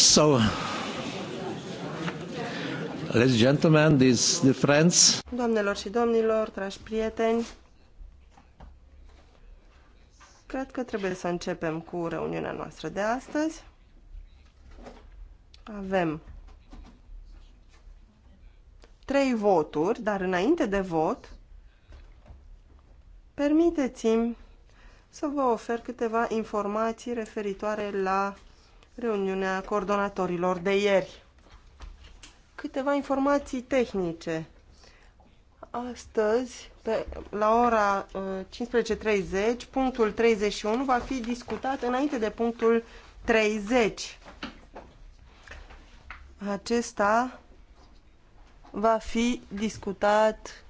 So, ladies and gentlemen, these the friends. Doamnelor și domnilor, dragi prieteni, cred că trebuie să începem cu reuniunea noastră de astăzi. Avem trei voturi, dar înainte de vot, permiteți-mi să vă ofer câteva informații referitoare la reuniunea coordonatorilor de ieri. Câteva informații tehnice. Astăzi, pe, la ora 15.30, uh, punctul 31 va fi discutat înainte de punctul 30. Acesta va fi discutat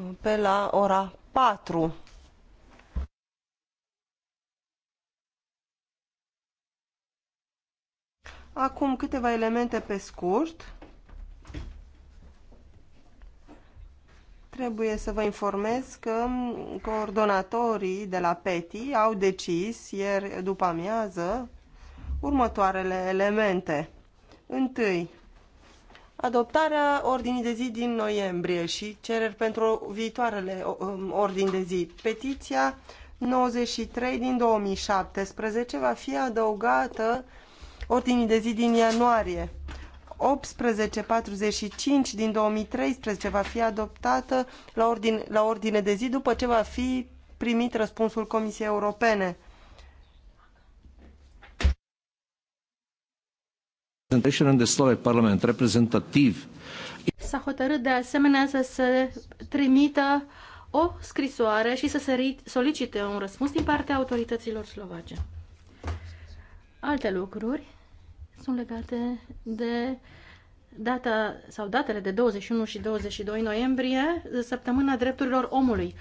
uh, pe la ora 4. Acum câteva elemente pe scurt. Trebuie să vă informez că coordonatorii de la PETI au decis ieri după amiază următoarele elemente. Întâi, adoptarea ordinii de zi din noiembrie și cereri pentru viitoarele um, ordini de zi. Petiția 93 din 2017 va fi adăugată ordinii de zi din ianuarie. 1845 din 2013 va fi adoptată la, ordin, la ordine de zi după ce va fi primit răspunsul Comisiei Europene. S-a hotărât de asemenea să se trimită o scrisoare și să se solicite un răspuns din partea autorităților slovace. Alte lucruri sunt legate de data sau datele de 21 și 22 noiembrie, săptămâna drepturilor omului.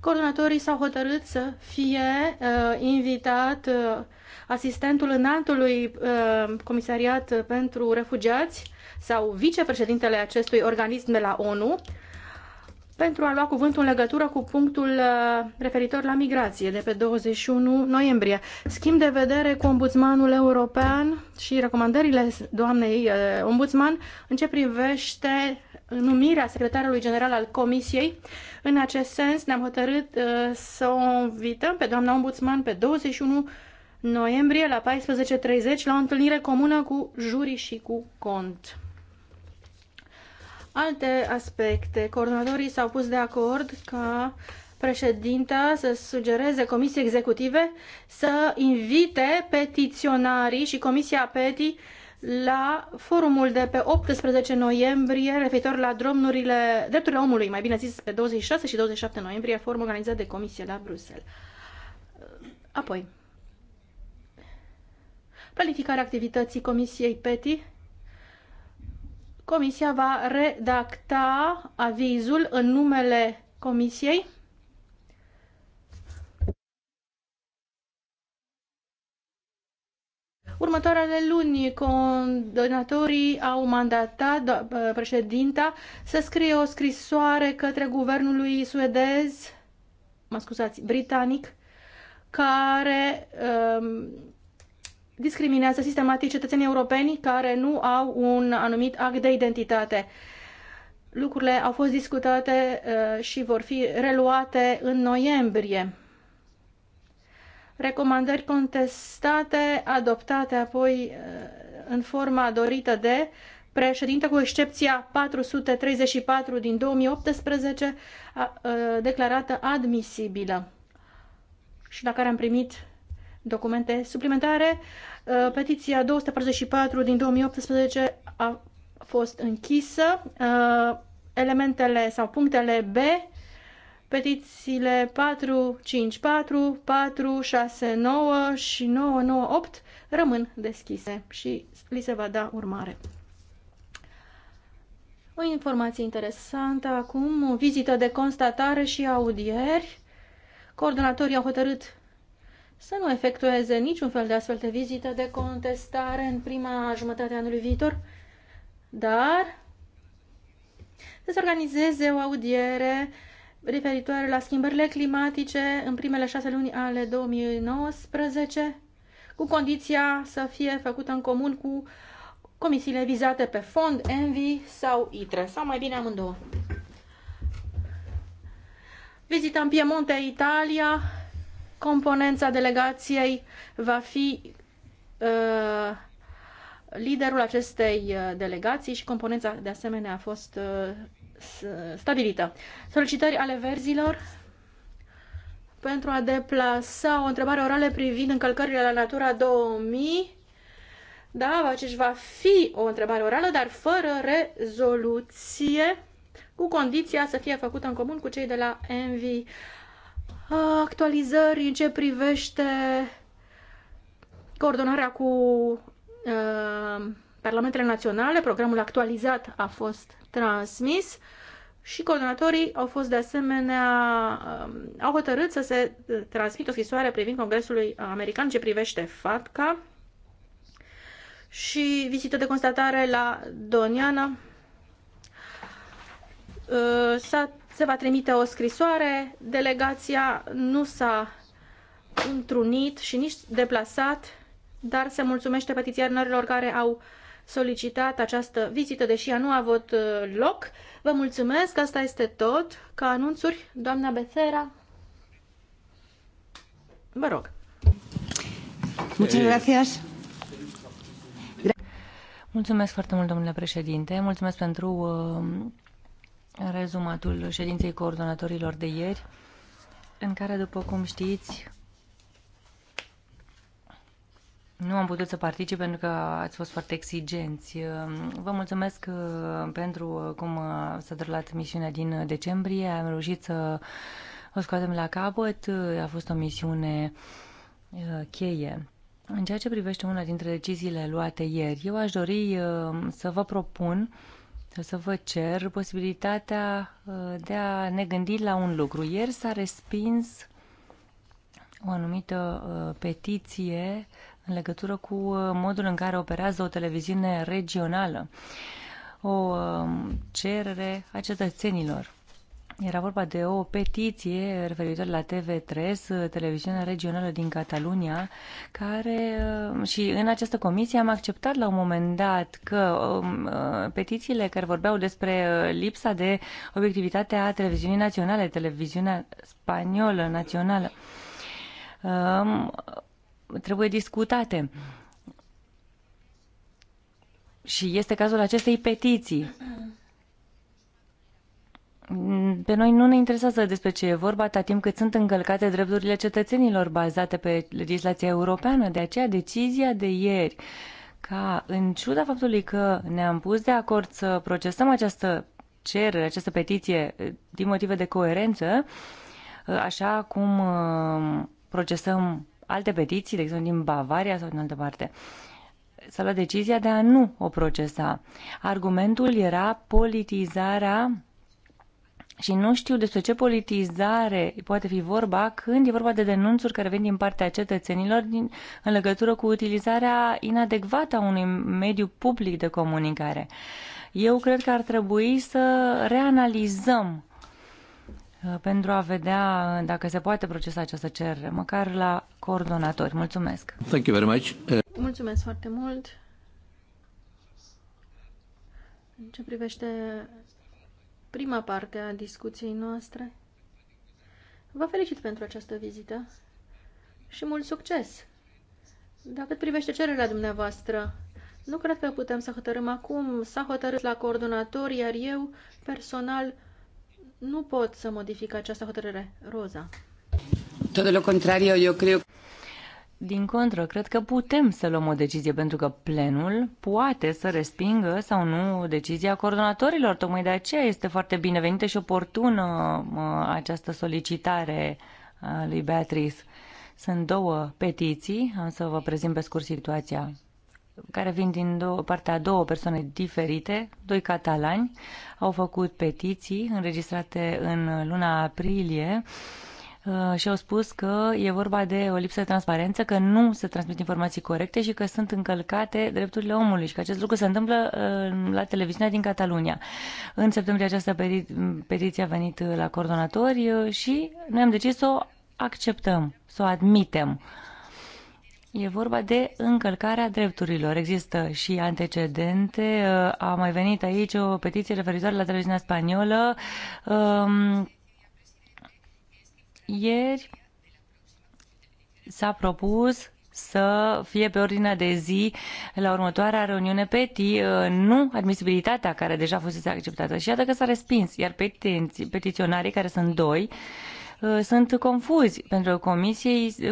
Coordonatorii s-au hotărât să fie uh, invitat uh, asistentul înaltului uh, comisariat pentru refugiați sau vicepreședintele acestui organism de la ONU, pentru a lua cuvântul în legătură cu punctul uh, referitor la migrație de pe 21 noiembrie. Schimb de vedere cu ombudsmanul european și recomandările doamnei uh, ombudsman în ce privește numirea secretarului general al Comisiei. În acest sens ne-am hotărât uh, să o invităm pe doamna ombudsman pe 21 noiembrie la 14.30 la o întâlnire comună cu jurii și cu cont. Alte aspecte. Coordonatorii s-au pus de acord ca președinta să sugereze comisii executive să invite petiționarii și Comisia PETI la forumul de pe 18 noiembrie referitor la drumurile, drepturile omului, mai bine zis, pe 26 și 27 noiembrie, forum organizat de Comisie la Bruxelles. Apoi, planificarea activității Comisiei PETI Comisia va redacta avizul în numele Comisiei. Următoarele luni, condonatorii au mandatat uh, președinta să scrie o scrisoare către guvernul lui suedez, mă scuzați, britanic, care Uh, discriminează sistematic cetățenii europeni care nu au un anumit act de identitate. Lucrurile au fost discutate uh, și vor fi reluate în noiembrie. Recomandări contestate, adoptate apoi uh, în forma dorită de președinte, cu excepția 434 din 2018, uh, declarată admisibilă și la care am primit documente suplimentare. Uh, petiția 244 din 2018 a fost închisă. Uh, elementele sau punctele B, petițiile 454, 469 și 998 rămân deschise și li se va da urmare. O informație interesantă acum, o vizită de constatare și audieri. Coordonatorii au hotărât să nu efectueze niciun fel de astfel de vizită de contestare în prima jumătate a anului viitor, dar să se organizeze o audiere referitoare la schimbările climatice în primele șase luni ale 2019, cu condiția să fie făcută în comun cu comisiile vizate pe fond, ENVI sau ITRE, sau mai bine amândouă. Vizita în Piemonte, Italia, componența delegației va fi uh, liderul acestei uh, delegații și componența de asemenea a fost uh, stabilită. Solicitări ale verzilor pentru a deplasa o întrebare orală privind încălcările la Natura 2000. Da, acești deci va fi o întrebare orală, dar fără rezoluție, cu condiția să fie făcută în comun cu cei de la Envi actualizări în ce privește coordonarea cu uh, Parlamentele Naționale. Programul actualizat a fost transmis și coordonatorii au fost de asemenea, uh, au hotărât să se transmită o scrisoare privind Congresului American ce privește FATCA și vizită de constatare la Doniana. Uh, S-a se va trimite o scrisoare, delegația nu s-a întrunit și nici deplasat, dar se mulțumește petiționarilor care au solicitat această vizită, deși ea nu a avut uh, loc. Vă mulțumesc, asta este tot. Ca anunțuri, doamna Becera. Vă rog. Muchas eh. Mulțumesc foarte mult, domnule președinte. Mulțumesc pentru uh, rezumatul ședinței coordonatorilor de ieri, în care, după cum știți, nu am putut să particip pentru că ați fost foarte exigenți. Vă mulțumesc uh, pentru cum s-a derulat misiunea din decembrie. Am reușit să o scoatem la capăt. A fost o misiune uh, cheie. În ceea ce privește una dintre deciziile luate ieri, eu aș dori uh, să vă propun uh, să vă cer posibilitatea uh, de a ne gândi la un lucru. Ieri s-a respins o anumită uh, petiție în legătură cu uh, modul în care operează o televiziune regională, o um, cerere a cetățenilor era vorba de o petiție referitoare la TV3, televiziunea regională din Catalunia, care uh, și în această comisie am acceptat la un moment dat că um, uh, petițiile care vorbeau despre uh, lipsa de obiectivitate a televiziunii naționale, televiziunea spaniolă națională, um, trebuie discutate. Și este cazul acestei petiții. Pe noi nu ne interesează despre ce e vorba, atât timp cât sunt încălcate drepturile cetățenilor bazate pe legislația europeană. De aceea, decizia de ieri, ca în ciuda faptului că ne-am pus de acord să procesăm această cerere, această petiție, eh, din motive de coerență, eh, așa cum eh, procesăm alte petiții, de exemplu din Bavaria sau din altă parte, s-a luat decizia de a nu o procesa. Argumentul era politizarea și nu știu despre ce politizare poate fi vorba când e vorba de denunțuri care vin din partea cetățenilor din, în legătură cu utilizarea inadecvată a unui mediu public de comunicare. Eu cred că ar trebui să reanalizăm uh, pentru a vedea dacă se poate procesa această cerere, măcar la coordonatori. Mulțumesc! Thank you very much. Uh, Mulțumesc foarte mult! În ce privește prima parte a discuției noastre. Vă felicit pentru această vizită și mult succes! Dacă privește cererea dumneavoastră, nu cred că putem să hotărâm acum. S-a hotărât la coordonator, iar eu, personal, nu pot să modific această hotărâre. Roza. Todo lo contrario, cred că... Din contră, cred că putem să luăm o decizie, pentru că plenul poate să respingă sau nu decizia coordonatorilor. Tocmai de aceea este foarte binevenită și oportună această solicitare a lui Beatrice. Sunt două petiții, am să vă prezint pe scurt situația, care vin din două, partea a două persoane diferite, doi catalani, au făcut petiții înregistrate în luna aprilie, uh, Uh, și au spus că e vorba de o lipsă de transparență, că nu se transmit informații corecte și că sunt încălcate drepturile omului și că acest lucru se întâmplă uh, la televiziunea din Catalunia. În septembrie această peti petiție a venit la coordonatori uh, și noi am decis să o acceptăm, să o admitem. E vorba de încălcarea drepturilor. Există și antecedente. A mai venit aici o petiție referitoare la televiziunea spaniolă um, ieri s-a propus să fie pe ordinea de zi la următoarea reuniune PETI, uh, nu admisibilitatea care deja fusese acceptată. Și iată că s-a respins, iar petiționarii, care sunt doi, uh, sunt confuzi pentru că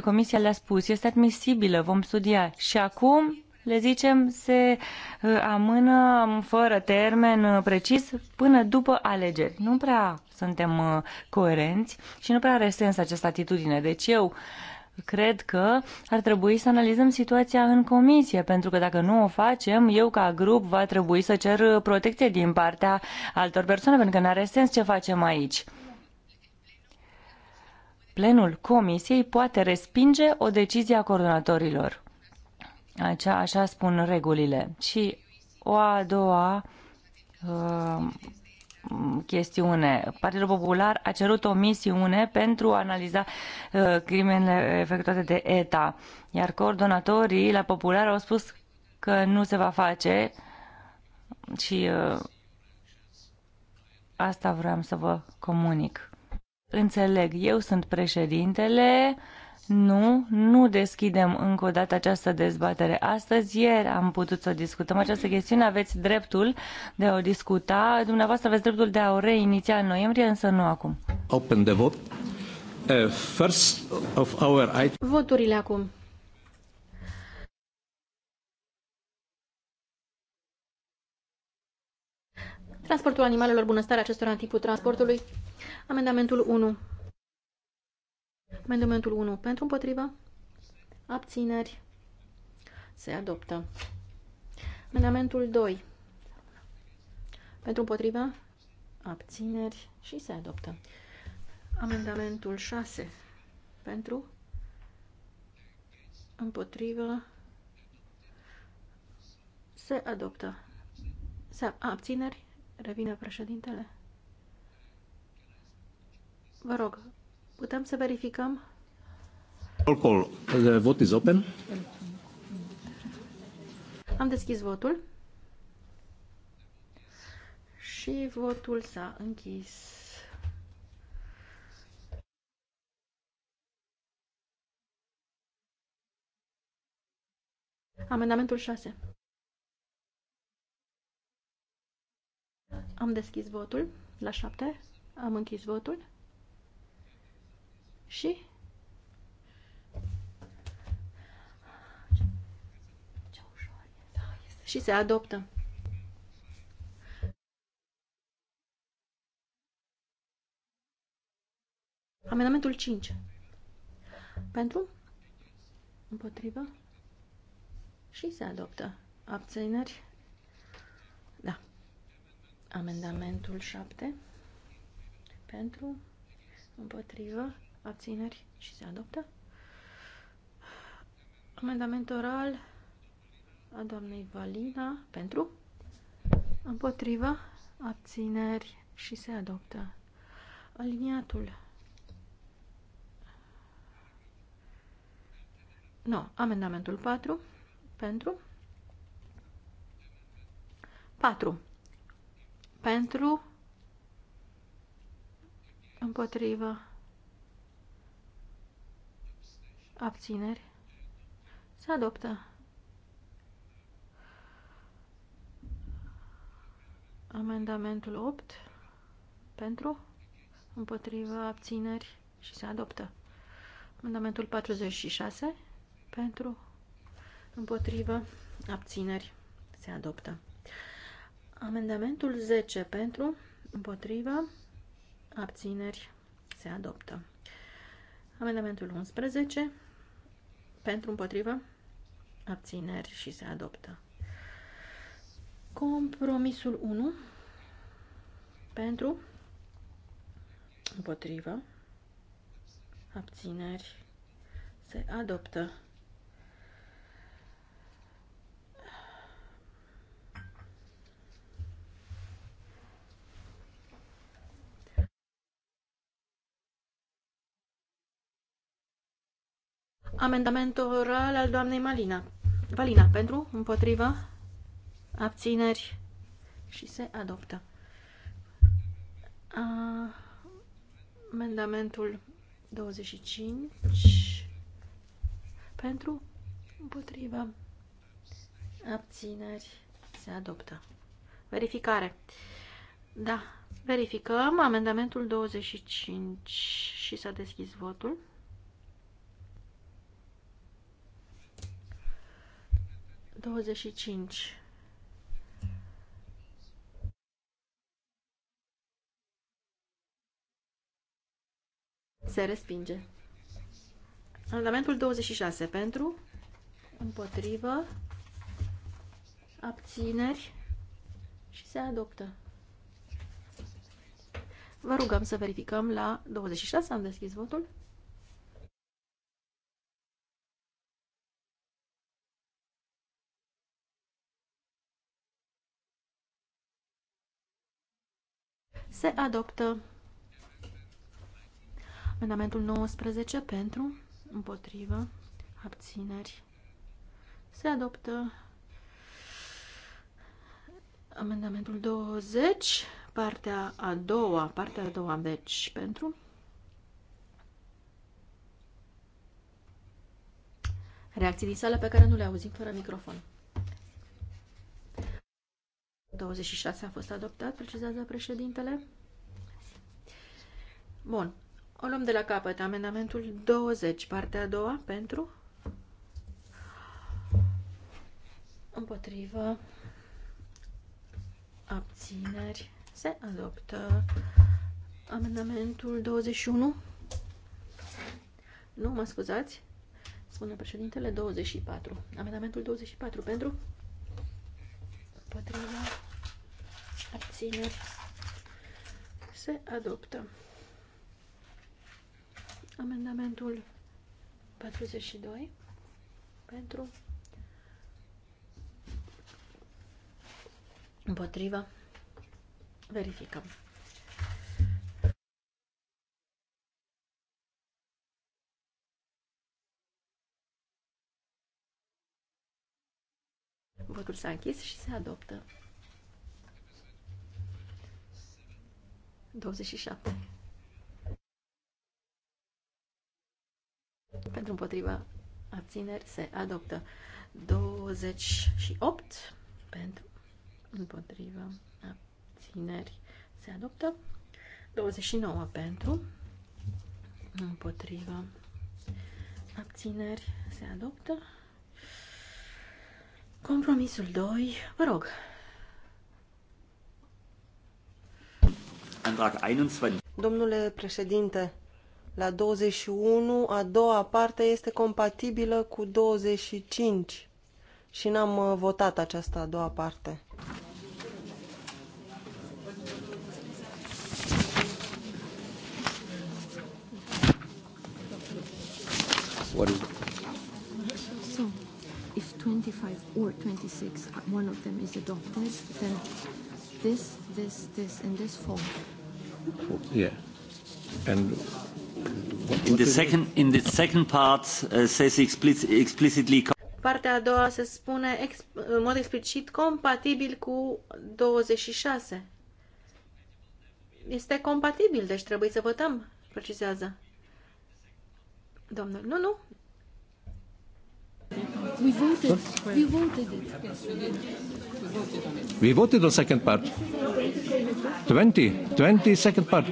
comisia le-a spus, este admisibilă, vom studia. Și acum le zicem, se uh, amână fără termen uh, precis până după alegeri. Nu prea suntem uh, coerenți și nu prea are sens această atitudine. Deci eu cred că ar trebui să analizăm situația în comisie, pentru că dacă nu o facem, eu ca grup va trebui să cer protecție din partea altor persoane, pentru că nu are sens ce facem aici. Plenul comisiei poate respinge o decizie a coordonatorilor. Acea, așa spun regulile. Și o a doua uh, chestiune. Partidul Popular a cerut o misiune pentru a analiza uh, crimele efectuate de ETA, iar coordonatorii la Popular au spus că nu se va face și uh, asta vreau să vă comunic. Înțeleg, eu sunt președintele, uh, nu, nu deschidem încă o dată această dezbatere. Astăzi, ieri am putut să discutăm această chestiune, aveți dreptul de a o discuta, dumneavoastră aveți dreptul de a o reiniția în noiembrie, însă nu acum. Open the vote. Uh, first of our item. Voturile acum. Transportul animalelor, bunăstarea acestor în timpul transportului. Amendamentul 1. Amendamentul 1 pentru împotriva. Abțineri. Se adoptă. Amendamentul 2 pentru împotriva. Abțineri și se adoptă. Amendamentul 6 pentru împotriva. Se adoptă. Se abțineri. Revine președintele. Vă rog, Putem să verificăm? Roll call. The vote is open. Am deschis votul. Și votul s-a închis. Amendamentul 6. Am deschis votul la 7. Am închis votul și și se adoptă. Amendamentul 5. Pentru? Împotrivă? Și se adoptă. Abțineri? Da. Amendamentul 7. Pentru? Împotrivă? abțineri și se adoptă. Amendament oral a doamnei Valina pentru, împotriva, abțineri și se adoptă. Aliniatul. Nu, amendamentul 4 pentru 4 pentru împotriva abțineri, se adoptă. Amendamentul 8 pentru, împotriva abțineri și se adoptă. Amendamentul 46 pentru, împotriva abțineri se adoptă. Amendamentul 10 pentru, împotriva abțineri se adoptă. Amendamentul 11 pentru împotrivă? Abțineri și se adoptă. Compromisul 1. Pentru? Împotrivă? Abțineri se adoptă. Amendamentul oral al doamnei Malina. Valina, pentru, împotrivă, abțineri și se adoptă. A, amendamentul 25 pentru, împotrivă, abțineri, se adoptă. Verificare. Da, verificăm amendamentul 25 și s-a deschis votul. 25. Se respinge. Amendamentul 26 pentru, împotrivă, abțineri și se adoptă. Vă rugăm să verificăm la 26, am deschis votul. Se adoptă. Amendamentul 19 pentru, împotrivă, abțineri. Se adoptă. Amendamentul 20, partea a doua, partea a doua, deci pentru. Reacții din sală pe care nu le auzim fără microfon. 26 a fost adoptat, precizează președintele. Bun. O luăm de la capăt. Amendamentul 20, partea a doua, pentru? Împotrivă. Abțineri. Se adoptă. Amendamentul 21. Nu, mă scuzați. Spune președintele 24. Amendamentul 24 pentru? Împotrivă. Abțineri. Se adoptă. Amendamentul 42 pentru împotriva verificăm. Votul s-a închis și se adoptă. 27. Pentru împotriva abțineri se adoptă. 28 pentru împotriva abțineri se adoptă. 29 pentru împotriva abțineri se adoptă. Compromisul 2, vă rog. Antrag 21. Domnule președinte, la 21, a doua parte este compatibilă cu 25 și n-am uh, votat această a doua parte. What is so, if 25 or 26, uh, one of them is adopted, then this, this, this, and this fall. Yeah. And In the second, in the second part uh, says explicitly Partea a doua se spune ex, în mod explicit compatibil cu 26. Este compatibil, deci trebuie să votăm, precizează. Domnul, nu, nu. We voted. We voted it. We voted on second part. 20. 20 second part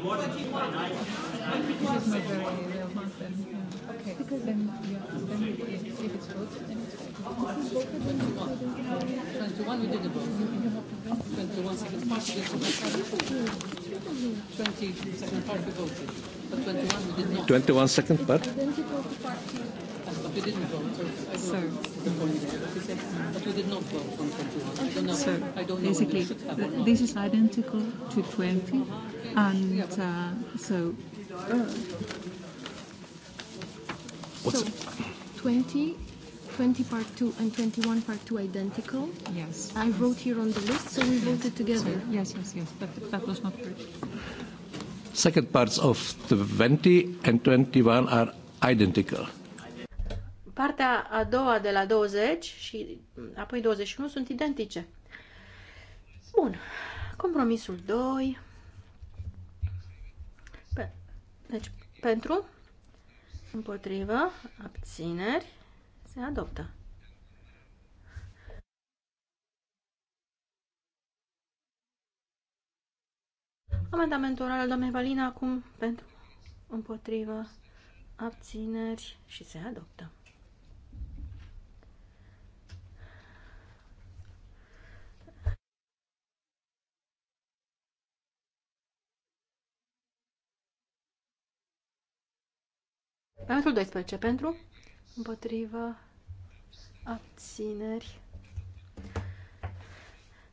it's not very then. Yeah. Okay. Because then, yeah, then if it's then it's 21, we did it both. second part, 21, second part? But we didn't vote. So, But we did not vote on 21. So, I don't know basically, this is identical to 20. And uh, so Mm. What's so, 20, 20 part 2 and 21 part 2 identical. Yes. I yes. wrote here on the list, so we yes. voted together. Sorry. yes, yes, yes. That, that was not correct. Second parts of 20 and 21 are identical. Partea a doua de la 20 și apoi 21 sunt identice. Bun. Compromisul 2. Deci, pentru, împotrivă, abțineri, se adoptă. Amendamentul oral al doamnei Valina acum pentru, împotrivă, abțineri și se adoptă. Parametrul 12 pentru, împotrivă, abțineri,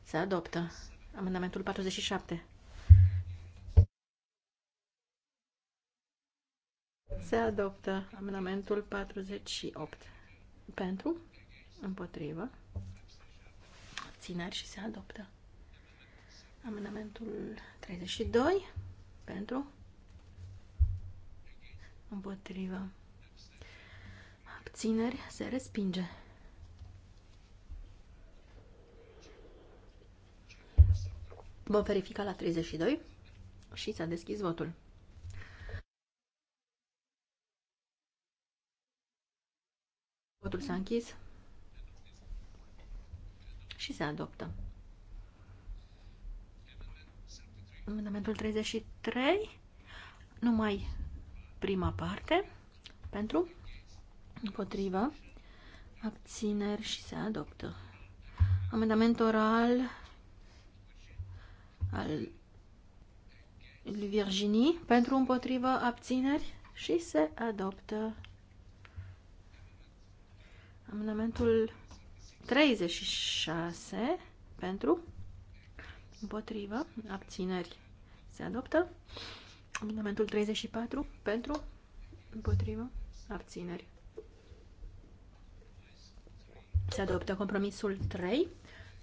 se adoptă. Amendamentul 47. Se adoptă amendamentul 48. Pentru, împotrivă, abțineri și se adoptă. Amendamentul 32. Pentru, împotriva abțineri se respinge. Vom verifica la 32 și s-a deschis votul. Votul s-a închis și se adoptă. Amendamentul 33, numai prima parte, pentru, împotrivă, abțineri și se adoptă. Amendament oral al lui Virginie, pentru, împotrivă, abțineri și se adoptă. Amendamentul 36 pentru, împotrivă, abțineri se adoptă. Amendamentul 34 pentru, împotrivă, abțineri. Se adoptă compromisul 3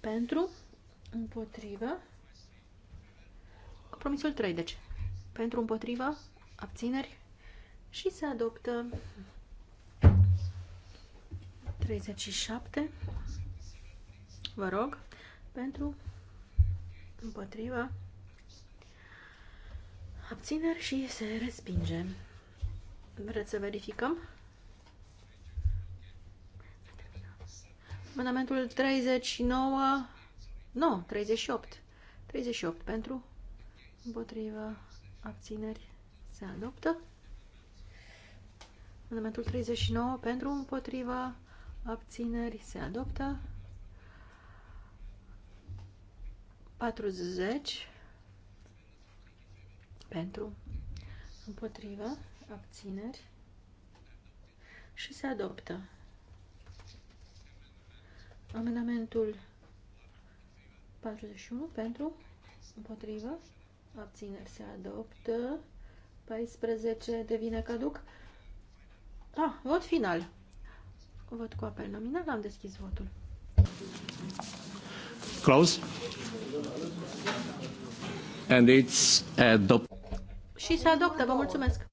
pentru, împotrivă, compromisul 3, deci, pentru, împotrivă, abțineri și se adoptă 37, vă rog, pentru, împotriva, abțineri și se respinge. Vreți să verificăm? Amendamentul 39, nu, 38. 38 pentru, împotriva, abțineri, se adoptă. Amendamentul 39 pentru, împotriva, abțineri, se adoptă. 40 pentru, împotrivă, abțineri și se adoptă. Amendamentul 41 pentru, împotrivă, abțineri se adoptă, 14 devine caduc. Ah, vot final. Vot cu apel nominal, am deschis votul. Close. And it's adopted și se adoptă. Vă mulțumesc!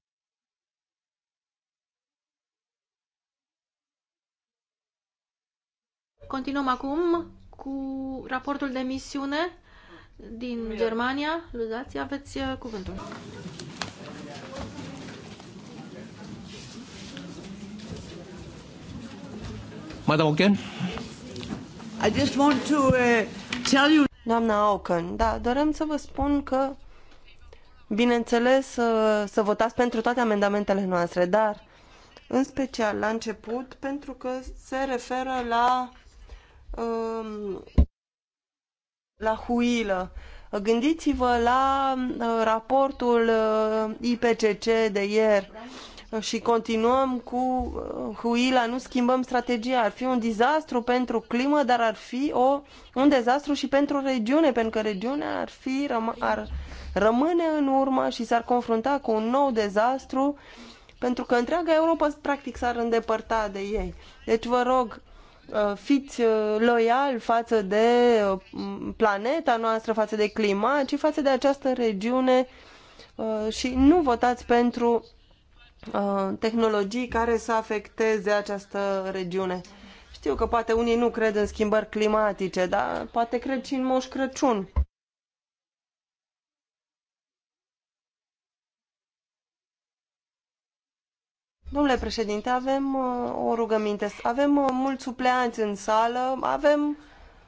Continuăm acum cu raportul de misiune din Germania. Luzați, aveți uh, cuvântul. Madam Oken? I just want to uh, tell you... Doamna Oken, da, dorem să vă spun că bineînțeles, să votați pentru toate amendamentele noastre, dar în special la început, pentru că se referă la um, la huilă. Gândiți-vă la uh, raportul uh, IPCC de ieri și continuăm cu huila, uh, nu schimbăm strategia. Ar fi un dezastru pentru climă, dar ar fi o, un dezastru și pentru regiune, pentru că regiunea ar, fi, ar rămâne în urmă și s-ar confrunta cu un nou dezastru pentru că întreaga Europa practic s-ar îndepărta de ei. Deci vă rog, uh, fiți uh, loial față de planeta noastră, față de climat și față de această regiune și nu votați pentru Uh, tehnologii care să afecteze această regiune. Știu că poate unii nu cred în schimbări climatice, dar poate cred și în Moș Crăciun. Domnule președinte, avem uh, o rugăminte. Avem uh, mulți supleanți în sală, avem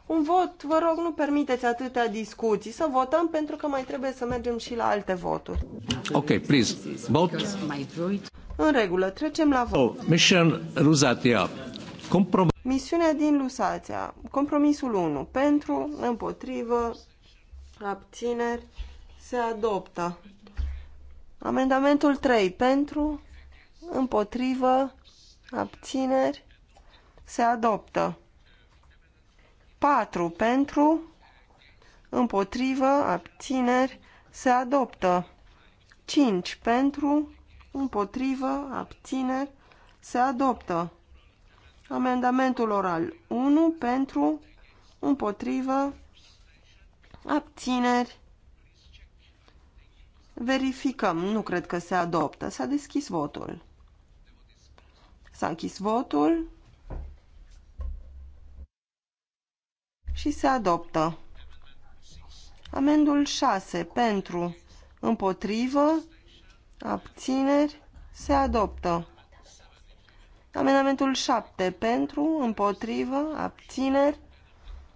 un vot, vă rog, nu permiteți atâtea discuții, să votăm pentru că mai trebuie să mergem și la alte voturi. Ok, please, vote. În regulă, trecem la vot. Oh, mission Rusatia. Comprom- Misiunea din Lusatia, compromisul 1, pentru, împotrivă, abțineri, se adoptă. Amendamentul 3, pentru, împotrivă, abțineri, se adoptă. 4 pentru, împotrivă, abțineri, se adoptă. 5 pentru, împotrivă, abțineri, se adoptă. Amendamentul oral 1 pentru, împotrivă, abțineri. Verificăm, nu cred că se adoptă. S-a deschis votul. S-a închis votul. și se adoptă. Amendul 6 pentru, împotrivă, abțineri, se adoptă. Amendamentul 7 pentru, împotrivă, abțineri,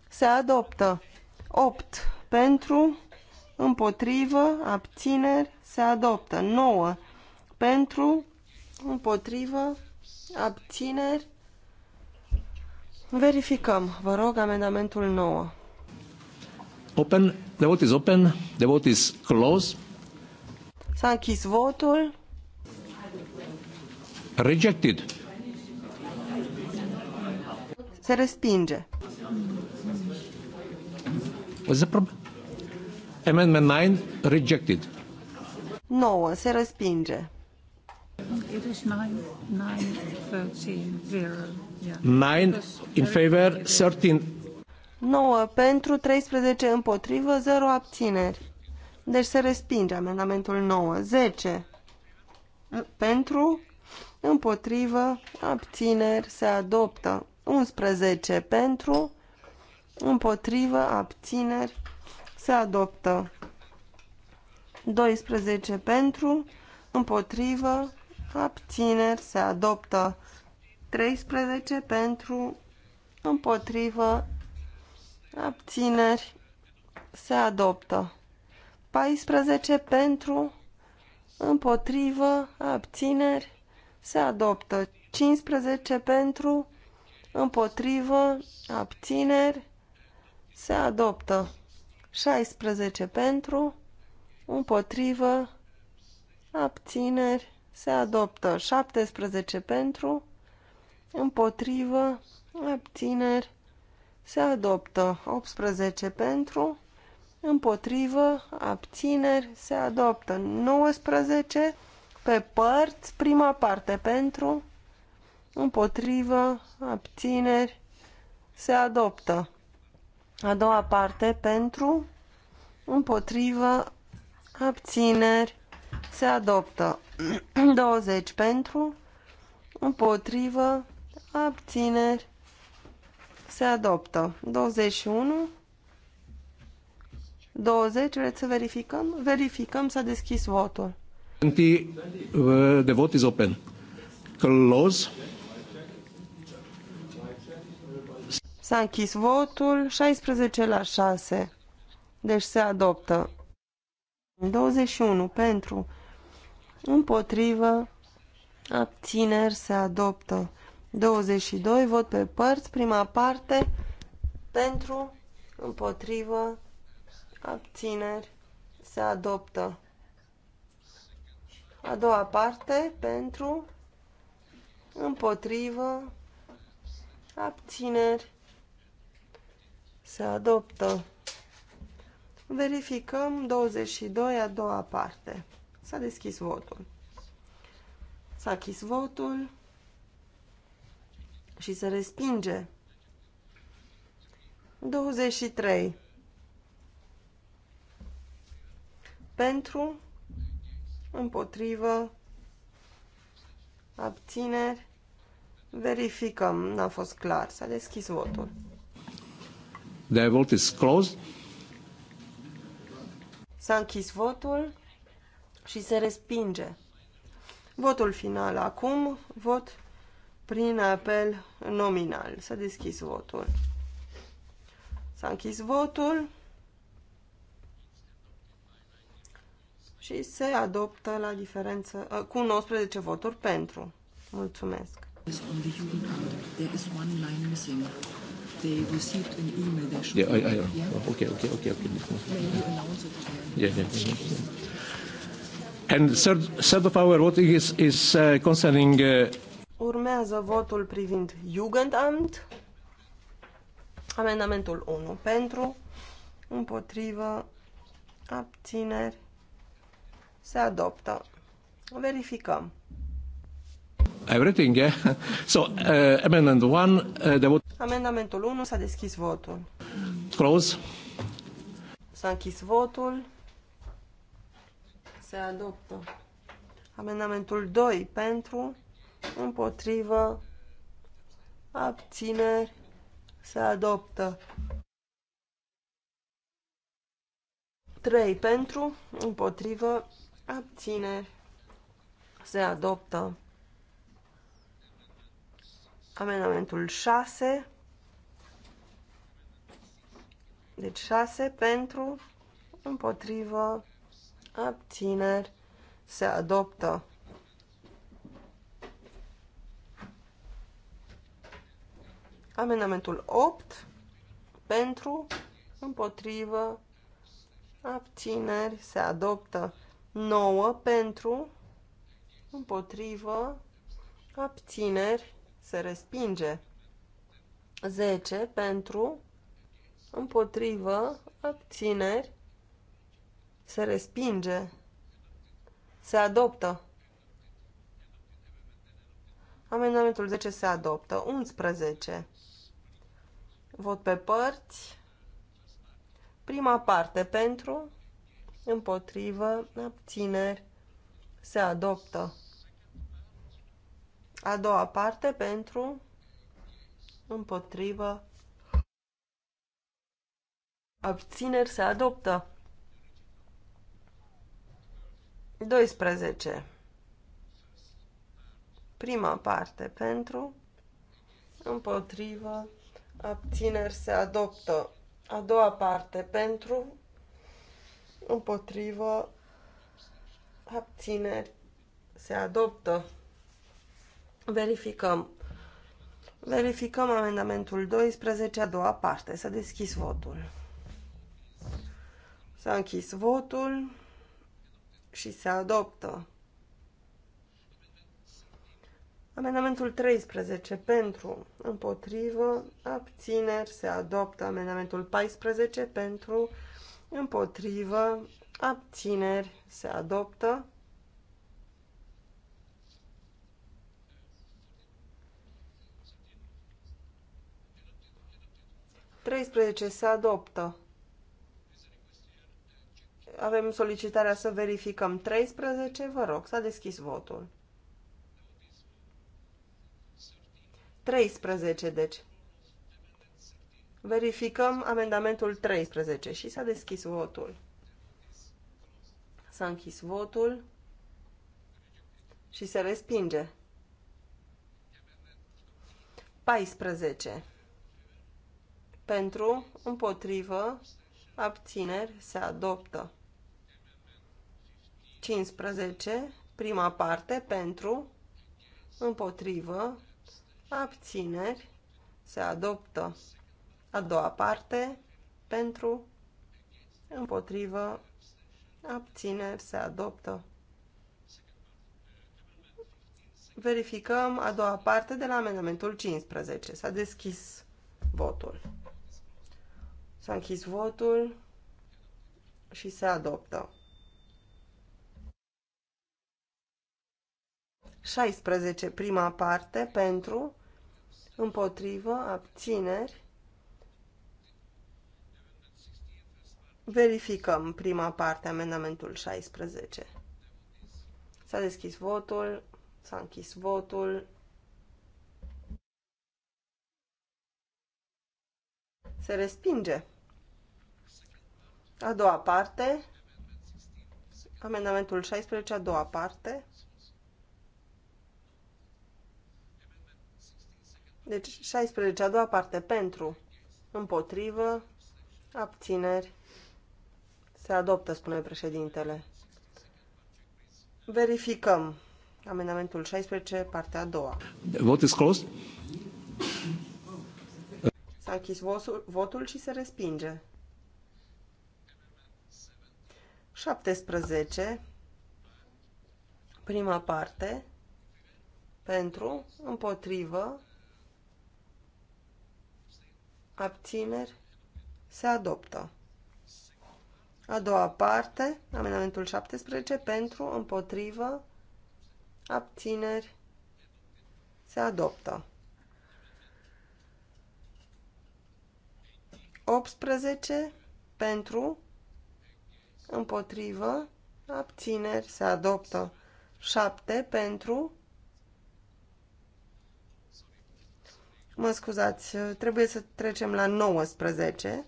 se adoptă. 8 pentru, împotrivă, abțineri, se adoptă. 9 pentru, împotrivă, abțineri, Verificăm, vă rog, amendamentul 9. Open, the vote is open, the vote is closed. S-a închis votul. Rejected. Se respinge. What's the problem? Amendment 9, rejected. 9, se respinge. It is 9, 9, 13, 0. 9 in favor, 13 9 pentru, 13 împotrivă, 0 abțineri. Deci se respinge amendamentul 9. 10 pentru, împotrivă, abțineri, se adoptă. 11 pentru, împotrivă, abțineri, se adoptă. 12 pentru, împotrivă, abțineri, se adoptă. 13 pentru, împotrivă, abțineri, se adoptă. 14 pentru, împotrivă, abțineri, se adoptă. 15 pentru, împotrivă, abțineri, se adoptă. 16 pentru, împotrivă, abțineri, se adoptă. 17 pentru, împotrivă, abțineri, se adoptă. 18 pentru, împotrivă, abțineri, se adoptă. 19 pe părți, prima parte pentru, împotrivă, abțineri, se adoptă. A doua parte pentru, împotrivă, abțineri, se adoptă. 20 pentru, împotrivă, abțineri, se adoptă. 21, 20, vreți să verificăm? Verificăm, s-a deschis votul. Uh, de vot the vote is open. Close. S-a închis votul, 16 la 6. Deci se adoptă. 21 pentru, împotrivă, abțineri se adoptă. 22, vot pe părți, prima parte, pentru, împotrivă, abțineri, se adoptă. A doua parte, pentru, împotrivă, abțineri, se adoptă. Verificăm 22, a doua parte. S-a deschis votul. S-a chis votul și se respinge. 23. Pentru, împotrivă, abțineri, verificăm, n-a fost clar, s-a deschis votul. The vote is closed. S-a închis votul și se respinge. Votul final acum, vot prin apel nominal. S-a deschis votul. S-a închis votul și se adoptă la diferență ă, cu 19 voturi pentru. Mulțumesc. yeah, yeah. Oh, okay, okay, okay, okay. Yeah, yeah, yeah. And third, third of our voting is, is uh, concerning uh, Urmează votul privind Jugendamt. Amendamentul 1 pentru, împotrivă, abțineri, se adoptă. Verificăm. Everything, yeah? So, uh, amendment 1, uh, the vote... Amendamentul 1 s-a deschis votul. Close. S-a închis votul. Se adoptă. Amendamentul 2 pentru, împotrivă, abțineri, se adoptă. 3 pentru, împotrivă, abțineri, se adoptă. Amendamentul 6, deci 6 pentru, împotrivă, abțineri, se adoptă. Amendamentul 8 pentru, împotrivă, abțineri, se adoptă 9 pentru, împotrivă, abțineri, se respinge 10 pentru, împotrivă, abțineri, se respinge, se adoptă. Amendamentul 10 se adoptă. 11. Vot pe părți. Prima parte pentru, împotrivă, abțineri, se adoptă. A doua parte pentru, împotrivă, abțineri, se adoptă. 12. Prima parte pentru, împotrivă, abțineri se adoptă. A doua parte pentru, împotrivă, abțineri se adoptă. Verificăm. Verificăm amendamentul 12, a doua parte. S-a deschis votul. S-a închis votul și se adoptă. Amendamentul 13 pentru, împotrivă, abțineri, se adoptă. Amendamentul 14 pentru, împotrivă, abțineri, se adoptă. Treisprezece se adoptă. Avem solicitarea să verificăm 13. Vă rog, s-a deschis votul. 13, deci. Verificăm amendamentul 13 și s-a deschis votul. S-a închis votul și se respinge. 14. Pentru, împotrivă, abțineri, se adoptă. 15. Prima parte, pentru, împotrivă, abțineri, se adoptă a doua parte pentru, împotrivă, abțineri, se adoptă. Verificăm a doua parte de la amendamentul 15. S-a deschis votul. S-a închis votul și se adoptă. 16. Prima parte pentru împotrivă, abțineri. Verificăm prima parte, amendamentul 16. S-a deschis votul, s-a închis votul. Se respinge. A doua parte, amendamentul 16, a doua parte. Deci 16, a doua parte, pentru, împotrivă, abțineri, se adoptă, spune președintele. Verificăm amendamentul 16, partea a doua. Vot is closed. S-a închis votul și se respinge. 17, prima parte, pentru, împotrivă, abțineri, se adoptă. A doua parte, amendamentul 17, pentru, împotrivă, abțineri, se adoptă. 18, pentru, împotrivă, abțineri, se adoptă. 7, pentru, Mă scuzați, trebuie să trecem la 19.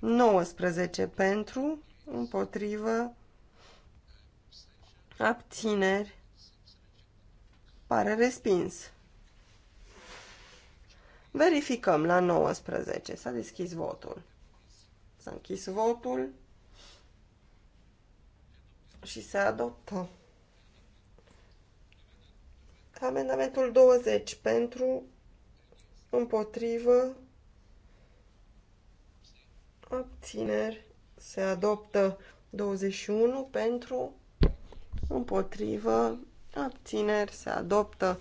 19 pentru, împotrivă, abțineri, pare respins. Verificăm la 19. S-a deschis votul. S-a închis votul și se adoptă. Amendamentul 20 pentru, împotrivă, abțineri, se adoptă 21 pentru, împotrivă, abțineri, se adoptă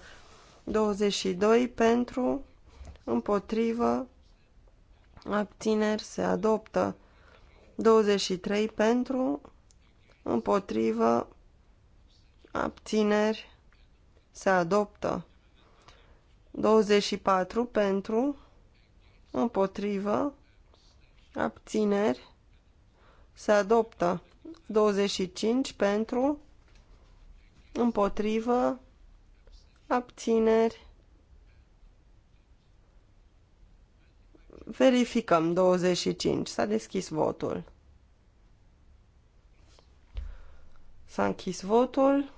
22 pentru, împotrivă, abțineri, se adoptă 23 pentru, împotrivă, abțineri, se adoptă. 24 pentru, împotrivă, abțineri, se adoptă. 25 pentru, împotrivă, abțineri. Verificăm 25. S-a deschis votul. S-a închis votul.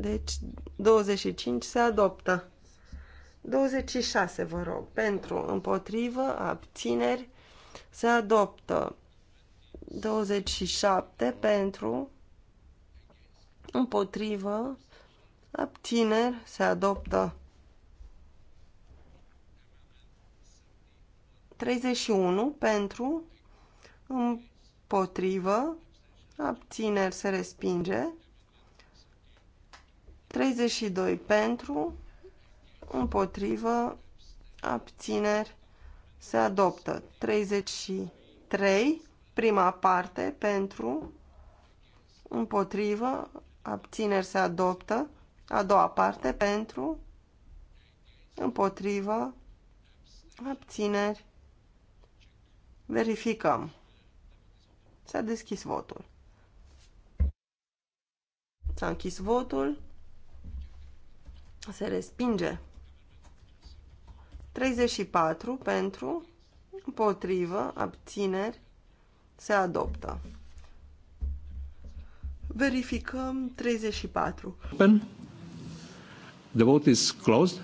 Deci 25 se adoptă. 26, vă rog, pentru, împotrivă, abțineri, se adoptă. 27 pentru, împotrivă, abțineri, se adoptă. 31 pentru, împotrivă, abțineri, se respinge. 32 pentru, împotrivă, abțineri, se adoptă. 33, prima parte, pentru, împotrivă, abțineri, se adoptă. A doua parte, pentru, împotrivă, abțineri, verificăm. S-a deschis votul. S-a închis votul. Se respinge. 34 pentru, împotrivă, abțineri, se adoptă. Verificăm 34. Open. The vote is closed.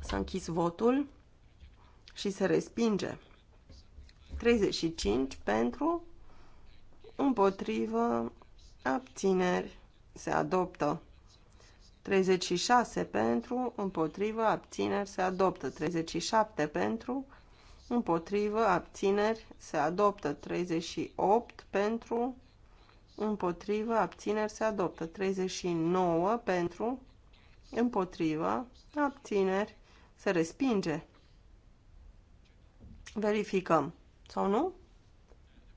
S-a închis votul și se respinge. 35 pentru, împotrivă, abțineri, se adoptă. 36 pentru, împotrivă, abțineri, se adoptă. 37 pentru, împotrivă, abțineri, se adoptă. 38 pentru, împotrivă, abțineri, se adoptă. 39 pentru, împotrivă, abțineri, se respinge. Verificăm. Sau nu?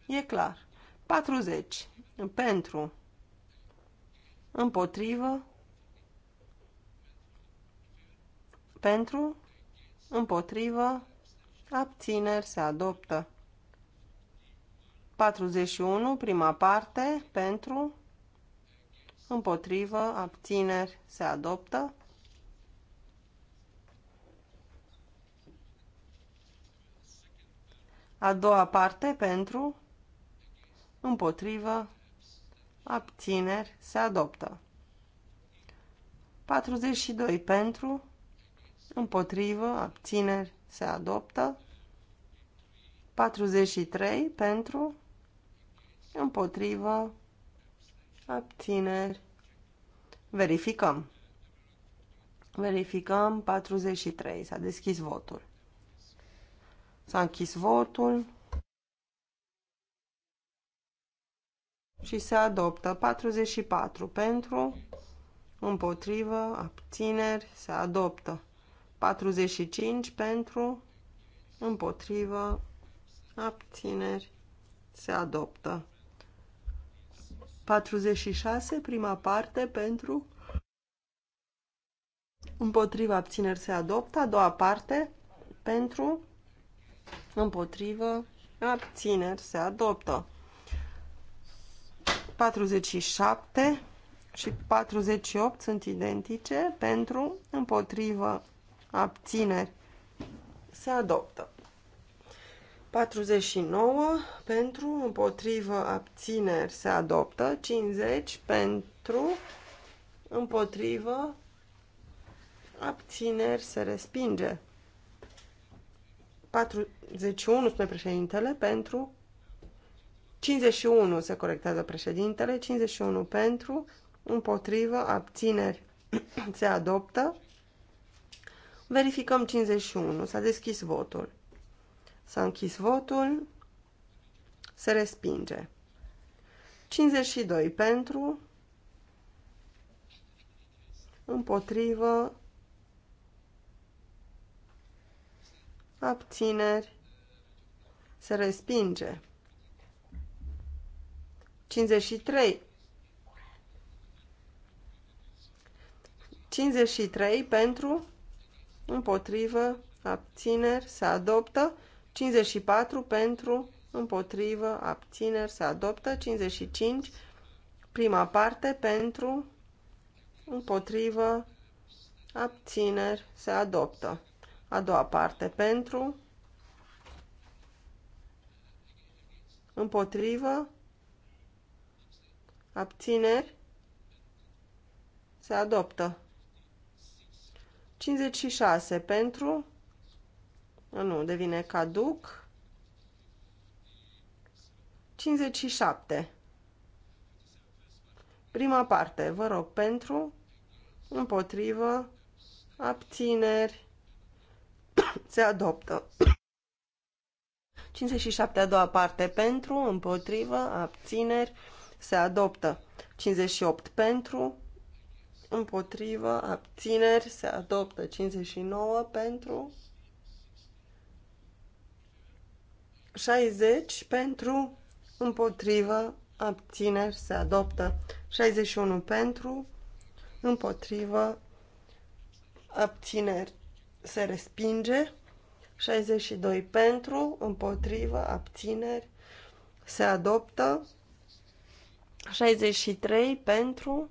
E clar. 40 pentru, împotrivă, pentru, împotrivă, abțineri se adoptă. 41, prima parte, pentru, împotrivă, abțineri se adoptă. A doua parte, pentru, împotrivă, abțineri se adoptă. 42 pentru, împotrivă, abțineri, se adoptă. 43 pentru, împotrivă, abțineri. Verificăm. Verificăm 43. S-a deschis votul. S-a închis votul. Și se adoptă 44 pentru, împotrivă, abțineri, se adoptă. 45 pentru, împotrivă, abțineri, se adoptă. 46, prima parte, pentru, împotrivă, abțineri, se adoptă. A doua parte, pentru, împotrivă, abțineri, se adoptă. 47 și 48 sunt identice pentru, împotrivă, abțineri, se adoptă. 49 pentru, împotrivă, abțineri, se adoptă. 50 pentru, împotrivă, abțineri, se respinge. 41, spune președintele, pentru, 51 se corectează președintele, 51 pentru, împotrivă, abțineri, se adoptă. Verificăm 51. S-a deschis votul. S-a închis votul. Se respinge. 52 pentru. Împotrivă. Abțineri. Se respinge. 53. 53 pentru împotrivă, abțineri, se adoptă. 54 pentru, împotrivă, abțineri, se adoptă. 55, prima parte, pentru, împotrivă, abțineri, se adoptă. A doua parte, pentru, împotrivă, abțineri, se adoptă. 56 pentru, ah, nu, devine caduc. 57. Prima parte, vă rog, pentru, împotrivă, abțineri, se adoptă. 57 a doua parte, pentru, împotrivă, abțineri, se adoptă. 58 pentru, împotrivă, abțineri, se adoptă 59 pentru 60 pentru, împotrivă, abțineri, se adoptă 61 pentru, împotrivă, abțineri, se respinge 62 pentru, împotrivă, abțineri, se adoptă 63 pentru,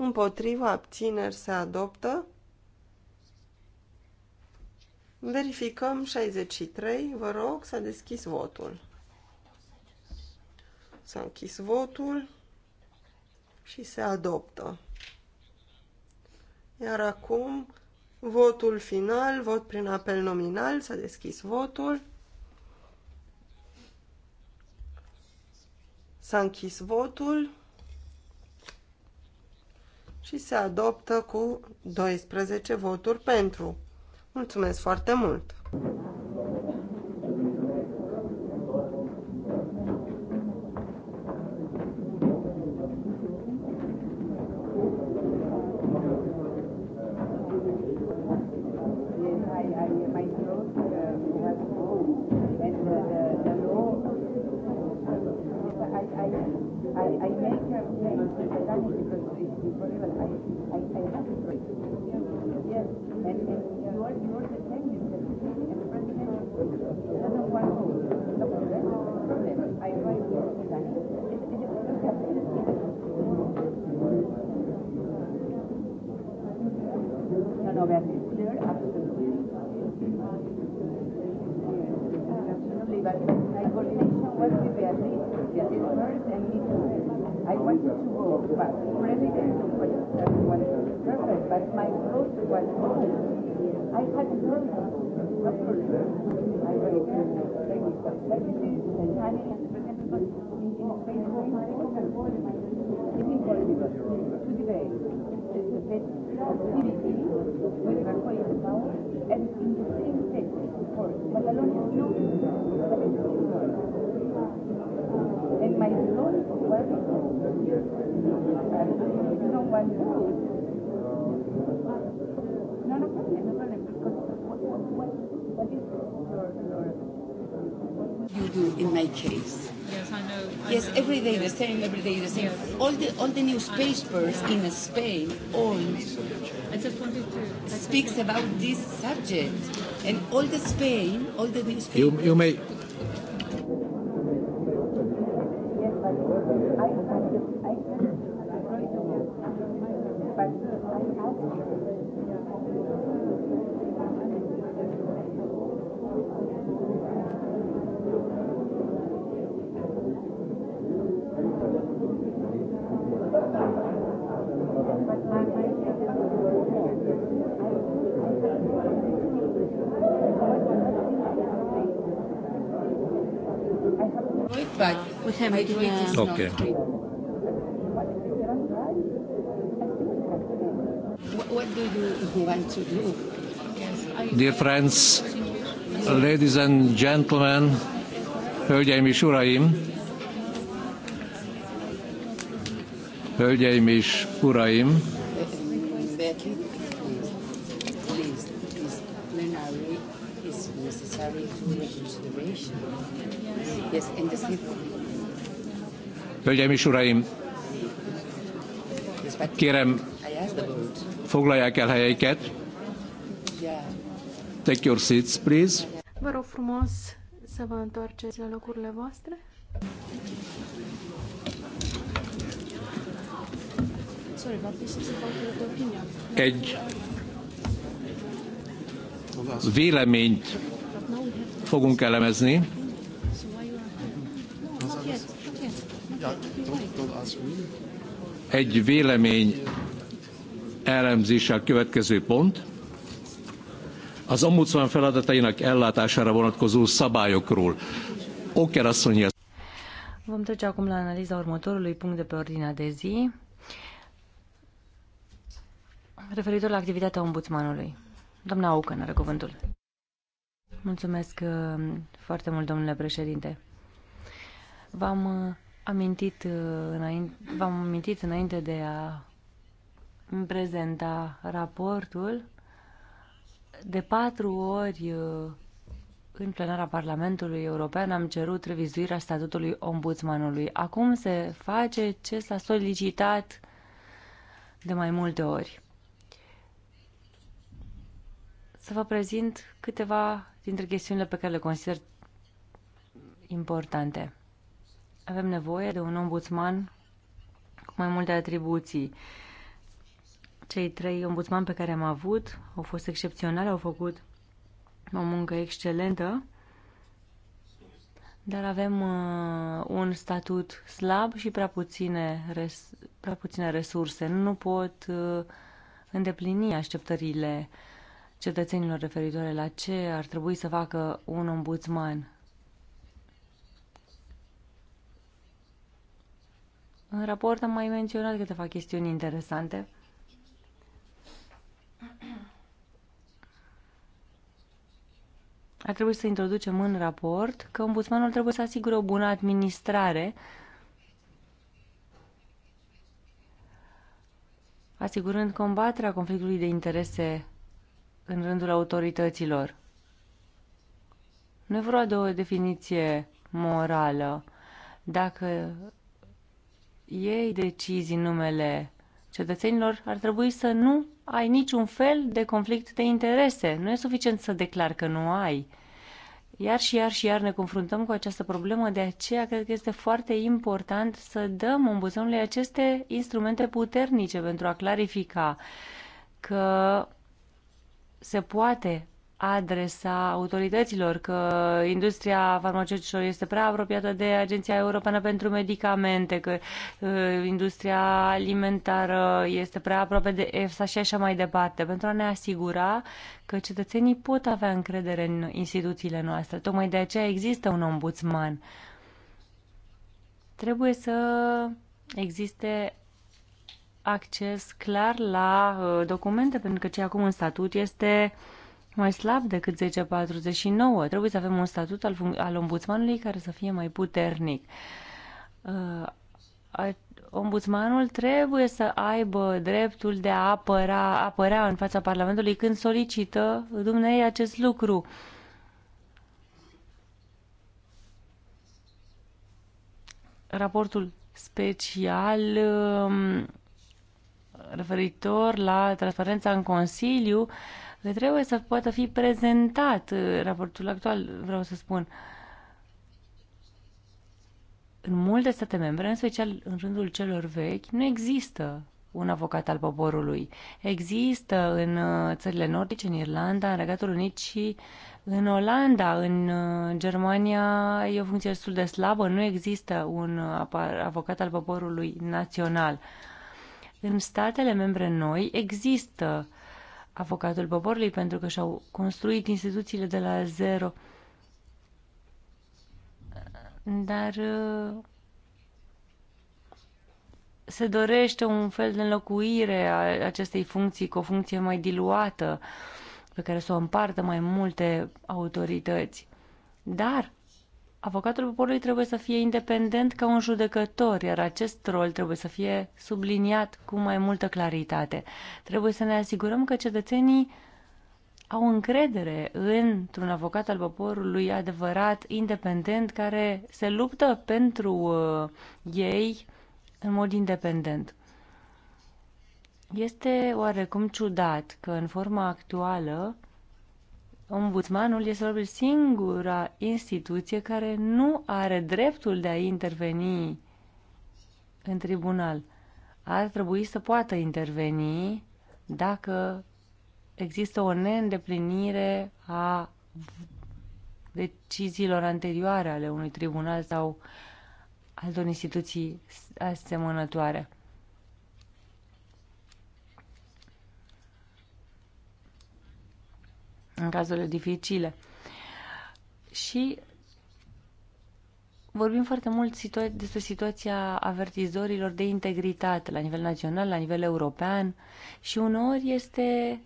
împotriva, abțineri se adoptă. Verificăm 63, vă rog, s-a deschis votul. S-a închis votul și se adoptă. Iar acum, votul final, vot prin apel nominal, s-a deschis votul. S-a închis votul și se adoptă cu 12 voturi pentru. Mulțumesc foarte mult! I, I make a case. Yes, I know. I yes, know. every day yes. the same, every day the same. Yes. All the all the newspapers yeah. in Spain, all. I just wanted to. speaks about this subject, and all the Spain, all the newspapers. You, you may Madrid. Okay. What do you want to do? Dear friends, ladies and gentlemen, hölgyeim és uraim, hölgyeim és uraim, Yes, the Hölgyeim és Uraim, kérem, foglalják el helyeiket. Take your seats, please. Vă rog frumos să vă întoarceți la locurile voastre. Egy véleményt fogunk elemezni. Egy vélemény elemzése a következő pont. Az ombudsman feladatainak ellátására vonatkozó szabályokról. Oker asszony. Vom trece acum la analiza următorului punct de pe ordinea de zi, referitor la activitatea ombudsmanului. Doamna Aucan are cuvântul. Mulțumesc uh, foarte mult, domnule președinte. V-am uh, amintit uh, înainte, v-am amintit înainte de a îmi prezenta raportul de patru ori uh, în plenara Parlamentului European am cerut revizuirea statutului ombudsmanului. Acum se face ce s-a solicitat de mai multe ori. Să vă prezint câteva dintre chestiunile pe care le consider importante. Avem nevoie de un ombudsman cu mai multe atribuții. Cei trei ombudsman pe care am avut au fost excepționali, au făcut o muncă excelentă, dar avem uh, un statut slab și prea puține, res- prea puține resurse. Nu pot uh, îndeplini așteptările cetățenilor referitoare la ce ar trebui să facă un ombudsman În raport am mai menționat câteva chestiuni interesante. Ar trebui să introducem în raport că ombudsmanul trebuie să asigure o bună administrare, asigurând combaterea conflictului de interese în rândul autorităților. Nu e vorba de o definiție morală. Dacă iei decizii în numele cetățenilor, ar trebui să nu ai niciun fel de conflict de interese. Nu e suficient să declar că nu ai. Iar și iar și iar ne confruntăm cu această problemă, de aceea cred că este foarte important să dăm ombudsmanului aceste instrumente puternice pentru a clarifica că se poate adresa autorităților că industria farmaceutică este prea apropiată de Agenția Europeană pentru Medicamente, că uh, industria alimentară este prea aproape de EFSA și așa mai departe, pentru a ne asigura că cetățenii pot avea încredere în instituțiile noastre. Tocmai de aceea există un ombudsman. Trebuie să existe acces clar la uh, documente, pentru că ce acum în statut este uh, mai slab decât 1049. Trebuie să avem un statut al, al ombudsmanului care să fie mai puternic. Uh, ombudsmanul trebuie să aibă dreptul de a apăra, apărea în fața Parlamentului când solicită dumnei acest lucru. Raportul special um, referitor la transparența în Consiliu uh, că trebuie să poată fi prezentat uh, raportul actual, vreau să spun. În multe state membre, în special în rândul celor vechi, nu există un avocat al poporului. Există în uh, țările nordice, în Irlanda, în Regatul Unit și în Olanda, în uh, Germania e o funcție destul de slabă, nu există un avocat al poporului național. În statele membre noi există avocatul poporului pentru că și-au construit instituțiile de la zero. Dar uh, se dorește un fel de înlocuire a acestei funcții cu o funcție mai diluată pe care să o împartă mai multe autorități. Dar Avocatul poporului trebuie să fie independent ca un judecător, iar acest rol trebuie să fie subliniat cu mai multă claritate. Trebuie să ne asigurăm că cetățenii au încredere într-un avocat al poporului adevărat, independent, care se luptă pentru uh, ei în mod independent. Este oarecum ciudat că în forma actuală ombudsmanul este probabil singura instituție care nu are dreptul de a interveni în tribunal. Ar trebui să poată interveni dacă există o neîndeplinire a deciziilor anterioare ale unui tribunal sau altor instituții asemănătoare. în cazurile dificile. Și vorbim foarte mult situa- despre situația avertizorilor de integritate la nivel național, la nivel european și uneori este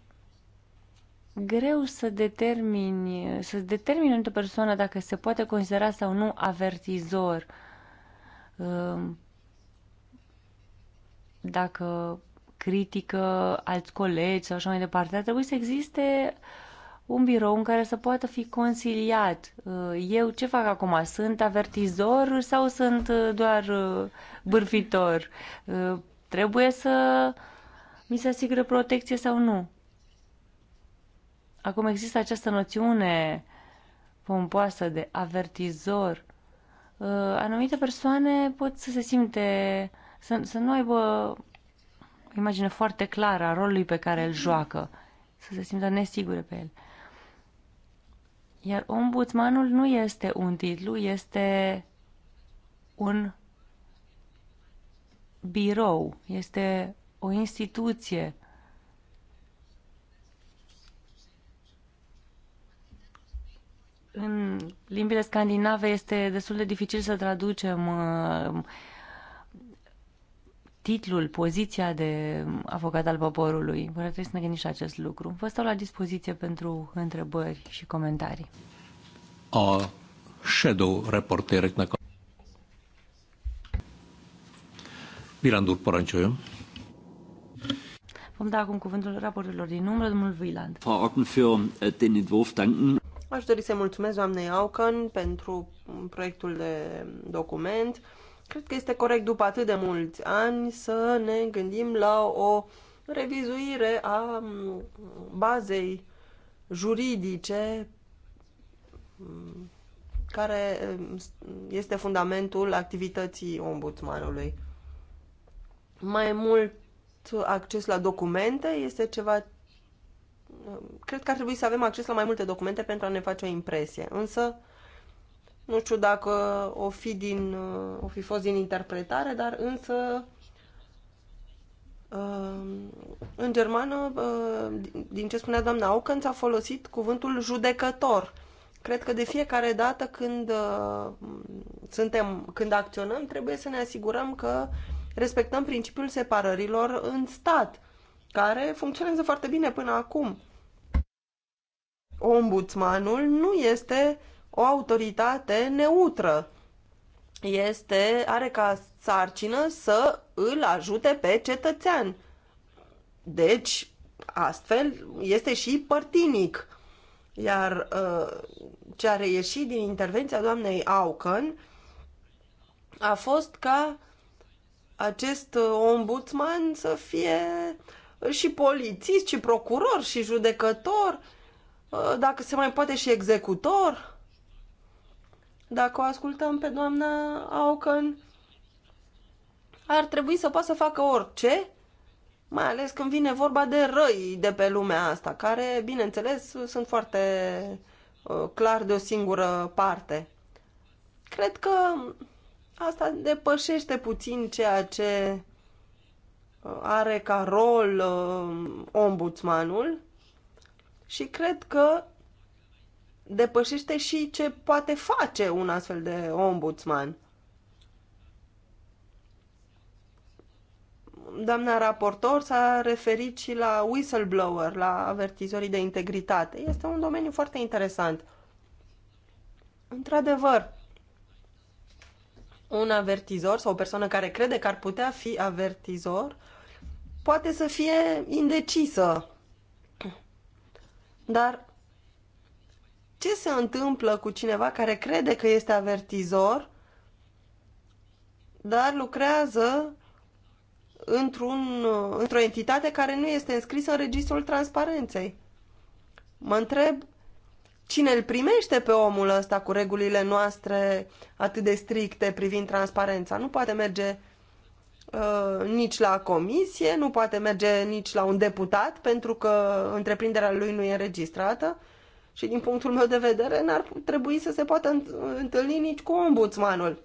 greu să determini, să determini într-o persoană dacă se poate considera sau nu avertizor. Dacă critică alți colegi sau așa mai departe, ar trebui să existe uh, un birou în care să poată fi conciliat. Uh, eu ce fac acum? Sunt avertizor sau sunt uh, doar uh, bârfitor? Trebuie să mi se asigură protecție sau nu? Acum există această noțiune pompoasă de avertizor. Anumite persoane pot să se simte, să, să nu aibă imagine foarte clară a rolului pe care îl joacă, să se simtă nesigure pe el. Iar ombudsmanul nu este un titlu, este un birou, este o instituție. În limbile scandinave este destul de dificil să traducem uh, titlul, poziția de avocat al poporului. Vă trebuie să ne gândiți și acest lucru. Vă stau la dispoziție pentru întrebări și comentarii. A shadow reporter, na Viland úr, Vom da acum cuvântul raporturilor din umbră, domnul Viland. Frau Ocken, für äh, den Entwurf danken. Aș dori să mulțumesc doamnei Aucan pentru proiectul de document. Cred că este corect după atât de mulți ani să ne gândim la o revizuire a bazei juridice care este fundamentul activității ombudsmanului. Mai mult acces la documente este ceva. Cred că ar trebui să avem acces la mai multe documente pentru a ne face o impresie. Însă, nu știu dacă o fi, din, o fi fost din interpretare, dar însă uh, în germană, uh, din ce spunea doamna Auken, a folosit cuvântul judecător. Cred că de fiecare dată când uh, suntem, când acționăm, trebuie să ne asigurăm că respectăm principiul separărilor în stat, care funcționează foarte bine până acum. Ombudsmanul nu este o autoritate neutră. Este, are ca sarcină să îl ajute pe cetățean. Deci, astfel, este și părtinic. Iar uh, ce a reieșit din intervenția doamnei Aucăn a fost ca acest uh, ombudsman să fie uh, și polițist, și procuror, și judecător, dacă se mai poate și executor. Dacă o ascultăm pe doamna Aucan, ar trebui să poată să facă orice, mai ales când vine vorba de răi de pe lumea asta, care, bineînțeles, sunt foarte uh, clar de o singură parte. Cred că asta depășește puțin ceea ce uh, are ca rol uh, ombudsmanul și cred că depășește și ce poate face un astfel de ombudsman. Doamna raportor s-a referit și la whistleblower, la avertizorii de integritate. Este un domeniu foarte interesant. Într-adevăr, un avertizor sau o persoană care crede că ar putea fi avertizor poate să fie indecisă. Dar ce se întâmplă cu cineva care crede că este avertizor, dar lucrează într-un, într-o entitate care nu este înscrisă în registrul transparenței. Mă întreb cine îl primește pe omul ăsta cu regulile noastre atât de stricte privind transparența. Nu poate merge uh, nici la comisie, nu poate merge nici la un deputat pentru că întreprinderea lui nu e înregistrată. Uh, și din punctul meu de vedere, n-ar trebui să se poată întâlni nici cu ombudsmanul.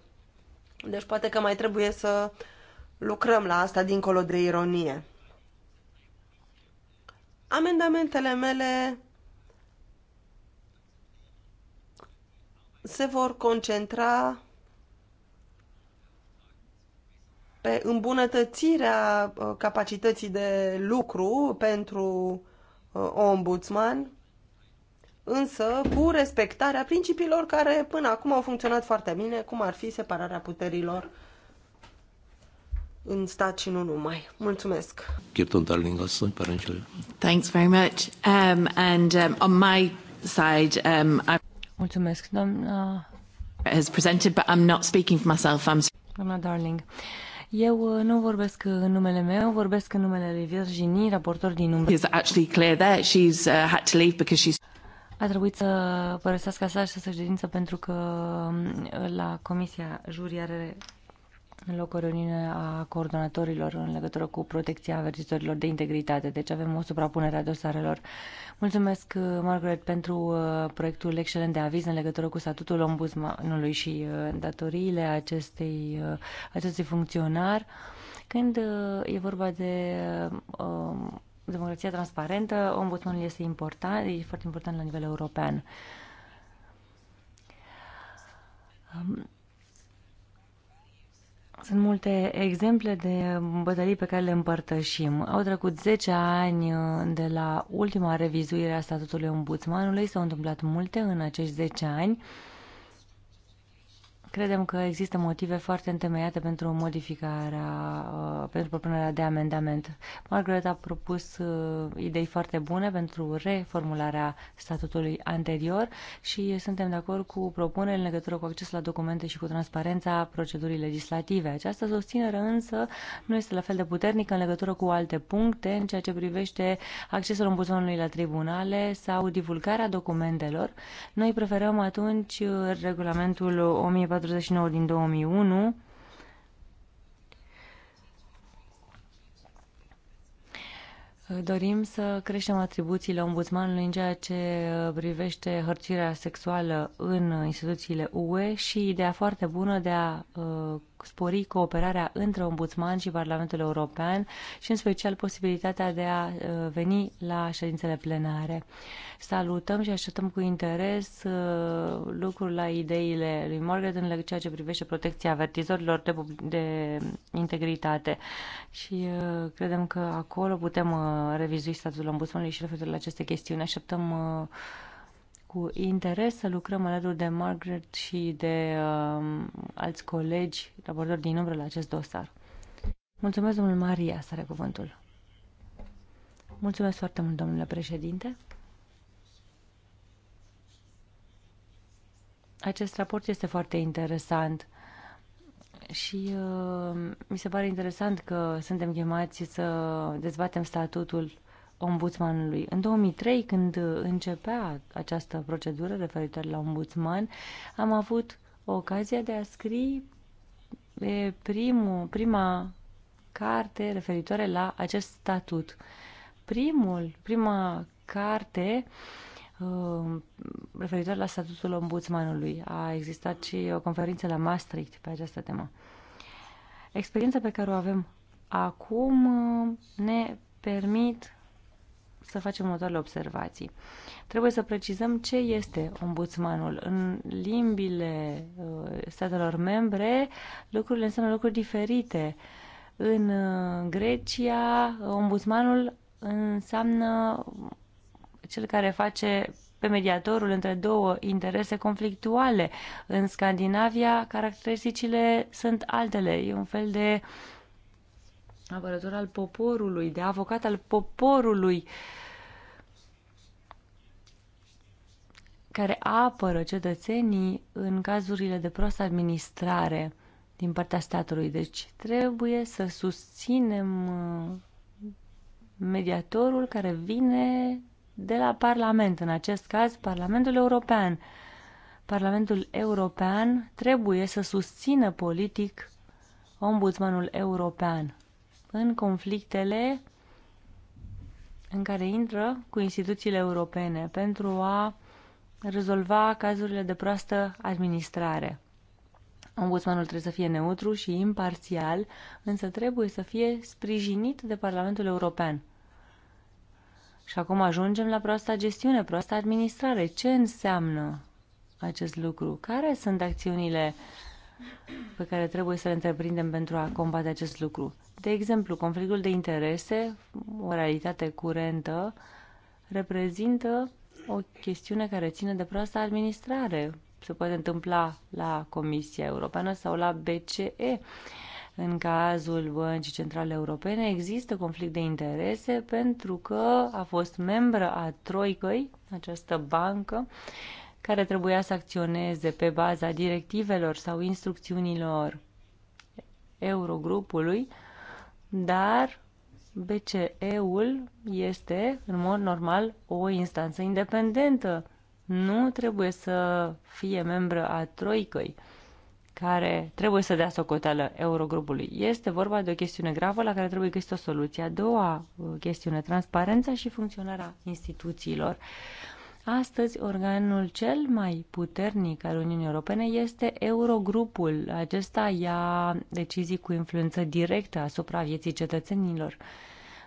Deci poate că mai trebuie să lucrăm la asta dincolo de ironie. Amendamentele mele se vor concentra pe îmbunătățirea uh, capacității de lucru pentru uh, ombudsman însă cu respectarea principiilor care până acum au funcționat foarte bine, cum ar fi separarea puterilor în stat și nu numai. Mulțumesc. Kirton Darling, asszony, parancsolja. Thanks very much. Um, and um, on my side, um, I... Mulțumesc, doamna... Has presented, but I'm not speaking for myself. I'm... Doamna Darling, eu uh, nu vorbesc uh, în numele meu, vorbesc în numele lui Virginie, raportor din umbră. It's actually clear there. She's uh, had to leave because she's a trebuit să părăsească această ședință pentru că mm, la comisia jurii are în loc o reuniune a coordonatorilor în legătură cu protecția avertizorilor de integritate. Deci avem o suprapunere a dosarelor. Mulțumesc, uh, Margaret, pentru uh, proiectul excelent de aviz în legătură cu statutul ombudsmanului și uh, datoriile acestei, acestui funcționar. Când e vorba de um, democrația transparentă, ombudsmanul este important, e foarte important la nivel european. Sunt multe exemple de bătălii pe care le împărtășim. Au trecut 10 ani uh, de la ultima revizuire a statutului ombudsmanului, s-au întâmplat multe în acești 10 ani. Credem că există motive foarte întemeiate pentru modificarea, uh, pentru propunerea de amendament. Margaret a propus uh, idei foarte bune pentru reformularea statutului anterior și suntem de acord cu propunerea în legătură cu accesul la documente și cu transparența procedurii legislative. Această susținere însă nu este la fel de puternică în legătură cu alte puncte în ceea ce privește accesul ombudsmanului la tribunale sau divulgarea documentelor. Noi preferăm atunci uh, regulamentul 1400 49 din 2001 Dorim să creștem atribuțiile ombudsmanului în ceea ce privește hărțirea sexuală în instituțiile UE și ideea foarte bună de a uh, spori cooperarea între ombudsman și Parlamentul European și, în special, posibilitatea de a uh, veni la ședințele plenare. Salutăm și așteptăm cu interes uh, lucrul la ideile lui Margaret în ceea ce privește protecția avertizorilor de, de integritate și uh, credem că acolo putem revizui statul ombudsmanului și referitor la aceste chestiuni. Așteptăm cu interes să lucrăm alături de Margaret și de uh, alți colegi, raportori din umbră la acest dosar. Mulțumesc, domnul Maria, să are cuvântul. Mulțumesc foarte mult, domnule președinte. Acest raport este foarte interesant și uh, mi se pare interesant că suntem chemați să dezbatem statutul ombudsmanului. În 2003, când începea această procedură referitoare la ombudsman, am avut ocazia de a scrie primul, prima carte referitoare la acest statut. Primul, prima carte uh, referitor la statutul ombudsmanului. A existat și o conferință la Maastricht pe această temă. Experiența pe care o avem acum uh, ne permit să facem următoarele observații. Trebuie să precizăm ce este ombudsmanul. În limbile uh, statelor membre, lucrurile înseamnă lucruri diferite. În uh, Grecia, ombudsmanul înseamnă cel care face pe mediatorul între două interese conflictuale. În Scandinavia, caracteristicile sunt altele. E un fel de uh, apărător al poporului, de avocat al poporului, care apără cetățenii în cazurile de proastă administrare din partea statului. Deci trebuie să susținem uh, mediatorul care vine de la Parlament, în acest caz Parlamentul European. Parlamentul European trebuie să susțină politic ombudsmanul european în conflictele în care intră cu instituțiile europene pentru a rezolva cazurile de proastă administrare. Ombudsmanul trebuie să fie neutru și imparțial, însă trebuie să fie sprijinit de Parlamentul European. Și acum ajungem la proasta gestiune, proasta administrare. Ce înseamnă acest lucru? Care sunt acțiunile pe care trebuie să le întreprindem pentru a combate acest lucru. De exemplu, conflictul de interese, o realitate curentă, reprezintă o chestiune care ține de proasta administrare. Se poate întâmpla la Comisia Europeană sau la BCE. În cazul Băncii Centrale Europene există conflict de interese pentru că a fost membră a Troicăi, această bancă, care trebuia să acționeze pe baza directivelor sau instrucțiunilor Eurogrupului, dar BCE-ul este, în mod normal, o instanță independentă. Nu trebuie să fie membră a Troicăi, care trebuie să dea socoteală Eurogrupului. Este vorba de o chestiune gravă la care trebuie găsit o soluție. A doua uh, chestiune, transparența și funcționarea instituțiilor. Uh, Astăzi, organul cel mai puternic al Uniunii Europene este Eurogrupul. Acesta ia decizii cu influență directă asupra vieții cetățenilor.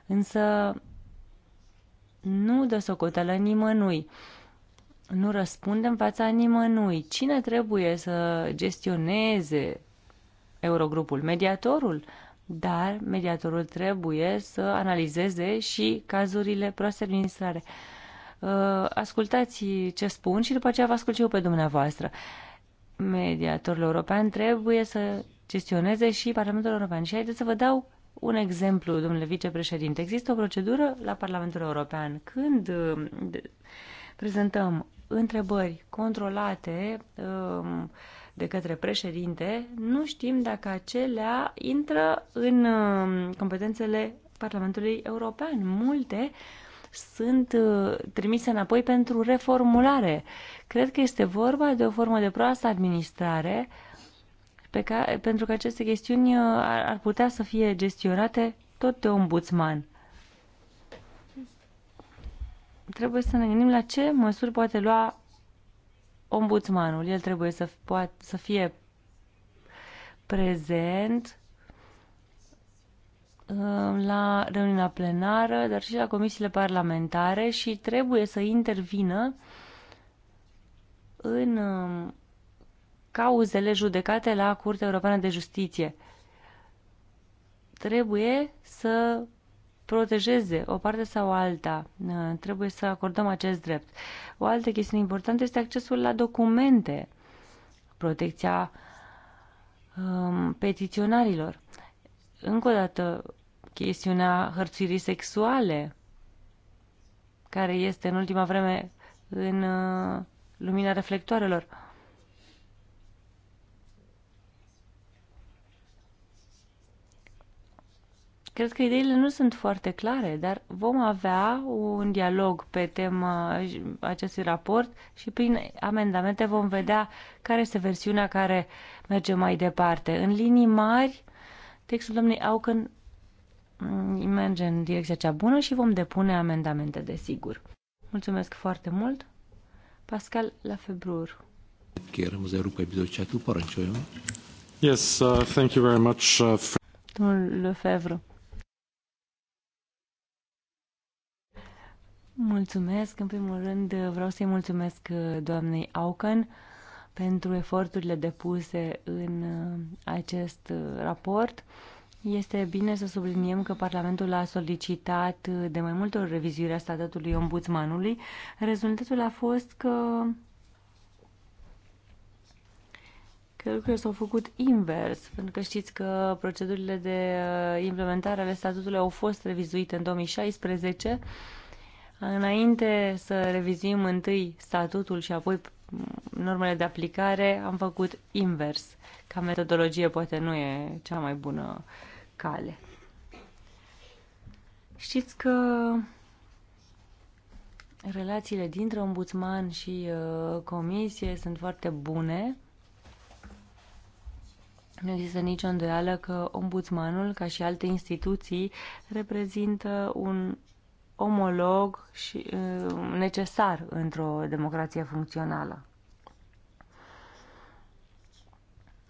Însă nu dă socotelă nimănui. Nu răspunde în fața nimănui. Cine trebuie să gestioneze Eurogrupul? Mediatorul? Dar mediatorul trebuie să analizeze și cazurile proaste administrare. administrare Uh, ascultați ce spun și după aceea vă ascult și eu pe dumneavoastră. Mediatorul european trebuie să gestioneze și Parlamentul European. Și haideți să vă dau un exemplu, domnule vicepreședinte. Există o procedură la Parlamentul European când uh, prezentăm întrebări controlate um, de către președinte, nu știm dacă acelea intră în um, competențele Parlamentului European. Multe uh, sunt uh, trimise înapoi pentru reformulare. Cred că este vorba de o formă de proastă administrare pe care, pentru că aceste chestiuni uh, ar, ar putea să fie gestionate tot de ombudsman. Trebuie să ne gândim la ce măsuri poate lua ombudsmanul. El trebuie să, poat, să fie prezent Uh, la reuniunea plenară, dar și la comisiile parlamentare și trebuie să intervină în um, cauzele judecate la Curtea Europeană de Justiție. Trebuie să protejeze o parte sau alta. Uh, trebuie să acordăm acest drept. O altă chestiune importantă este accesul la documente, protecția um, petiționarilor. Încă o dată, chestiunea hărțuirii sexuale, care este în ultima vreme în uh, lumina reflectoarelor. Cred că ideile nu sunt foarte clare, dar vom avea un dialog pe tema acestui raport și prin amendamente vom vedea care este versiunea care merge mai departe. În linii mari, textul domnului Auken Mm, merge în direcția cea bună și vom depune amendamente, desigur. Mulțumesc foarte mult. Pascal Lafebrur. Februar. az Európai Bizottságtól parancsoljon. Yes, uh, thank you very much. Uh, for... Domnul Lefebvre. Mulțumesc. În primul rând vreau să-i mulțumesc uh, doamnei Aucan pentru eforturile depuse în uh, acest uh, raport. Uh, este bine să subliniem că Parlamentul a solicitat de mai multe ori revizuirea statutului ombudsmanului. Rezultatul a fost că, că lucrurile s-au făcut invers, pentru că știți că procedurile de uh, implementare ale statutului au fost revizuite în 2016. Înainte să revizim întâi statutul și apoi mm, normele de aplicare, am făcut invers. Ca metodologie poate nu e cea mai bună uh, cale. Știți că relațiile dintre ombudsman și uh, comisie sunt foarte bune. Nu există nicio îndoială că ombudsmanul, ca și alte instituții, reprezintă un omolog și, uh, necesar într-o democrație funcțională.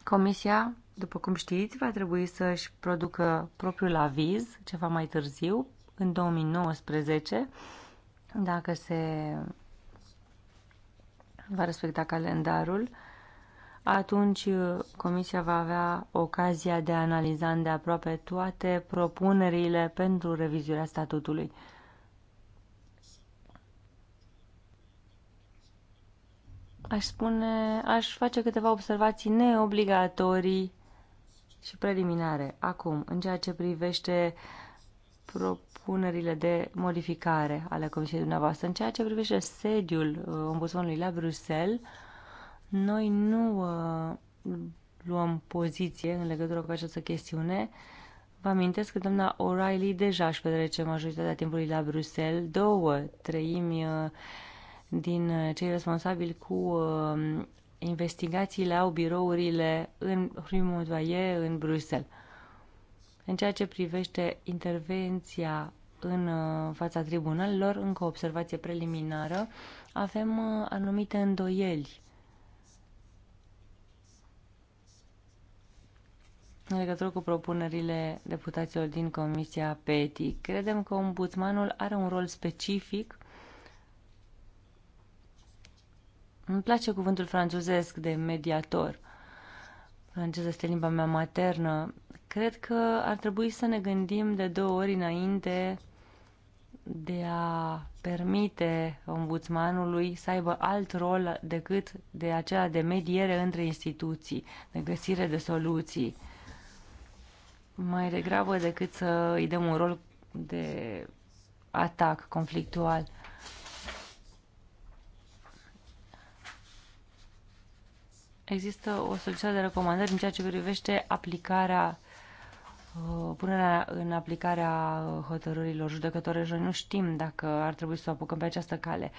Comisia după cum știți, va trebui să-și producă propriul aviz ceva mai târziu, în 2019, dacă se va respecta calendarul, atunci Comisia va avea ocazia de a analiza îndeaproape toate propunerile pentru revizuirea statutului. Aș spune, aș face câteva observații neobligatorii și preliminare. Acum, în ceea ce privește propunerile de modificare ale Comisiei dumneavoastră, în ceea ce privește sediul uh, ombudsmanului la Bruxelles, noi nu uh, luăm poziție în legătură cu această chestiune. Vă amintesc că doamna O'Reilly deja își petrece majoritatea timpului la Bruxelles, două treimi uh, din uh, cei responsabili cu uh, investigațiile au birourile în Rue în Bruxelles. În ceea ce privește intervenția în uh, fața tribunalelor, încă o observație preliminară, avem uh, anumite îndoieli în legătură cu propunerile deputaților din Comisia PETI. Credem că ombudsmanul are un rol specific Îmi place cuvântul francezesc de mediator. Franceza este limba mea maternă. Cred că ar trebui să ne gândim de două ori înainte de a permite ombudsmanului să aibă alt rol decât de acela de mediere între instituții, de găsire de soluții, mai degrabă decât să îi dăm un rol de atac conflictual. există o solicitare de recomandări în ceea ce privește aplicarea uh, punerea în aplicarea hotărârilor judecătorești. Noi nu știm dacă ar trebui să o apucăm pe această cale.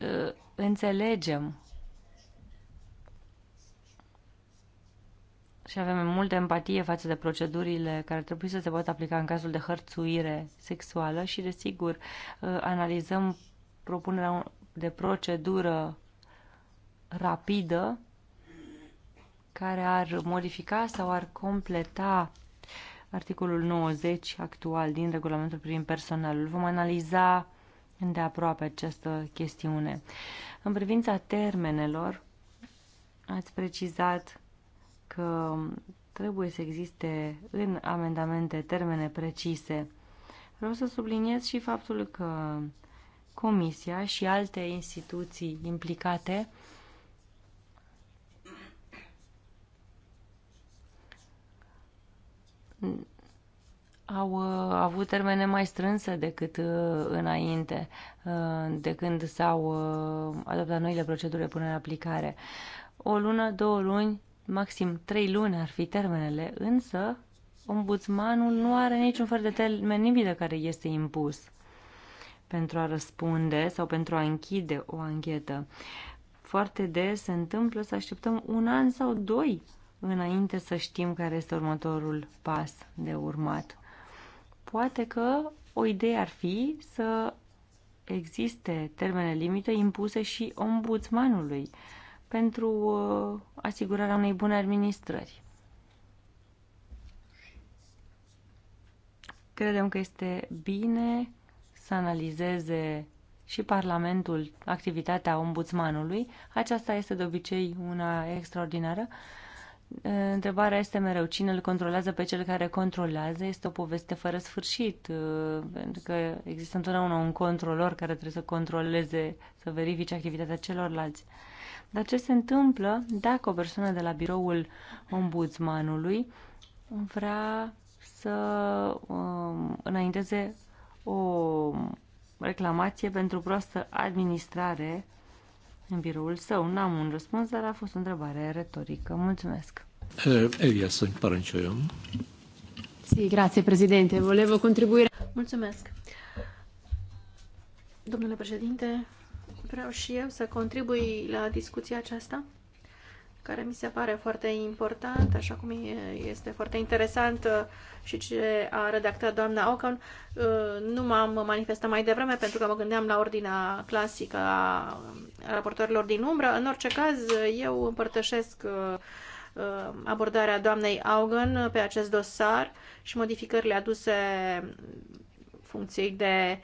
Uh, înțelegem și avem multă empatie față de procedurile care trebuie să se pot aplica în cazul de hărțuire sexuală și, desigur, uh, analizăm propunerea de procedură rapidă care ar modifica sau ar completa articolul 90 actual din regulamentul privind personalul. Vom analiza îndeaproape această chestiune. În privința termenelor, ați precizat că trebuie să existe în amendamente termene precise. Vreau să subliniez și faptul că Comisia și alte instituții implicate au uh, avut termene mai strânse decât uh, înainte, uh, de când s-au adoptat noile proceduri până în aplicare. O lună, două luni, maxim trei luni ar fi termenele, însă ombudsmanul nu are niciun fel de termen de care este impus pentru a răspunde sau pentru a închide o anchetă. Foarte des se întâmplă să așteptăm un an sau doi înainte să știm care este următorul pas de urmat. Poate că o idee ar fi să existe termene limite impuse și ombudsmanului pentru uh, asigurarea unei bune administrări. Credem că este bine să analizeze și Parlamentul activitatea ombudsmanului. Aceasta este de obicei una extraordinară Întrebarea este mereu cine îl controlează pe cel care controlează. Este o poveste fără sfârșit, uh, pentru că există întotdeauna un controlor care trebuie să controleze, să verifice activitatea celorlalți. Dar ce se întâmplă dacă o persoană de la biroul ombudsmanului vrea să um, înainteze o reclamație pentru proastă administrare în biroul său. N-am un răspuns, dar a fost o întrebare retorică. Mulțumesc. Elia, să parancioiam. Sì, grazie Presidente. Volevo contribuire... Mulțumesc. Domnule președinte, vreau și eu să contribui la discuția aceasta care mi se pare foarte important, așa cum este foarte interesant uh, și ce a redactat doamna Ocon. Uh, nu m-am manifestat mai devreme pentru că mă gândeam la ordinea clasică a raportorilor din umbră. În orice caz, eu împărtășesc uh, abordarea doamnei Augen pe acest dosar și modificările aduse funcției de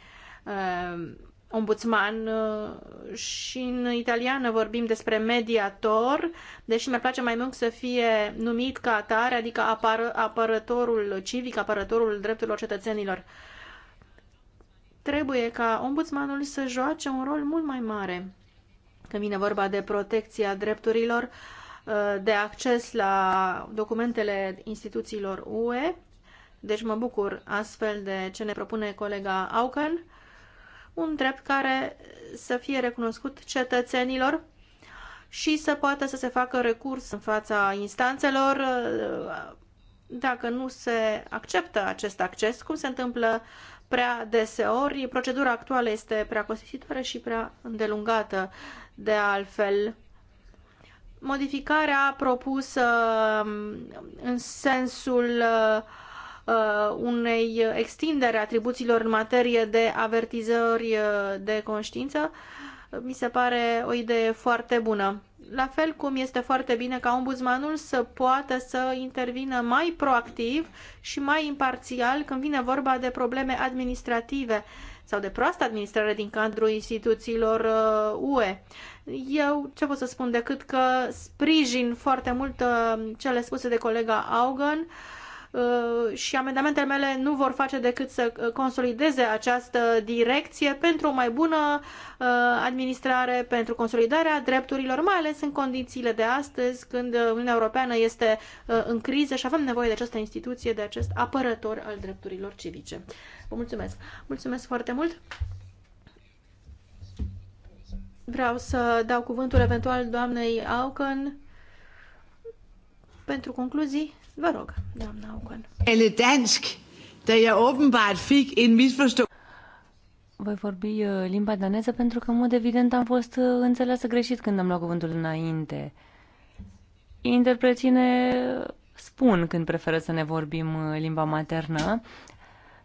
ombudsman uh, și în italiană vorbim despre mediator, deși mi-ar place mai mult să fie numit ca atare, adică apăr- apărătorul civic, apărătorul drepturilor cetățenilor. Trebuie ca ombudsmanul să joace un rol mult mai mare când vine vorba de protecția drepturilor uh, de acces la documentele instituțiilor UE. Deci mă bucur astfel de ce ne propune colega Auken un drept care să fie recunoscut cetățenilor și să poată să se facă recurs în fața instanțelor uh, dacă nu se acceptă acest acces, cum se întâmplă prea deseori. Procedura actuală este prea costisitoare și prea îndelungată de altfel. Modificarea propusă um, în sensul uh, Uh, unei extindere a atribuțiilor în materie de avertizări uh, de conștiință, mi se pare o idee foarte bună. La fel cum este foarte bine ca ombudsmanul să poată să intervină mai proactiv și mai imparțial când vine vorba de probleme administrative sau de proastă administrare din cadrul instituțiilor UE. Uh, Eu ce pot să spun decât că sprijin foarte mult cele spuse de colega Augen Uh, și amendamentele mele nu vor face decât să uh, consolideze această direcție pentru o mai bună uh, administrare, pentru consolidarea drepturilor, mai ales în condițiile de astăzi, când Uniunea Europeană este în criză și avem nevoie de această instituție, de acest apărător al drepturilor civice. Vă mulțumesc! Mulțumesc foarte mult! Vreau să dau cuvântul eventual doamnei Auken pentru concluzii. Vă rog, doamna Ocon. Ele dansk, da jeg åbenbart fik en misforståelse. Voi vorbi uh, limba daneză pentru că, în mod evident, am fost uh, înțeleasă greșit când am luat cuvântul înainte. Interpreții ne spun când preferă să ne vorbim uh, limba maternă.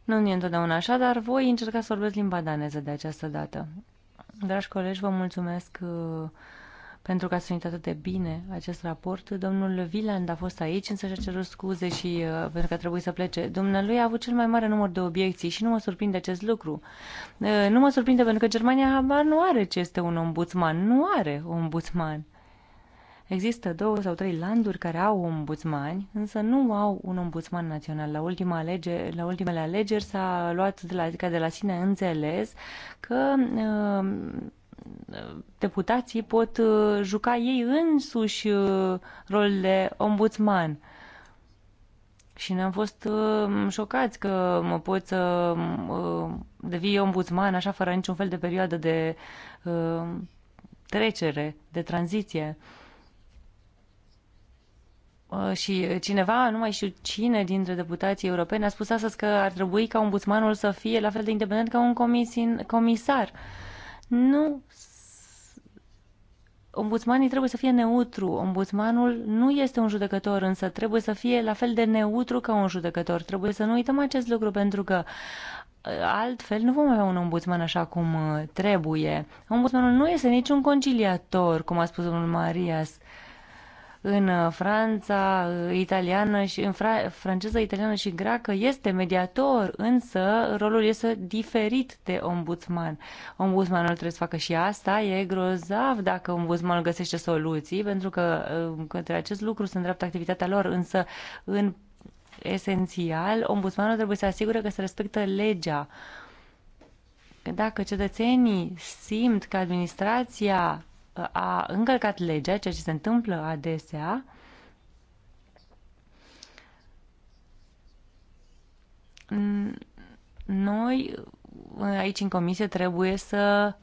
Nu e întotdeauna așa, dar voi încerca să vorbesc limba daneză de această dată. Dragi colegi, vă mulțumesc pentru că a sunit atât de bine acest raport. Domnul Viland a fost aici, însă și-a cerut scuze și uh, pentru că a trebuit să plece. Dumnealui a avut cel mai mare număr de obiecții și nu mă surprinde acest lucru. Uh, nu mă surprinde pentru că Germania habar nu are ce este un ombudsman. Nu are ombudsman. Există două sau trei landuri care au ombudsmani, însă nu au un ombudsman național. La, ultima alege, la ultimele alegeri s-a luat de la, adică de la sine înțeles că uh, deputații pot uh, juca ei însuși uh, rolul de ombudsman. Și ne-am fost uh, șocați că mă pot să devii ombudsman așa fără niciun fel de perioadă de trecere, de tranziție și cineva, nu mai știu cine dintre deputații europeni, a spus astăzi că ar trebui ca ombudsmanul să fie la fel de independent ca un comisin, comisar nu ombudsmanii trebuie să fie neutru. Ombudsmanul nu este un judecător, însă trebuie să fie la fel de neutru ca un judecător. Trebuie să nu uităm acest lucru, pentru că uh, altfel nu vom avea un ombudsman așa cum uh, trebuie. Ombudsmanul nu este niciun conciliator, cum a spus domnul Marias în uh, Franța, uh, italiană și în fra- franceză, italiană și greacă este mediator, însă rolul este diferit de ombudsman. Ombudsmanul trebuie să facă și asta, e grozav dacă ombudsmanul găsește soluții, pentru că uh, către acest lucru se îndreaptă activitatea lor, însă în esențial, ombudsmanul trebuie să asigure că se respectă legea. dacă cetățenii simt că administrația a încălcat legea, ceea ce se întâmplă adesea, noi uh, aici în comisie trebuie să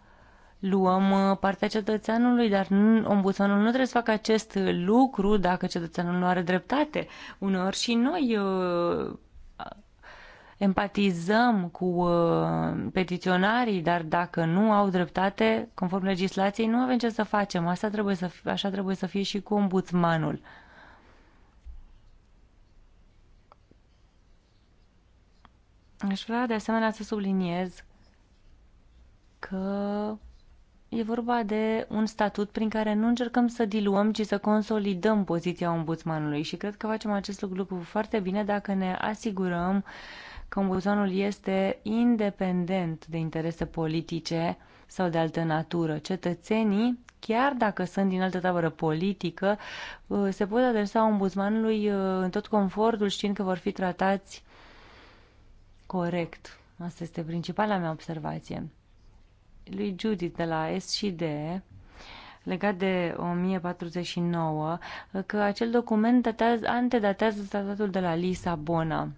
luăm uh, partea cetățeanului, dar ombudsmanul nu trebuie să facă acest lucru dacă cetățeanul nu are dreptate. Uneori și noi uh, empatizăm cu uh, petiționarii, dar dacă nu au dreptate, conform legislației, nu avem ce să facem. Asta trebuie să fie, așa trebuie să fie și cu ombudsmanul. Aș vrea de asemenea să subliniez că e vorba de un statut prin care nu încercăm să diluăm, ci să consolidăm poziția ombudsmanului și cred că facem acest lucru foarte bine dacă ne asigurăm uh, când buzonul este independent de interese politice sau de altă natură. Cetățenii, chiar dacă sunt din altă tabără politică, uh, se pot adresa ombudsmanului uh, în tot confortul știind că vor fi tratați corect. Asta este principala mea observație. Lui Judith de la SCD, legat de 1049, că acel document datează, antedatează statutul de la Lisabona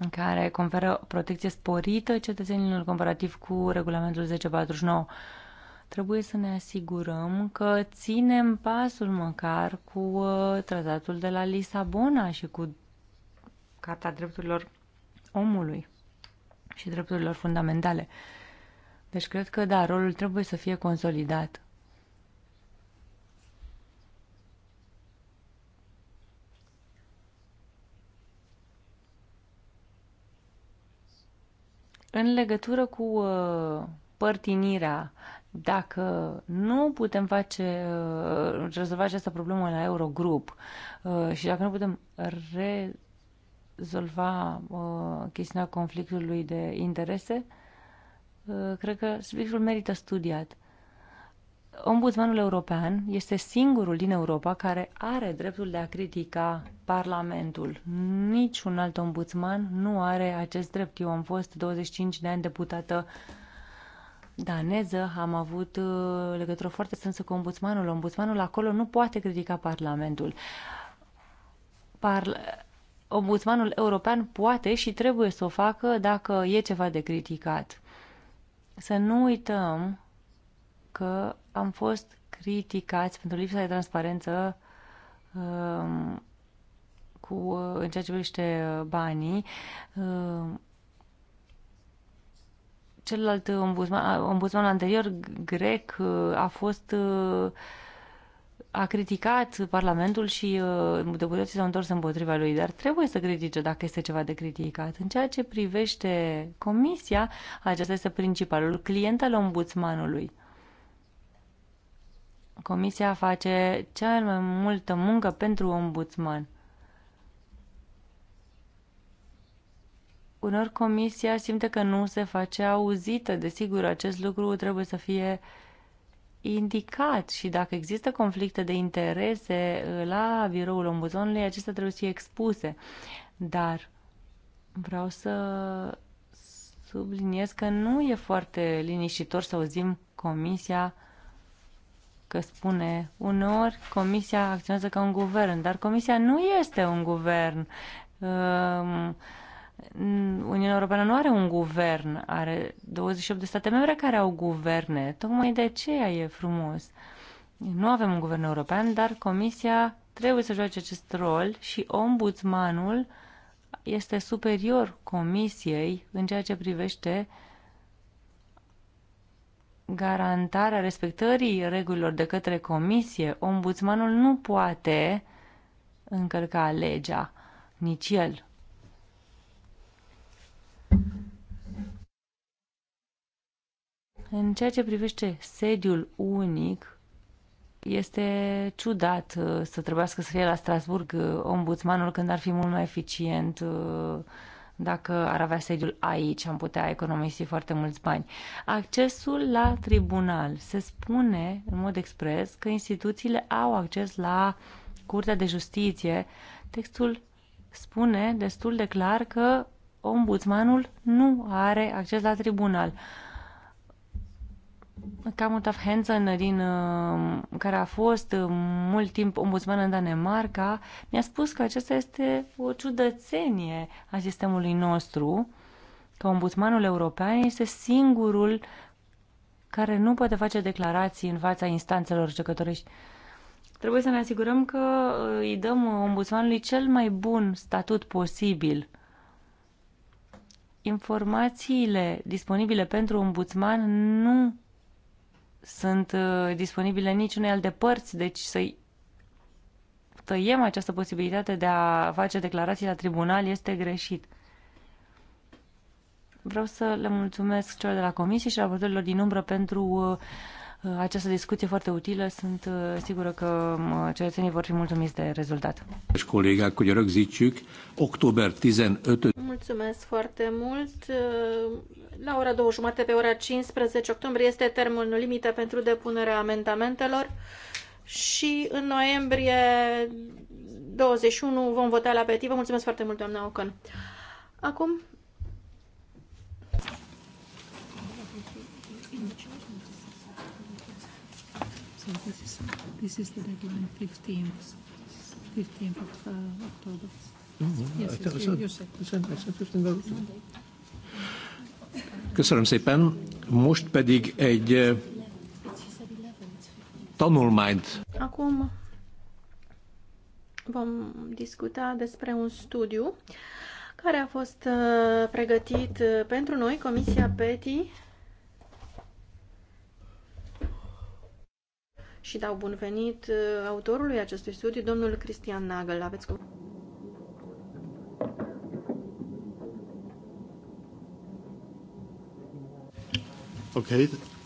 în care conferă protecție sporită cetățenilor comparativ cu regulamentul 1049. Trebuie să ne asigurăm că ținem pasul măcar cu uh, tratatul de la Lisabona și cu Carta Drepturilor Omului și Drepturilor Fundamentale. Deci cred că, da, rolul trebuie să fie consolidat. În legătură cu uh, părtinirea, dacă nu putem face, uh, rezolva această problemă la Eurogrup uh, și dacă nu putem rezolva uh, chestiunea conflictului de interese, uh, cred că subiectul merită studiat. Uh, Ombudsmanul european este singurul din Europa care are dreptul de a critica Parlamentul. Niciun alt ombudsman nu are acest drept. Eu am fost 25 de ani deputată daneză, am avut uh, legătură foarte strânsă cu ombudsmanul. Ombudsmanul acolo nu poate critica Parlamentul. Par... Ombudsmanul european poate și trebuie să o facă dacă e ceva de criticat. Să nu uităm că am fost criticați pentru lipsa de transparență um, cu, uh, în ceea ce privește uh, banii. Um, celălalt ombudsman, ombudsman anterior, grec, uh, a fost a criticat Parlamentul și deputații s-au întors împotriva lui, dar trebuie să critique dacă este ceva de criticat. În ceea ce privește comisia, acesta este principalul client al ombudsmanului. Comisia face cea mai multă muncă pentru ombudsman. Unor comisia simte că nu se face auzită. Desigur, acest lucru trebuie să fie indicat și dacă există conflicte de interese uh, la biroul ombudsmanului, acestea trebuie să fie expuse. Dar vreau să subliniez că nu e foarte liniștitor să auzim comisia că spune uneori Comisia acționează ca un guvern, dar Comisia nu este un guvern. Um, Uniunea Europeană nu are un guvern, are 28 de state membre care au guverne. Tocmai de aceea e frumos. Nu avem un guvern european, dar Comisia trebuie să joace acest rol și ombudsmanul este superior Comisiei în ceea ce privește uh, garantarea respectării regulilor de către comisie, ombudsmanul nu poate încălca legea, nici el. În ceea ce privește sediul unic, este ciudat uh, să trebuiască să fie la Strasburg uh, ombudsmanul când ar fi mult mai eficient uh, dacă ar avea sediul aici, am putea economisi foarte mulți bani. Accesul la tribunal. Se spune în mod expres că instituțiile au acces la Curtea de Justiție. Textul spune destul de clar că ombudsmanul nu are acces la tribunal. Uh, cam of Hansen, din, uh, care a fost uh, mult timp ombudsman în Danemarca, mi-a spus că acesta este o ciudățenie a sistemului nostru, că ombudsmanul european este singurul care nu poate face declarații în fața instanțelor judecătorești. Trebuie să ne asigurăm că uh, îi dăm ombudsmanului cel mai bun statut posibil. Informațiile disponibile pentru ombudsman nu sunt uh, disponibile niciunei alte părți, deci să tăiem această posibilitate de a face declarații la tribunal este greșit. Vreau să le mulțumesc celor de la comisie și raportorilor din umbră pentru uh, Uh, această discuție foarte utilă. Sunt uh, sigură că uh, cetățenii vor fi mulțumiți de rezultat. Colega, hogy rögzítsük, octombrie 15 Mulțumesc foarte mult. La ora două jumate pe ora 15 octombrie este termenul limită pentru depunerea amendamentelor și în noiembrie 21 vom vota la PETI. Vă mulțumesc foarte mult, doamna Ocon. Acum So this is this is the deadline, 15th, 15th of uh, October. Mm-hmm. Yes, yes, you, Köszönöm szépen. Most pedig egy uh, tanulmányt. Acum vom discuta despre un studiu care a fost uh, pregătit uh, pentru noi, Comisia PETI, și dau bun venit uh, autorului acestui studiu, domnul Cristian Nagel. Aveți cuvânt. Ok,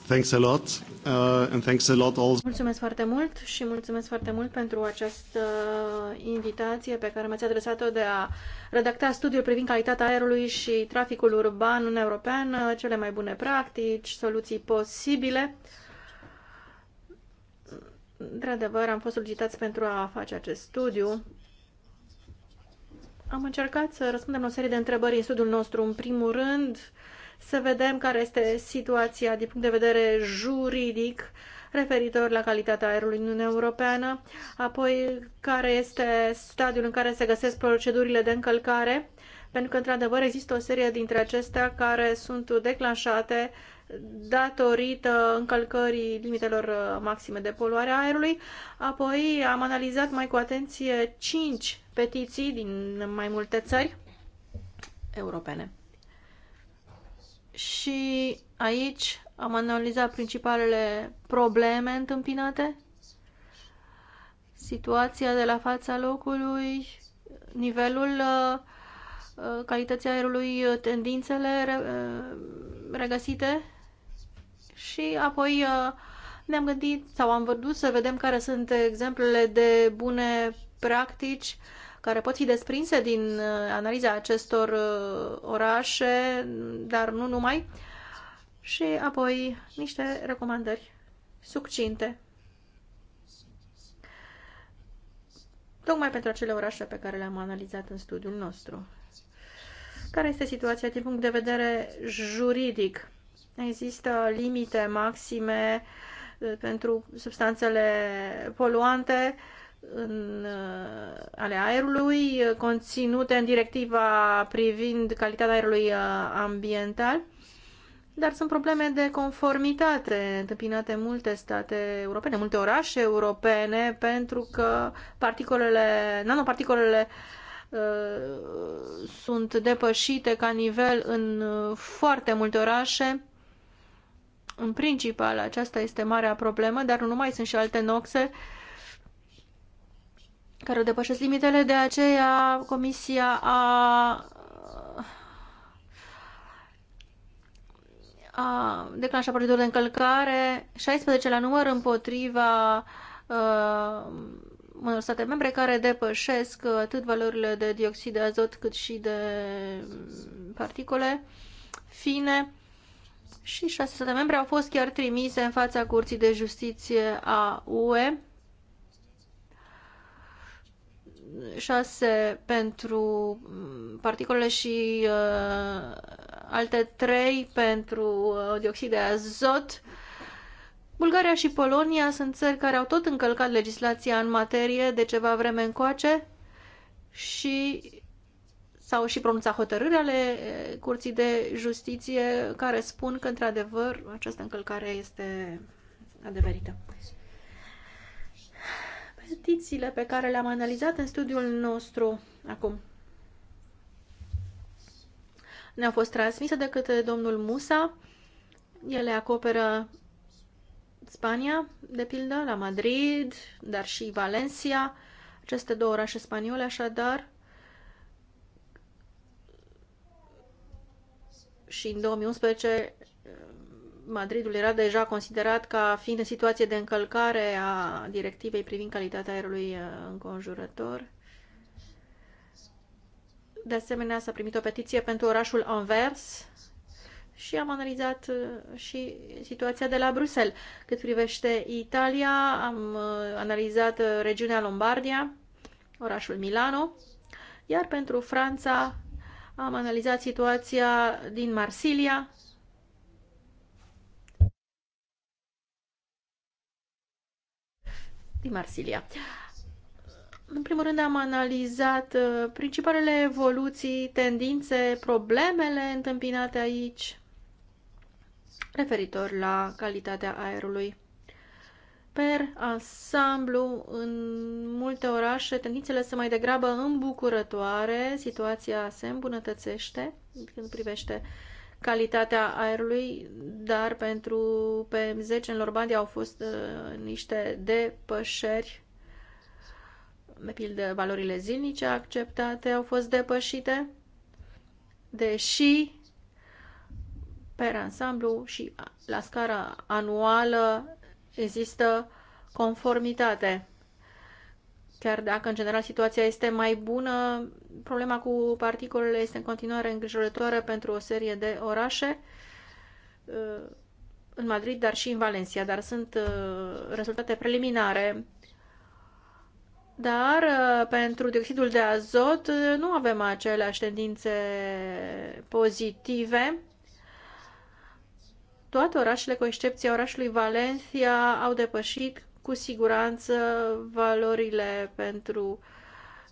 thanks a lot. Uh, and thanks a lot also. Mulțumesc foarte mult și mulțumesc foarte mult pentru această uh, invitație pe care mi-ați adresat-o de a redacta studiul privind calitatea aerului și traficul urban în european, cele mai bune practici, soluții posibile. Uh, Într-adevăr, am fost solicitați pentru a face acest studiu. Am încercat să răspundem la o serie de întrebări în studiul nostru. În primul rând, să vedem care este situația din punct de vedere juridic referitor la calitatea aerului în Uniunea Europeană, apoi care este stadiul în care se găsesc procedurile de încălcare, pentru că, într-adevăr, există o serie dintre acestea care sunt declanșate uh, datorită încălcării limitelor uh, maxime de poluare a aerului. Apoi am analizat mai cu atenție 5 petiții din mai multe țări europene. Și aici am analizat principalele probleme întâmpinate, situația de la fața locului, nivelul uh, uh, calității aerului, tendințele regăsite și apoi uh, ne-am gândit sau am văzut să vedem care sunt exemplele de bune practici care pot fi desprinse din uh, analiza acestor uh, orașe, dar nu numai, și apoi niște recomandări succinte. Tocmai pentru acele orașe pe care le-am analizat în studiul nostru. Care este situația din punct de vedere juridic? Există limite maxime uh, pentru substanțele poluante în, uh, ale aerului uh, conținute în directiva privind calitatea aerului ambiental, dar sunt probleme de conformitate întâmpinate în multe state europene, multe orașe europene, pentru că particolele, nanoparticolele sunt depășite ca nivel în foarte multe orașe în principal, aceasta este marea problemă, dar nu mai sunt și alte noxe care depășesc limitele, de aceea Comisia a a declanșat proceduri de încălcare, 16 la număr împotriva uh, unor state membre care depășesc atât valorile de dioxid de azot cât și de particole fine și șase state membre au fost chiar trimise în fața Curții de Justiție a UE, șase pentru particole și uh, alte trei pentru uh, dioxid de azot. Bulgaria și Polonia sunt țări care au tot încălcat legislația în materie de ceva vreme încoace și S-au și pronunțat hotărâri ale Curții de Justiție care spun că, într-adevăr, această încălcare este adeverită. Petițiile pe care le-am analizat în studiul nostru acum ne-au fost transmise de către domnul Musa. Ele acoperă Spania, de pildă, la Madrid, dar și Valencia, aceste două orașe spaniole, așadar, și în 2011 Madridul era deja considerat ca fiind în situație de încălcare a directivei privind calitatea aerului uh, înconjurător. De asemenea, s-a primit o petiție pentru orașul Anvers și am analizat uh, și situația de la Bruxelles. Cât privește Italia, am uh, analizat regiunea Lombardia, orașul Milano, iar pentru Franța am analizat situația din Marsilia. Din Marsilia. În primul rând am analizat uh, principalele evoluții, tendințe, problemele întâmpinate aici referitor la calitatea aerului per ansamblu, în multe orașe, tendințele sunt mai degrabă îmbucurătoare, situația se îmbunătățește când privește calitatea aerului, dar pentru PM10 în Lorbandia au fost uh, niște depășeri, de pildă valorile zilnice acceptate au fost depășite, deși per ansamblu și la scara anuală există conformitate. Chiar dacă, în general, situația este mai bună, problema cu particolele este în continuare îngrijorătoare pentru o serie de orașe uh, în Madrid, dar și în Valencia, dar sunt uh, rezultate preliminare. Dar uh, pentru dioxidul de azot nu avem aceleași tendințe pozitive toate orașele, cu excepția orașului Valencia, au depășit cu siguranță valorile pentru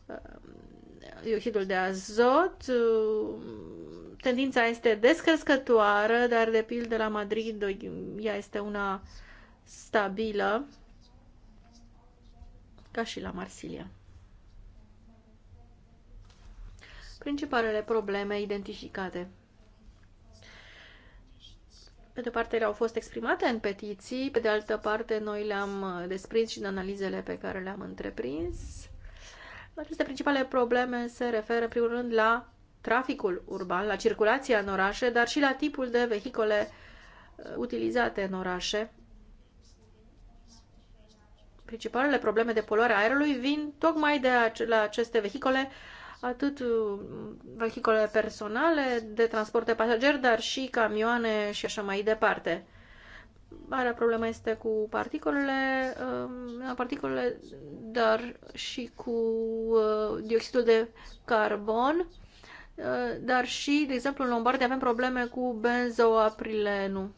um, dioxidul de azot. Tendința este descrescătoare, dar de pildă la Madrid ea este una stabilă, ca și la Marsilia. Principalele probleme identificate pe de parte, ele au fost exprimate în petiții, pe de altă parte, noi le-am uh, desprins și în analizele pe care le-am întreprins. Aceste principale probleme se referă, în primul rând, la traficul urban, la circulația în orașe, dar și la tipul de vehicole uh, utilizate în orașe. Principalele probleme de poluare aerului vin tocmai de la aceste vehicole uh, atât uh, vehicole personale de transport de pasageri, dar și camioane și așa mai departe. Marea problemă este cu uh, particulele dar și cu uh, dioxidul de carbon, uh, dar și, de exemplu, în Lombardia avem probleme cu benzoaprilenul.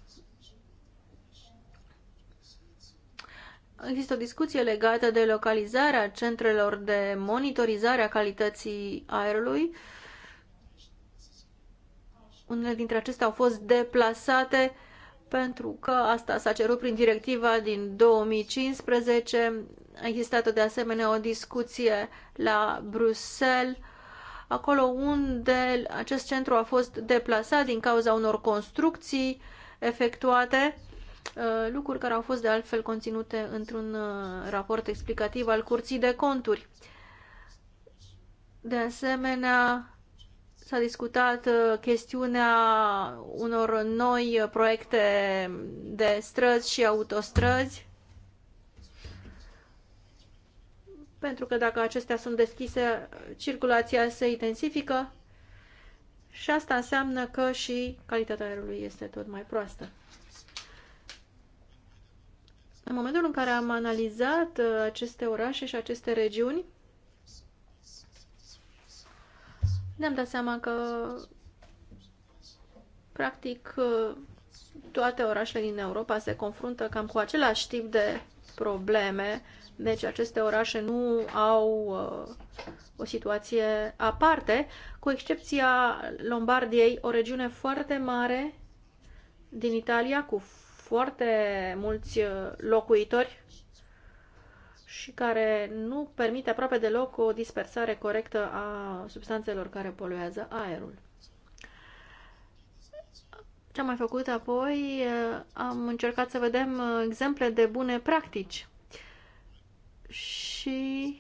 Există o discuție legată de localizarea centrelor de monitorizare a calității aerului. Unele dintre acestea au fost deplasate pentru că asta s-a cerut prin directiva din 2015. A existat de asemenea o discuție la Bruxelles, acolo unde acest centru a fost deplasat din cauza unor construcții efectuate Uh, lucruri care au fost de altfel conținute într-un uh, raport explicativ al Curții de Conturi. De asemenea, s-a discutat uh, chestiunea unor noi proiecte de străzi și autostrăzi, pentru că dacă acestea sunt deschise, circulația se intensifică și asta înseamnă că și calitatea aerului este tot mai proastă. În momentul în care am analizat uh, aceste orașe și aceste regiuni, ne-am dat seama că practic uh, toate orașele din Europa se confruntă cam cu același tip de probleme, deci aceste orașe nu au uh, o situație aparte, cu excepția Lombardiei, o regiune foarte mare din Italia cu foarte mulți uh, locuitori și care nu permite aproape deloc o dispersare corectă a substanțelor care poluează aerul. Ce am mai făcut apoi? Uh, am încercat să vedem uh, exemple de bune practici. Și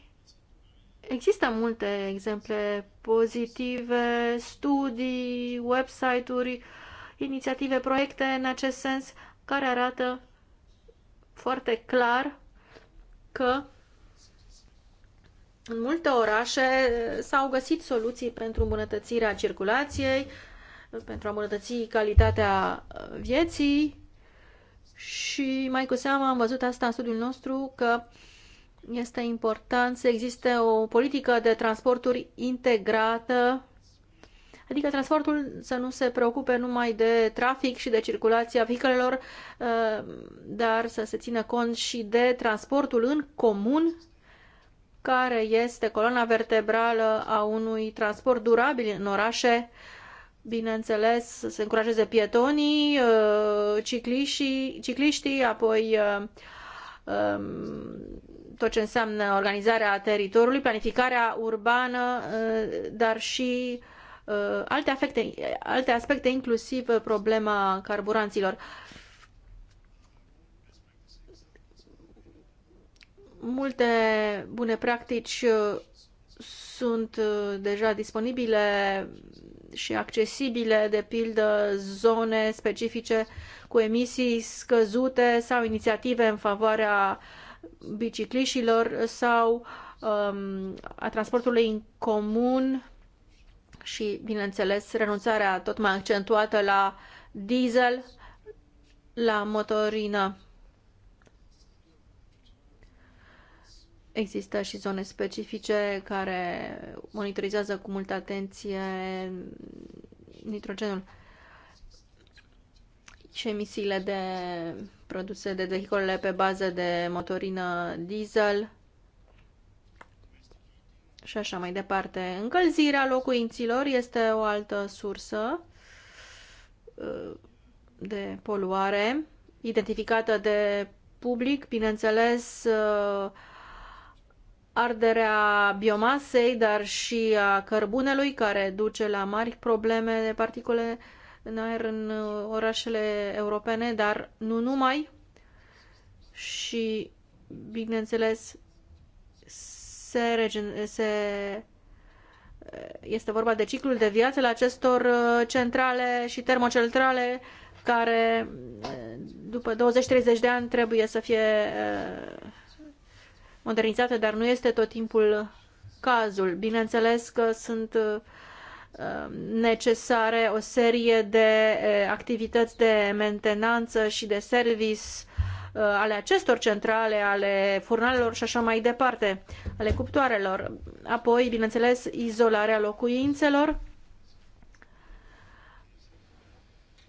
există multe exemple pozitive, studii, website-uri, inițiative, proiecte în acest sens care arată foarte clar că în multe orașe s-au găsit soluții pentru îmbunătățirea circulației, pentru a îmbunătăți calitatea uh, vieții și mai cu seamă am văzut asta în studiul nostru că este important să existe o politică de transporturi integrată Adică transportul să nu se preocupe numai de trafic și de circulația vehiculelor, uh, dar să se țină cont și de transportul în comun, care este coloana vertebrală a unui transport durabil în orașe, bineînțeles, să se încurajeze pietonii, uh, cicliștii, apoi uh, um, tot ce înseamnă organizarea teritoriului, planificarea urbană, dar și Uh, alte, afecte, alte aspecte, inclusiv uh, problema carburanților. Multe bune practici uh, sunt deja disponibile și accesibile, de pildă zone specifice cu emisii scăzute sau inițiative în favoarea bicicliștilor sau um, a transportului în comun și, bineînțeles, renunțarea tot mai accentuată la diesel, la motorină. Există și zone specifice care monitorizează cu multă atenție nitrogenul și emisiile de produse de vehiculele pe bază de motorină diesel și așa mai departe. Încălzirea locuinților este o altă sursă uh, de poluare identificată de public, bineînțeles, uh, arderea biomasei, dar și a cărbunelui, care duce la mari probleme de particule în aer în uh, orașele europene, dar nu numai. Și, bineînțeles, se, se este vorba de ciclul de viață la acestor uh, centrale și termocentrale care uh, după 20-30 de ani trebuie să fie uh, modernizate, dar nu este tot timpul cazul. Bineînțeles că sunt necesare o serie de activități de mentenanță și de service Uh, ale acestor centrale, ale furnalelor și așa mai departe, ale cuptoarelor. Apoi, bineînțeles, izolarea locuințelor.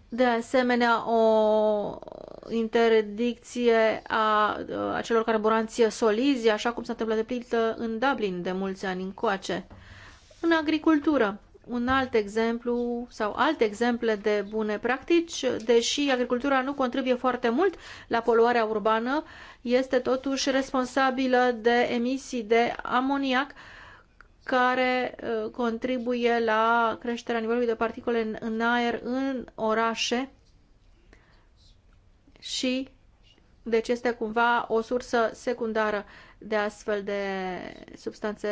De asemenea, o interdicție a, uh, a celor solizi, așa cum s-a întâmplat de plită în Dublin de mulți ani încoace. În agricultură, un alt exemplu sau alte exemple de bune practici, deși agricultura nu contribuie foarte mult la poluarea urbană, este totuși responsabilă de emisii de amoniac care uh, contribuie la creșterea nivelului de particule în aer în orașe și deci este cumva o sursă secundară de astfel de substanțe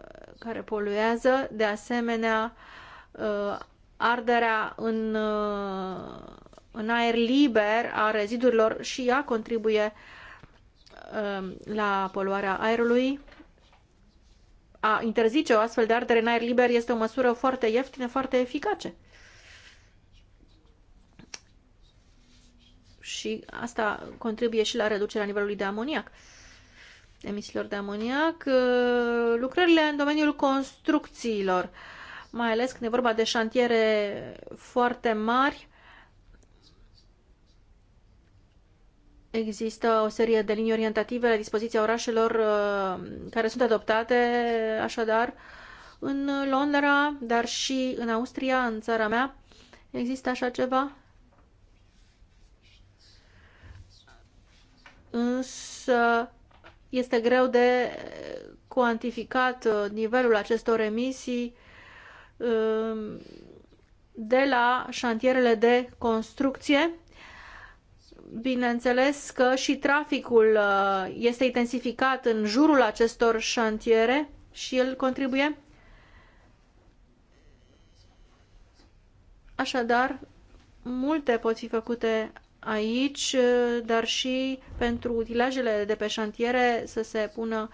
uh, care poluează, de asemenea uh, arderea în, uh, în aer liber a rezidurilor și ea contribuie um, la poluarea aerului. A interzice o astfel de ardere în aer liber este o măsură foarte ieftină, foarte eficace. Și asta contribuie și la reducerea nivelului de amoniac. Uh, emisiilor de amoniac, uh, lucrările în domeniul construcțiilor, mai ales când e vorba de șantiere foarte mari, Există o serie de linii orientative la dispoziția orașelor uh, care sunt adoptate, așadar, în Londra, dar și în Austria, în țara mea. Există așa ceva? Însă este greu de eh, cuantificat eh, nivelul acestor emisii eh, de la șantierele de construcție. Bineînțeles că și traficul este intensificat în jurul acestor șantiere și el contribuie. Așadar, multe pot fi făcute aici, uh, dar și pentru utilajele de pe șantiere să se pună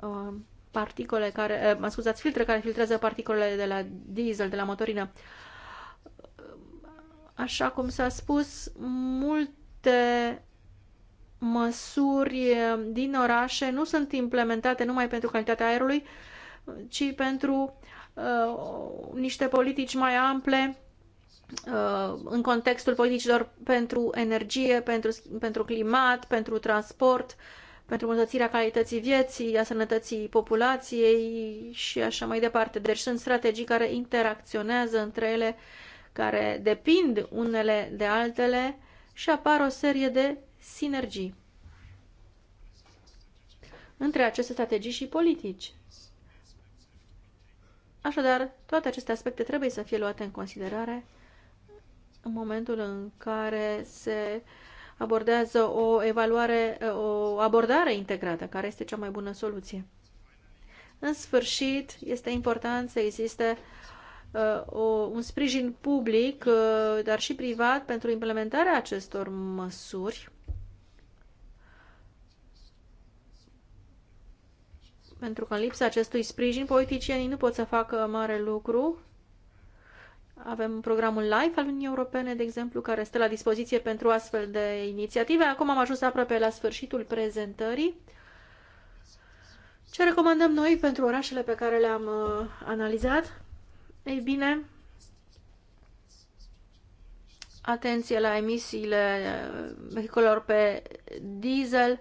uh, particole care, uh, mă scuzați, filtre care filtrează particolele de la diesel, de la motorină. Așa cum s-a spus, multe măsuri din orașe nu sunt implementate numai pentru calitatea aerului, ci pentru uh, niște politici mai ample Uh, în contextul politicilor pentru energie, pentru, pentru climat, pentru transport, pentru îmbunătățirea calității vieții, a sănătății populației și așa mai departe. Deci sunt strategii care interacționează între ele, care depind unele de altele și apar o serie de sinergii între aceste strategii și politici. Așadar, toate aceste aspecte trebuie să fie luate în considerare în momentul în care se abordează o evaluare, o abordare integrată, care este cea mai bună soluție. În sfârșit, este important să existe uh, o, un sprijin public, uh, dar și privat, pentru implementarea acestor măsuri. Pentru că în lipsa acestui sprijin, politicienii nu pot să facă mare lucru avem programul LIFE al Uniunii Europene, de exemplu, care stă la dispoziție pentru astfel de inițiative. Acum am ajuns aproape la sfârșitul prezentării. Ce recomandăm noi pentru orașele pe care le-am uh, analizat? Ei bine, atenție la emisiile uh, vehiculelor pe diesel,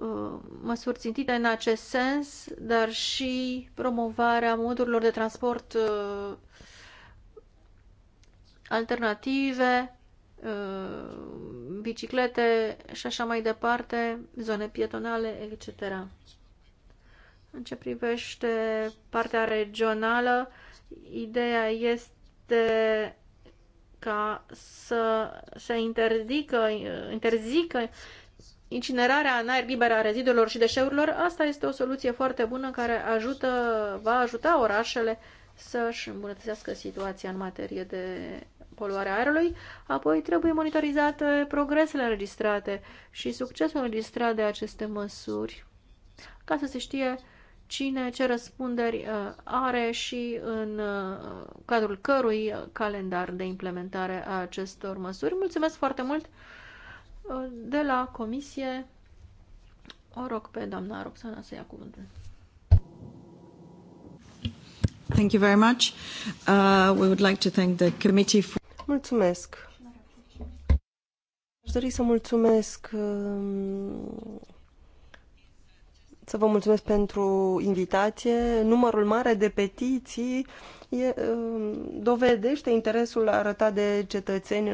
Uh, măsuri țintite în acest sens, dar și promovarea modurilor de transport uh, alternative, uh, biciclete și așa mai departe, zone pietonale, etc. În ce privește partea regională, ideea este ca să se interzică, interzică incinerarea în aer liber a rezidurilor și deșeurilor, asta este o soluție foarte bună care ajută, va ajuta orașele să-și îmbunătățească situația în materie de poluare aerului, apoi trebuie monitorizate progresele înregistrate și succesul înregistrat de aceste măsuri, ca să se știe cine ce răspunderi uh, are și în uh, cadrul cărui calendar de implementare a acestor măsuri. Mulțumesc foarte mult! De la comisie o rog pe doamna Roxana să ia cuvântul. Thank you very much. Uh, we would like to thank the committee for... Mulțumesc. Aș dori să mulțumesc um, să vă mulțumesc pentru invitație. Numărul mare de petiții e, um, dovedește interesul arătat de cetățeni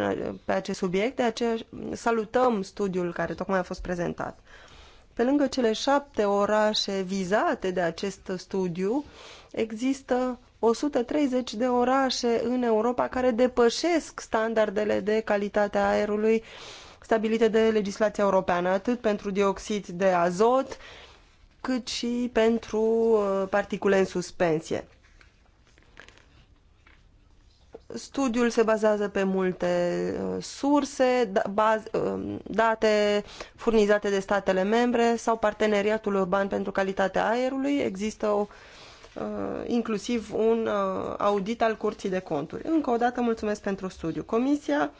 pe acest subiect, de aceea salutăm studiul care tocmai a fost prezentat. Pe lângă cele șapte orașe vizate de acest studiu, există 130 de orașe în Europa care depășesc standardele de calitate a aerului stabilite de legislația europeană, atât pentru dioxid de azot, cât și pentru uh, particule în suspensie. Studiul se bazează pe multe uh, surse, da, uh, date furnizate de statele membre sau parteneriatul urban pentru calitatea aerului. Există o, inclusiv un audit al Curții de Conturi. Încă o dată mulțumesc pentru studiu. Comisia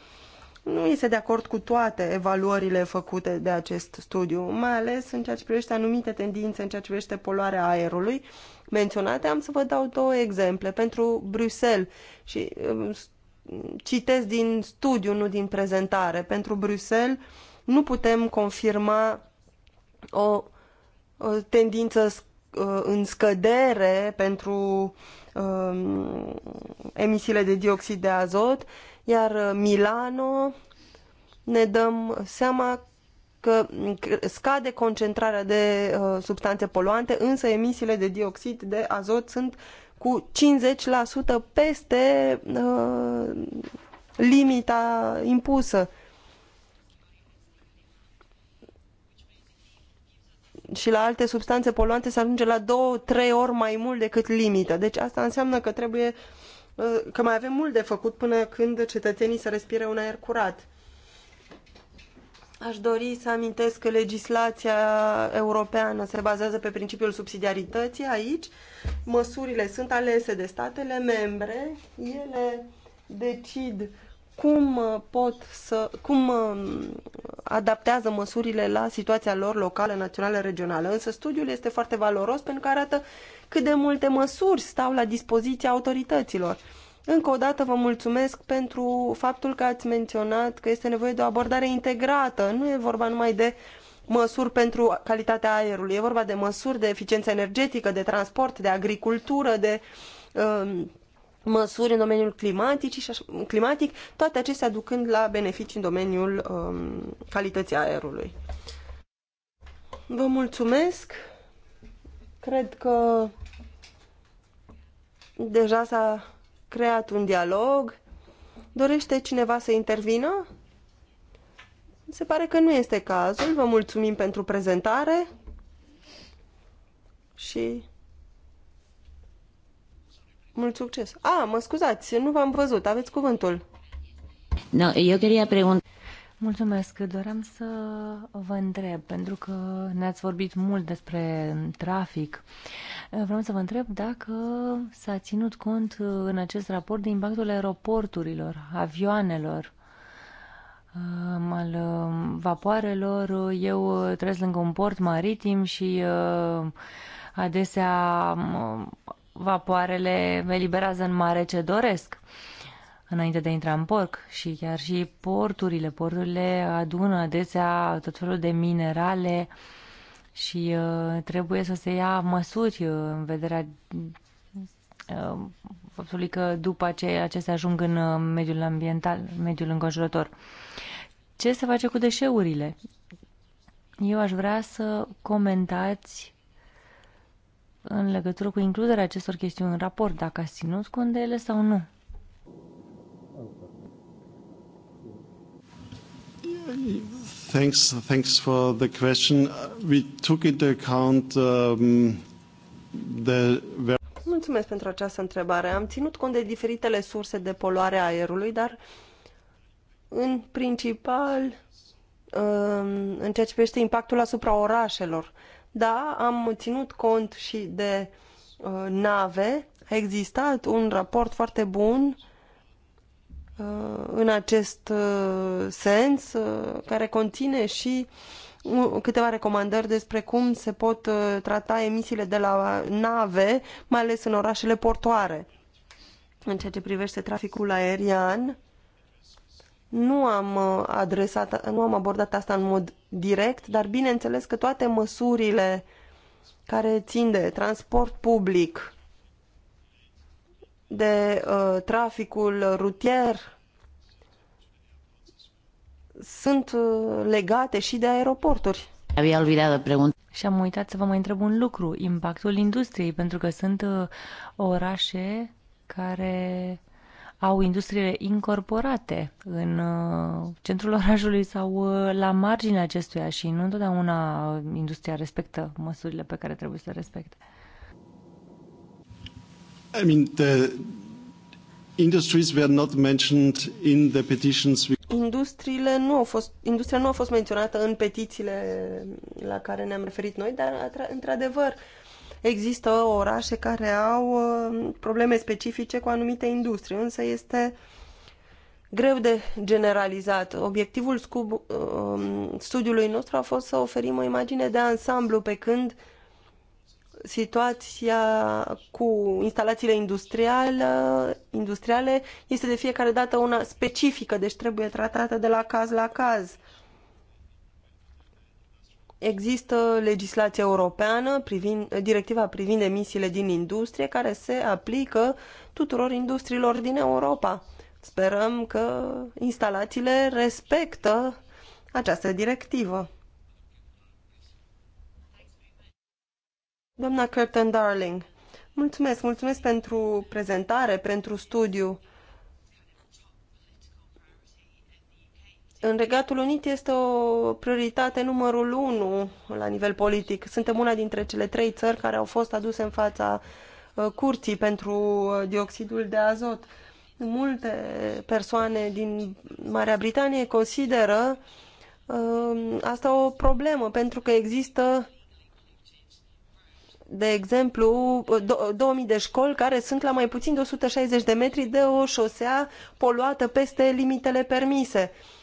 nu este de acord cu toate evaluările făcute de acest studiu, mai ales în ceea ce privește anumite tendințe, în ceea ce privește poluarea aerului menționate. Am să vă dau două exemple. Pentru Bruxelles, și um, citesc din studiu, nu din prezentare, pentru Bruxelles nu putem confirma o, o tendință uh, în scădere pentru um, emisiile de dioxid de azot iar uh, Milano ne dăm seama că scade concentrarea de uh, substanțe poluante, însă emisiile de dioxid de azot sunt cu 50% peste uh, limita impusă. și la alte substanțe poluante se ajunge la două, trei ori mai mult decât limită. Deci asta înseamnă că trebuie că mai avem mult de făcut până când cetățenii să respire un aer curat. Aș dori să amintesc că legislația europeană se bazează pe principiul subsidiarității aici. Măsurile sunt alese de statele membre, ele decid cum uh, pot să, cum uh, adaptează măsurile la situația lor locală, națională, regională. Însă studiul este foarte valoros pentru că arată cât de multe măsuri stau la dispoziția autorităților. Încă o dată vă mulțumesc pentru faptul că ați menționat că este nevoie de o abordare integrată. Nu e vorba numai de măsuri pentru calitatea aerului, e vorba de măsuri de eficiență energetică, de transport, de agricultură, de uh, măsuri în domeniul climatic, și așa, climatic toate acestea ducând la beneficii în domeniul um, calității aerului. Vă mulțumesc. Cred că deja s-a creat un dialog. Dorește cineva să intervină? Se pare că nu este cazul. Vă mulțumim pentru prezentare și mult succes! Ah, mă scuzați, nu v-am văzut, aveți cuvântul. No, eu quería pregunt... Mulțumesc. Doream să vă întreb, pentru că ne-ați vorbit mult despre trafic. Vreau să vă întreb dacă s-a ținut cont uh, în acest raport de impactul aeroporturilor, avioanelor, um, al um, vapoarelor. Eu uh, trăiesc lângă un port maritim și uh, adesea um, vapoarele eliberează în mare ce doresc înainte de a intra în porc și chiar și porturile. Porturile adună adesea tot felul de minerale și uh, trebuie să se ia măsuri uh, în vederea uh, faptului că după aceea acestea ajung în uh, mediul ambiental, mediul înconjurător. Ce se face cu deșeurile? Eu aș vrea să comentați în legătură cu includerea acestor chestiuni în raport, dacă ați ținut cont de ele sau nu. Thanks, thanks for the question. Uh, we took into account um, the Mulțumesc pentru această întrebare. Am ținut cont de diferitele surse de poluare a aerului, dar în principal um, în ceea ce privește impactul asupra orașelor. Da, am ținut cont și de uh, nave. A existat un raport foarte bun uh, în acest uh, sens, uh, care conține și uh, câteva recomandări despre cum se pot uh, trata emisiile de la nave, mai ales în orașele portoare. În ceea ce privește traficul aerian, nu am, uh, adresat, nu am abordat asta în mod direct, dar bineînțeles că toate măsurile care țin de transport public, de uh, traficul rutier, sunt uh, legate și de aeroporturi. Abia olvidat de pregunt. Și am uitat să vă mai întreb un lucru, impactul industriei, pentru că sunt uh, orașe care au industriile incorporate în uh, centrul orașului sau uh, la marginea acestuia și nu întotdeauna industria respectă măsurile pe care trebuie să le respecte. I mean, the industries were not mentioned in the petitions. Industriile nu au fost, industria nu a fost menționată în petițiile la care ne-am referit noi, dar într-adevăr, Există orașe care au uh, probleme specifice cu anumite industrie, însă este greu de generalizat. Obiectivul scub, uh, studiului nostru a fost să oferim o imagine de ansamblu pe când situația cu instalațiile industriale, industriale este de fiecare dată una specifică, deci trebuie tratată de la caz la caz. Există legislație europeană, privind, directiva privind emisiile din industrie, care se aplică tuturor industriilor din Europa. Sperăm că instalațiile respectă această directivă. Doamna Curtin Darling, mulțumesc, mulțumesc pentru prezentare, pentru studiu. În Regatul Unit este o prioritate numărul unu la nivel politic. Suntem una dintre cele trei țări care au fost aduse în fața uh, curții pentru uh, dioxidul de azot. Multe persoane din Marea Britanie consideră uh, asta o problemă pentru că există de exemplu, 2000 de școli care sunt la mai puțin de 160 de metri de o șosea poluată peste limitele permise. Uh,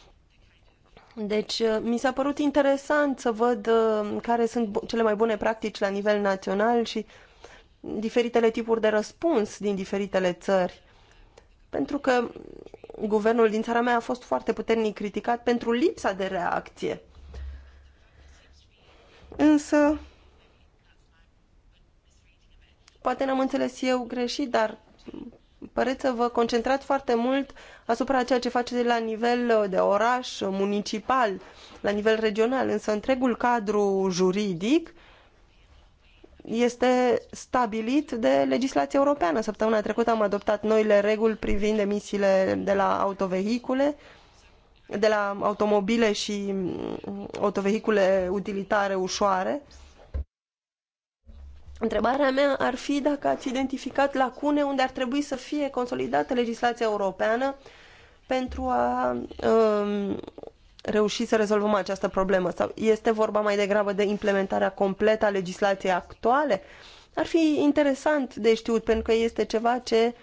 deci, uh, mi s-a părut interesant să văd uh, care sunt cele mai bune practici la nivel național și diferitele tipuri de răspuns din diferitele țări. Pentru că guvernul din țara mea a fost foarte puternic criticat pentru lipsa de reacție. Însă, poate n-am înțeles eu greșit, dar păreți să vă concentrați foarte mult asupra ceea ce faceți la nivel uh, de oraș, uh, municipal, la nivel regional, însă întregul cadru juridic este stabilit de legislația europeană. Săptămâna trecută am adoptat noile reguli privind emisiile de la autovehicule, de la automobile și mm, autovehicule utilitare ușoare. Întrebarea mea ar fi dacă ați identificat lacune unde ar trebui să fie consolidată legislația europeană pentru a um, reuși să rezolvăm această problemă? Sau este vorba mai degrabă de implementarea completă a legislației actuale? Ar fi interesant de știut, pentru că este ceva ce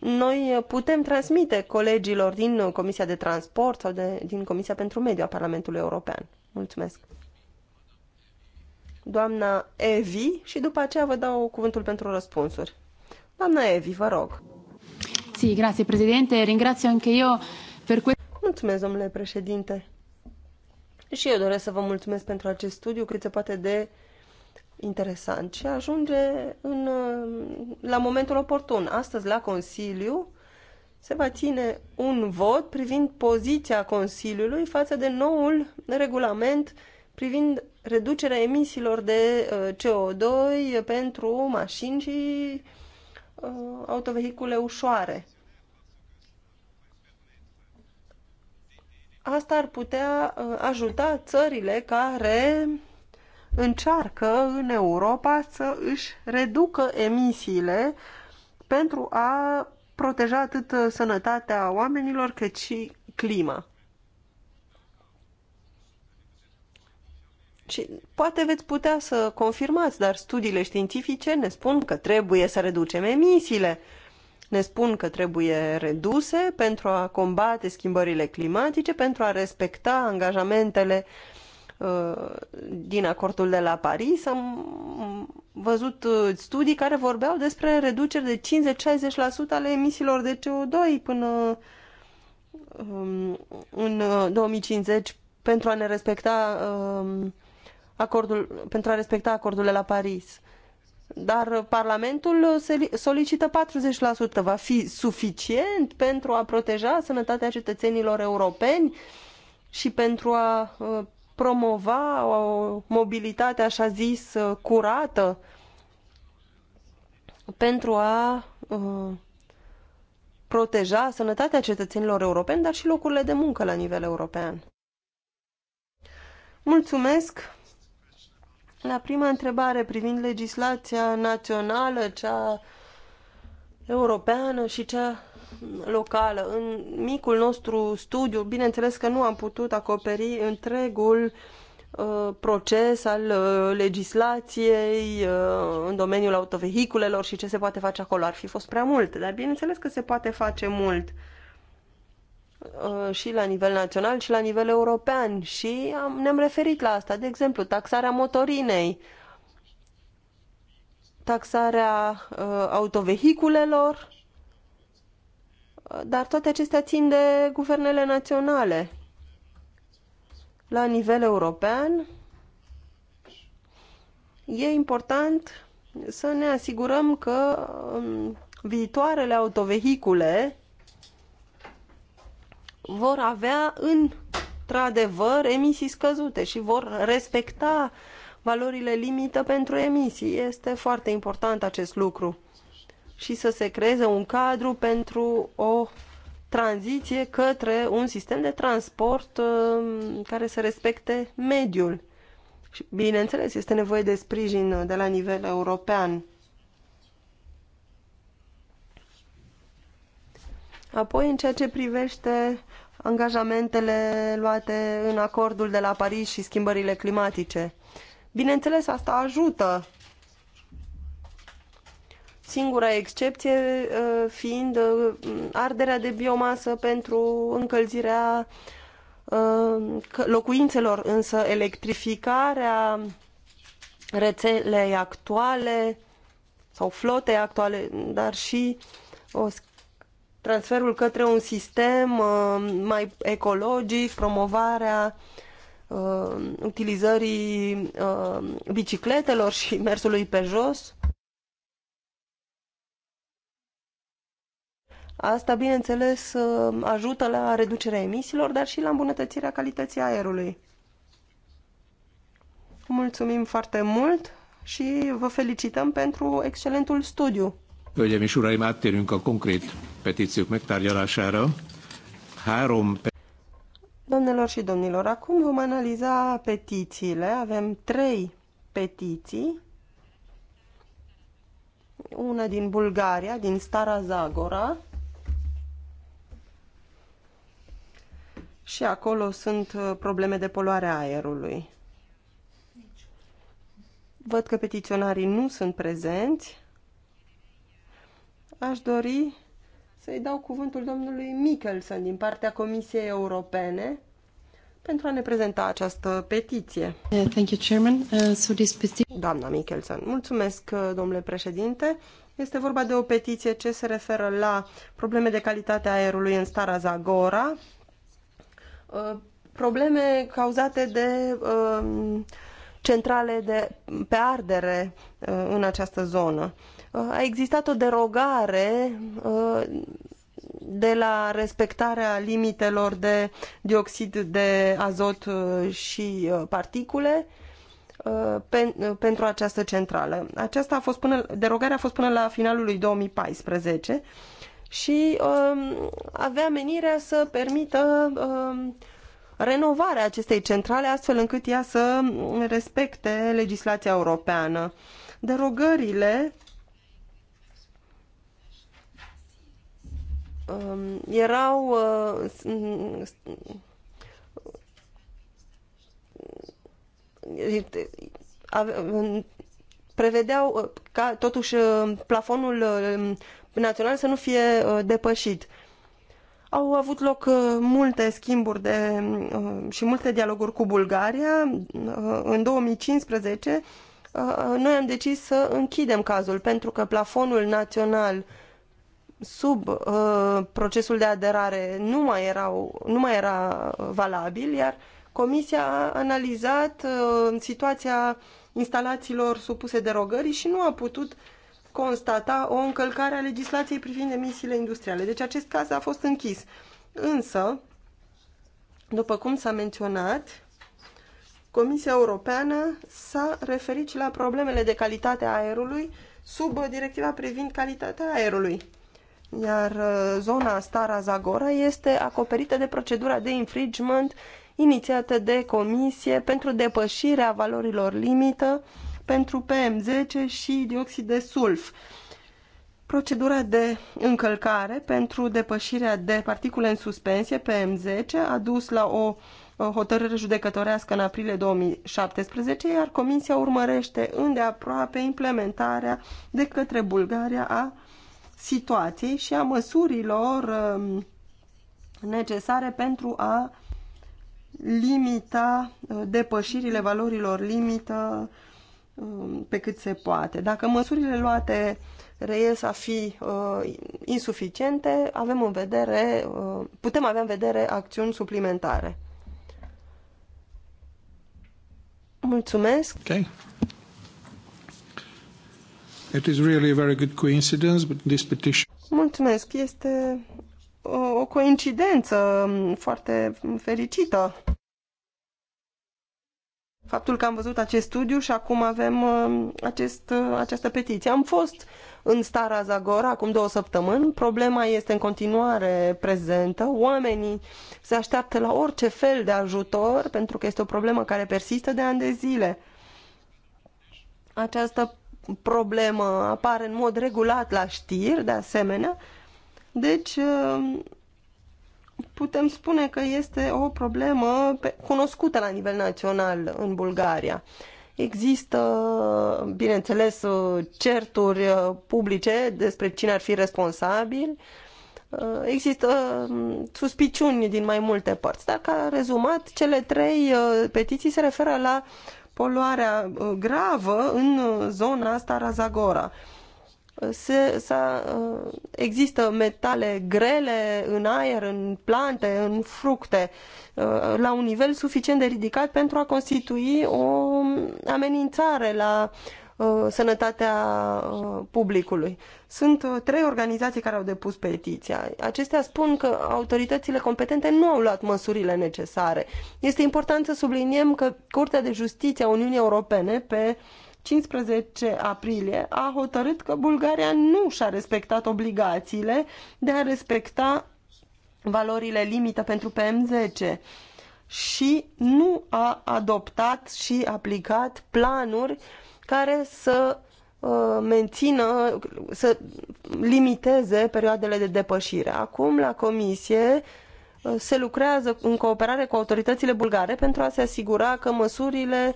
noi putem transmite colegilor din Comisia de Transport sau de, din Comisia pentru Mediu a Parlamentului European. Mulțumesc! doamna Evi și după aceea vă dau cuvântul pentru răspunsuri. Doamna Evi, vă rog. Sì, grazie Presidente, ringrazio anche io per questo. Mulțumesc, domnule președinte. Și eu doresc să vă mulțumesc pentru acest studiu cât se poate de interesant și ajunge în, la momentul oportun. Astăzi, la Consiliu, se va ține un vot privind poziția Consiliului față de noul regulament privind reducerea emisiilor de uh, CO2 pentru mașini și uh, autovehicule ușoare. Asta ar putea uh, ajuta țările care încearcă în Europa să își reducă emisiile pentru a proteja atât sănătatea oamenilor cât și clima. Și poate veți putea să confirmați, dar studiile științifice ne spun că trebuie să reducem emisiile. Ne spun că trebuie reduse pentru a combate schimbările climatice, pentru a respecta angajamentele uh, din acordul de la Paris. Am văzut uh, studii care vorbeau despre reduceri de 50-60% ale emisiilor de CO2 până um, în 2050 uh, pentru a ne respecta um, acordul, pentru a respecta acordurile la Paris. Dar Parlamentul solicită 40%. Va fi suficient pentru a proteja sănătatea cetățenilor europeni și pentru a uh, promova o mobilitate, așa zis, uh, curată, pentru a uh, proteja sănătatea cetățenilor europeni, dar și locurile de muncă la nivel european. Mulțumesc! La prima întrebare privind legislația națională, cea europeană și cea locală. În micul nostru studiu, bineînțeles că nu am putut acoperi întregul uh, proces al uh, legislației uh, în domeniul autovehiculelor și ce se poate face acolo. Ar fi fost prea mult, dar bineînțeles că se poate face mult. Uh, și la nivel național și la nivel european și am, ne-am referit la asta. De exemplu, taxarea motorinei, taxarea uh, autovehiculelor, uh, dar toate acestea țin de guvernele naționale. La nivel european e important să ne asigurăm că um, viitoarele autovehicule vor avea într-adevăr emisii scăzute și vor respecta valorile limită pentru emisii. Este foarte important acest lucru și să se creeze un cadru pentru o tranziție către un sistem de transport um, care să respecte mediul. Și, bineînțeles, este nevoie de sprijin de la nivel european. Apoi, în ceea ce privește angajamentele luate în acordul de la Paris și schimbările climatice. Bineînțeles, asta ajută. Singura excepție uh, fiind uh, arderea de biomasă pentru încălzirea uh, locuințelor, însă electrificarea rețelei actuale sau flotei actuale, dar și o transferul către un sistem uh, mai ecologic, promovarea uh, utilizării uh, bicicletelor și mersului pe jos. Asta, bineînțeles, ajută la reducerea emisiilor, dar și la îmbunătățirea calității aerului. Mulțumim foarte mult și vă felicităm pentru excelentul studiu. Hölgyeim és uraim, áttérünk a konkrét petíciók megtárgyalására. Három Doamnelor și domnilor, acum vom analiza petițiile. Avem trei petiții. Una din Bulgaria, din Stara Zagora. Și acolo sunt uh, probleme de poluare a aerului. Văd că petiționarii nu sunt prezenți. Aș dori să-i dau cuvântul domnului Michelson din partea Comisiei Europene pentru a ne prezenta această petiție. Uh, thank you, Chairman. Uh, so this petition... Doamna Michelson, mulțumesc, uh, domnule președinte. Este vorba de o petiție ce se referă la probleme de calitate a aerului în Stara Zagora, probleme cauzate de um, centrale de, pe ardere în această zonă a existat o derogare uh, de la respectarea limitelor de dioxid de azot uh, și uh, particule pentru această centrală. Aceasta a fost până, derogarea a fost până la finalul lui 2014 și um, avea menirea să permită um, renovarea acestei centrale astfel încât ea să respecte legislația europeană. Derogările Uh, erau uh, prevedeau uh, ca totuși uh, plafonul uh, național să nu fie depășit. Au avut loc multe schimburi de, și multe dialoguri cu Bulgaria. În 2015 noi am decis să închidem cazul pentru că plafonul național sub uh, procesul de aderare nu mai, erau, nu mai era valabil, iar Comisia a analizat uh, situația instalațiilor supuse derogării și nu a putut constata o încălcare a legislației privind emisiile industriale. Deci acest caz a fost închis. Însă, după cum s-a menționat, Comisia Europeană s-a referit și la problemele de calitate a aerului sub directiva privind calitatea aerului iar uh, zona Stara Zagora este acoperită de procedura de infringement inițiată de Comisie pentru depășirea valorilor limită pentru PM10 și dioxid de sulf. Procedura de încălcare pentru depășirea de particule în suspensie PM10 a dus la o hotărâre judecătorească în aprilie 2017, iar Comisia urmărește îndeaproape implementarea de către Bulgaria a situației și a măsurilor um, necesare pentru a limita uh, depășirile valorilor limită um, pe cât se poate. Dacă măsurile luate reies a fi uh, insuficiente, avem în vedere, uh, putem avea în vedere acțiuni suplimentare. Mulțumesc. Okay. It is really a very good coincidence, but this petition... Mulțumesc, este o, o coincidență um, foarte fericită. Faptul că am văzut acest studiu și acum avem um, acest, uh, această petiție. Am fost în Stara Zagora acum două săptămâni. Problema este în continuare prezentă. Oamenii se așteaptă la orice fel de ajutor pentru că este o problemă care persistă de ani de zile. Această problemă apare în mod regulat la știri, de asemenea. Deci, ă, putem spune că este o problemă cunoscută la nivel național în Bulgaria. Există, bineînțeles, ă, certuri ă, publice despre cine ar fi responsabil. Există suspiciuni din mai multe părți, Dacă rezumat, cele trei petiții se referă la poluarea uh, gravă în uh, zona asta Razagora. Se, sa, uh, există metale grele în aer, în plante, în fructe, la un nivel suficient de ridicat pentru a constitui o um, amenințare la Uh, sănătatea uh, publicului. Sunt uh, trei organizații care au depus petiția. Acestea spun că autoritățile competente nu au luat măsurile necesare. Este important să subliniem că Curtea de Justiție a Uniunii Europene pe 15 aprilie a hotărât că Bulgaria nu și-a respectat obligațiile de a respecta valorile limită pentru PM10 și nu a adoptat și aplicat planuri uh, care să uh, mențină, să limiteze perioadele de depășire. Acum, la comisie, uh, se lucrează în cooperare cu autoritățile bulgare pentru a se asigura că măsurile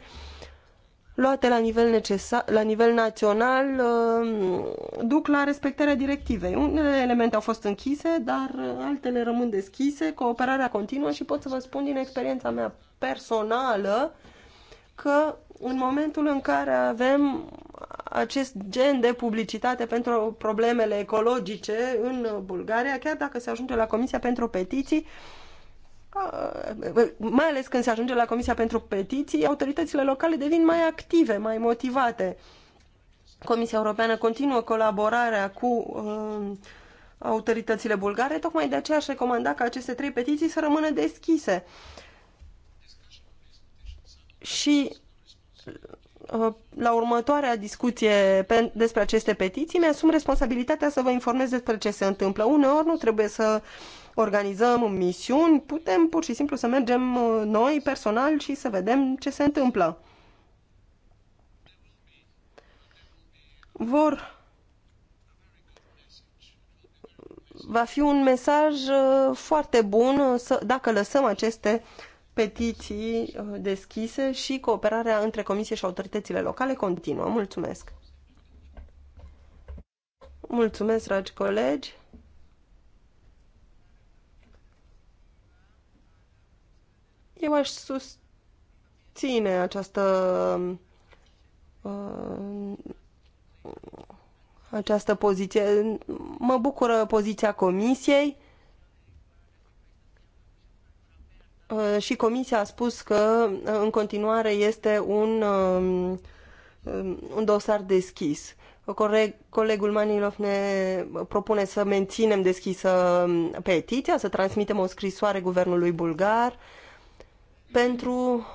luate la nivel, necesar, la nivel național uh, duc la respectarea directivei. Unele elemente au fost închise, dar altele rămân deschise, cooperarea continuă și pot să vă spun din experiența mea personală că în momentul în care avem acest gen de publicitate pentru problemele ecologice în Bulgaria, chiar dacă se ajunge la Comisia pentru Petiții, mai ales când se ajunge la Comisia pentru Petiții, autoritățile locale devin mai active, mai motivate. Comisia Europeană continuă colaborarea cu um, autoritățile bulgare, tocmai de aceea aș recomanda ca aceste trei petiții să rămână deschise. Și uh, la următoarea discuție despre aceste petiții, mi-asum responsabilitatea să vă informez despre ce se întâmplă. Uneori nu trebuie să organizăm misiuni, putem pur și simplu să mergem uh, noi personal și să vedem ce se întâmplă. Vor va fi un mesaj uh, foarte bun să, dacă lăsăm aceste petiții uh, deschise și cooperarea între comisie și autoritățile locale continuă. Mulțumesc! Mulțumesc, dragi colegi! Eu aș susține această uh, această poziție. Mă bucură poziția comisiei Uh, și Comisia a spus că uh, în continuare este un, um, um, un dosar deschis. colegul Manilov ne propune să menținem deschisă um, petiția, să transmitem o scrisoare guvernului bulgar pentru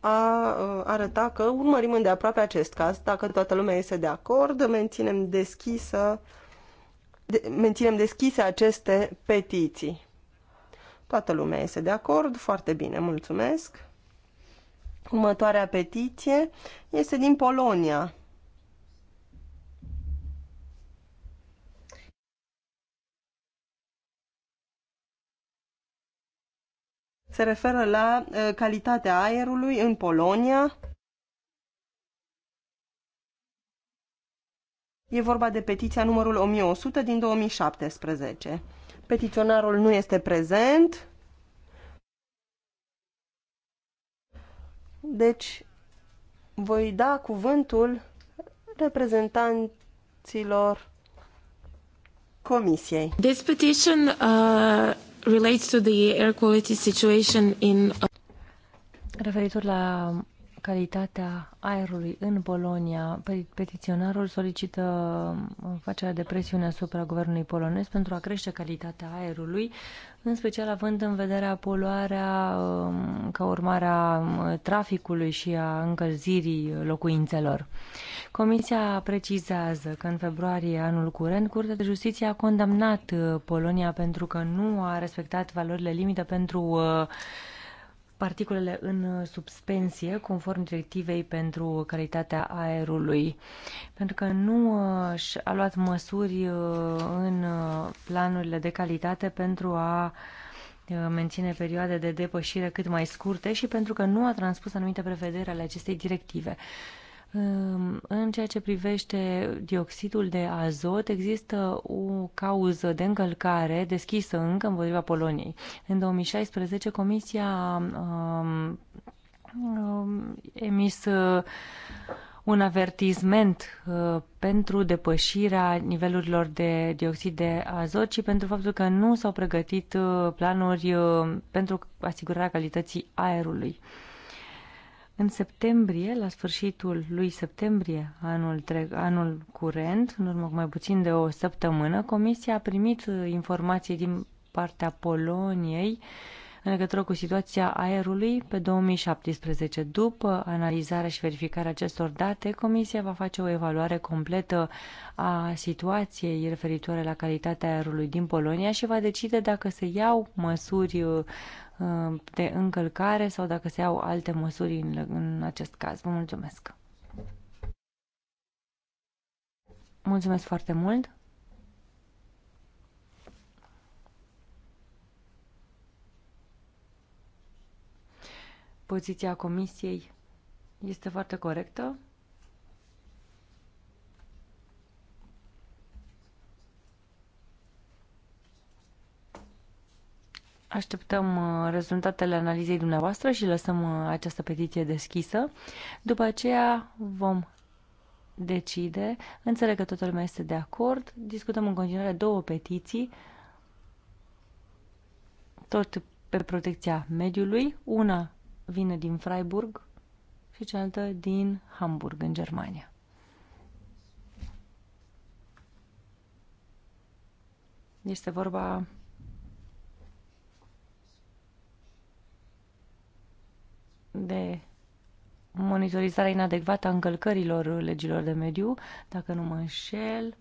a uh, arăta că urmărim îndeaproape acest caz. Dacă toată lumea este de acord, menținem, deschisă, de, menținem deschise aceste petiții. Toată lumea este de acord, foarte bine, mulțumesc. Următoarea petiție este din Polonia. Se referă la calitatea aerului în Polonia. E vorba de petiția numărul 1100 din 2017. Petiționarul nu este prezent. Deci, voi da cuvântul reprezentanților Comisiei. This petition uh, relates to the air quality situation in uh, Referitor la calitatea aerului în Polonia, petiționarul solicită uh, facerea de presiune asupra guvernului polonez pentru a crește calitatea aerului, în special având în vederea poluarea um, ca urmare a um, traficului și a încălzirii locuințelor. Comisia precizează că în februarie anul curent, Curtea de Justiție a condamnat uh, Polonia pentru că nu a respectat valorile limită pentru uh, particulele în suspensie, conform directivei pentru calitatea aerului, pentru că nu uh, a luat măsuri uh, în uh, planurile de calitate pentru a menține perioade de depășire cât mai scurte și pentru că nu a transpus anumite prevederi ale acestei directive. Ehm, în ceea ce privește dioxidul de azot, există o cauză de încălcare deschisă încă împotriva Poloniei. În 2016, Comisia a ehm, ehm, emis un avertisment pentru depășirea nivelurilor de dioxid de azot și pentru faptul că nu s-au pregătit planuri pentru asigurarea calității aerului. În septembrie, la sfârșitul lui septembrie anul, trec, anul curent, în urmă cu mai puțin de o săptămână, Comisia a primit uh, informații din partea Poloniei în legătură cu situația aerului pe 2017. După analizarea și verificarea acestor date, Comisia va face o evaluare completă a situației referitoare la calitatea aerului din Polonia și va decide dacă se iau măsuri uh, Uh, de încălcare sau dacă se iau alte măsuri în, în acest caz. Vă mulțumesc! Mulțumesc foarte mult! Poziția comisiei este foarte corectă. Așteptăm uh, rezultatele analizei dumneavoastră și lăsăm uh, această petiție deschisă. După aceea vom decide. Înțeleg că toată lumea este de acord. Discutăm în continuare două petiții, tot pe protecția mediului. Una vine din Freiburg și cealaltă din Hamburg, în Germania. Este vorba de monitorizarea inadecvată a încălcărilor legilor de mediu, dacă nu mă înșel.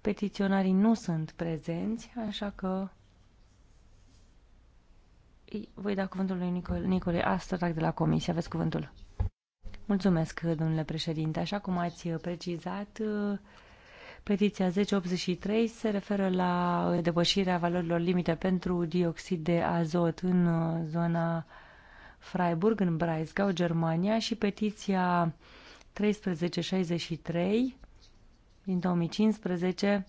Petiționarii nu sunt prezenți, așa că voi da cuvântul lui Nicol Nicole Astorac de la Comisie. Aveți cuvântul. Mulțumesc, domnule președinte. Așa cum ați precizat, petiția 1083 se referă la depășirea valorilor limite pentru dioxid de azot în zona Freiburg, în Breisgau, Germania, și petiția 1363 din 2015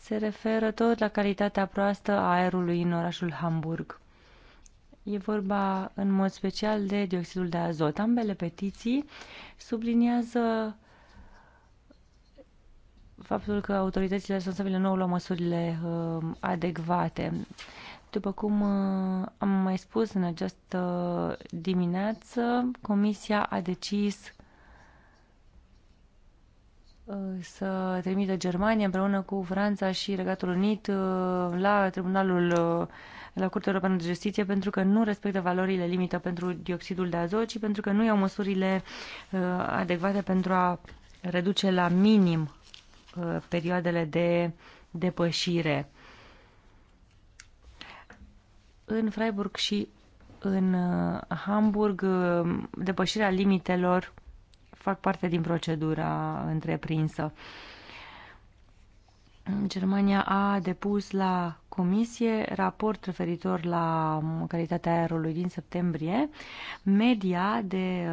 se referă tot la calitatea proastă a aerului în orașul Hamburg. E vorba în mod special de dioxidul de azot. Ambele petiții subliniază faptul că autoritățile responsabile nu au luat măsurile uh, adecvate. După cum uh, am mai spus în această dimineață, Comisia a decis uh, să trimită Germania împreună cu Franța și Regatul Unit uh, la Tribunalul la Curtea Europeană de Justiție pentru că nu respectă valorile limită pentru dioxidul de azot și pentru că nu iau măsurile adecvate pentru a reduce la minim perioadele de depășire în Freiburg și în uh, Hamburg uh, depășirea limitelor fac parte din procedura întreprinsă. Germania a depus la comisie raport referitor la calitatea aerului din septembrie. Media de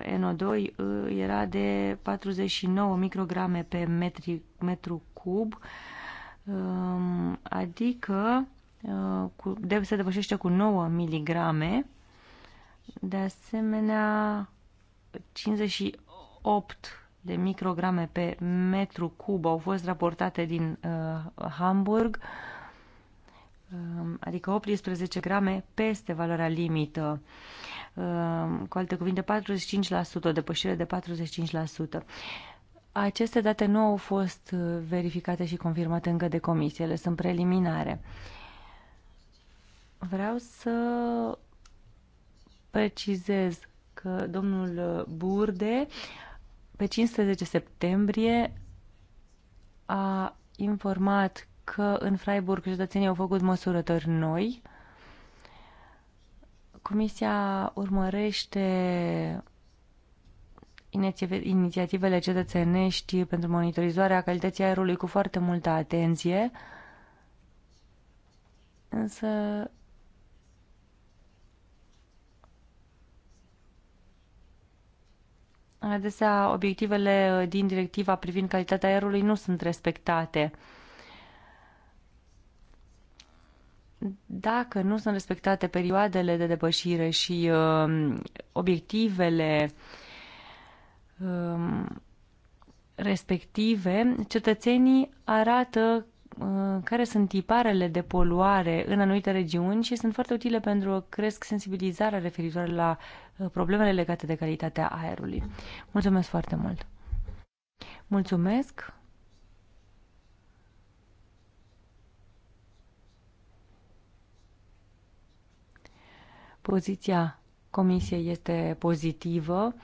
uh, NO2 era de 49 micrograme pe metri, metru cub, um, adică Uh, se depășește cu 9 mg. De asemenea, 58 de micrograme pe metru cub au fost raportate din uh, Hamburg, uh, adică 18 grame peste valoarea limită. Uh, cu alte cuvinte, 45%, depășire de 45%. Aceste date nu au fost uh, verificate și confirmate încă de comisie, ele sunt preliminare. Uh, Vreau să precizez că domnul Burde pe 15 septembrie a informat că în Freiburg cetățenii au făcut măsurători noi. Comisia urmărește inițiativele cetățenești pentru monitorizarea calității aerului cu foarte multă atenție, însă Adesea, obiectivele uh, din directiva privind calitatea aerului nu sunt respectate. Dacă nu sunt respectate perioadele de depășire și uh, obiectivele uh, respective, cetățenii arată Uh, care sunt tiparele de poluare în anumite regiuni și sunt foarte utile pentru că cresc sensibilizarea referitoare la uh, problemele legate de calitatea aerului. Mulțumesc foarte mult! Mulțumesc! Poziția comisiei este pozitivă.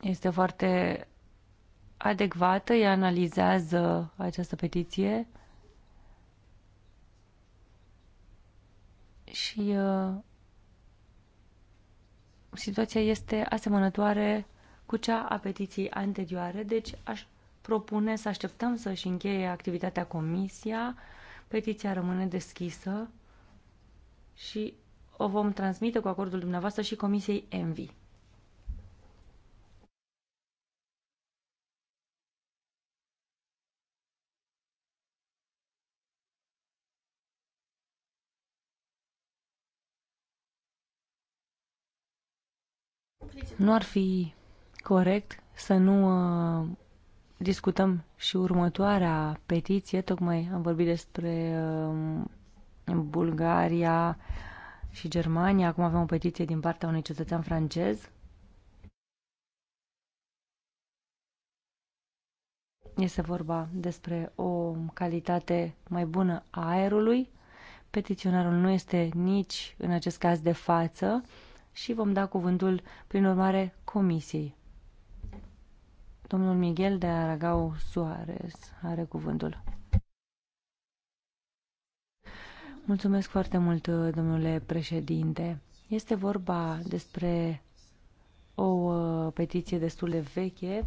Este foarte adecvată, ea analizează această petiție și uh, situația este asemănătoare cu cea a petiției anterioare, deci aș propune să așteptăm să-și încheie activitatea comisia, petiția rămâne deschisă și o vom transmite cu acordul dumneavoastră și comisiei ENVI. Nu ar fi corect să nu uh, discutăm și următoarea petiție. Tocmai am vorbit despre uh, Bulgaria și Germania. Acum avem o petiție din partea unui cetățean francez. Este vorba despre o calitate mai bună a aerului. Petiționarul nu este nici în acest caz de față și vom da cuvântul, prin urmare, Comisiei. Domnul Miguel de Aragau Suarez are cuvântul. Mulțumesc foarte mult, domnule președinte. Este vorba despre o uh, petiție destul de veche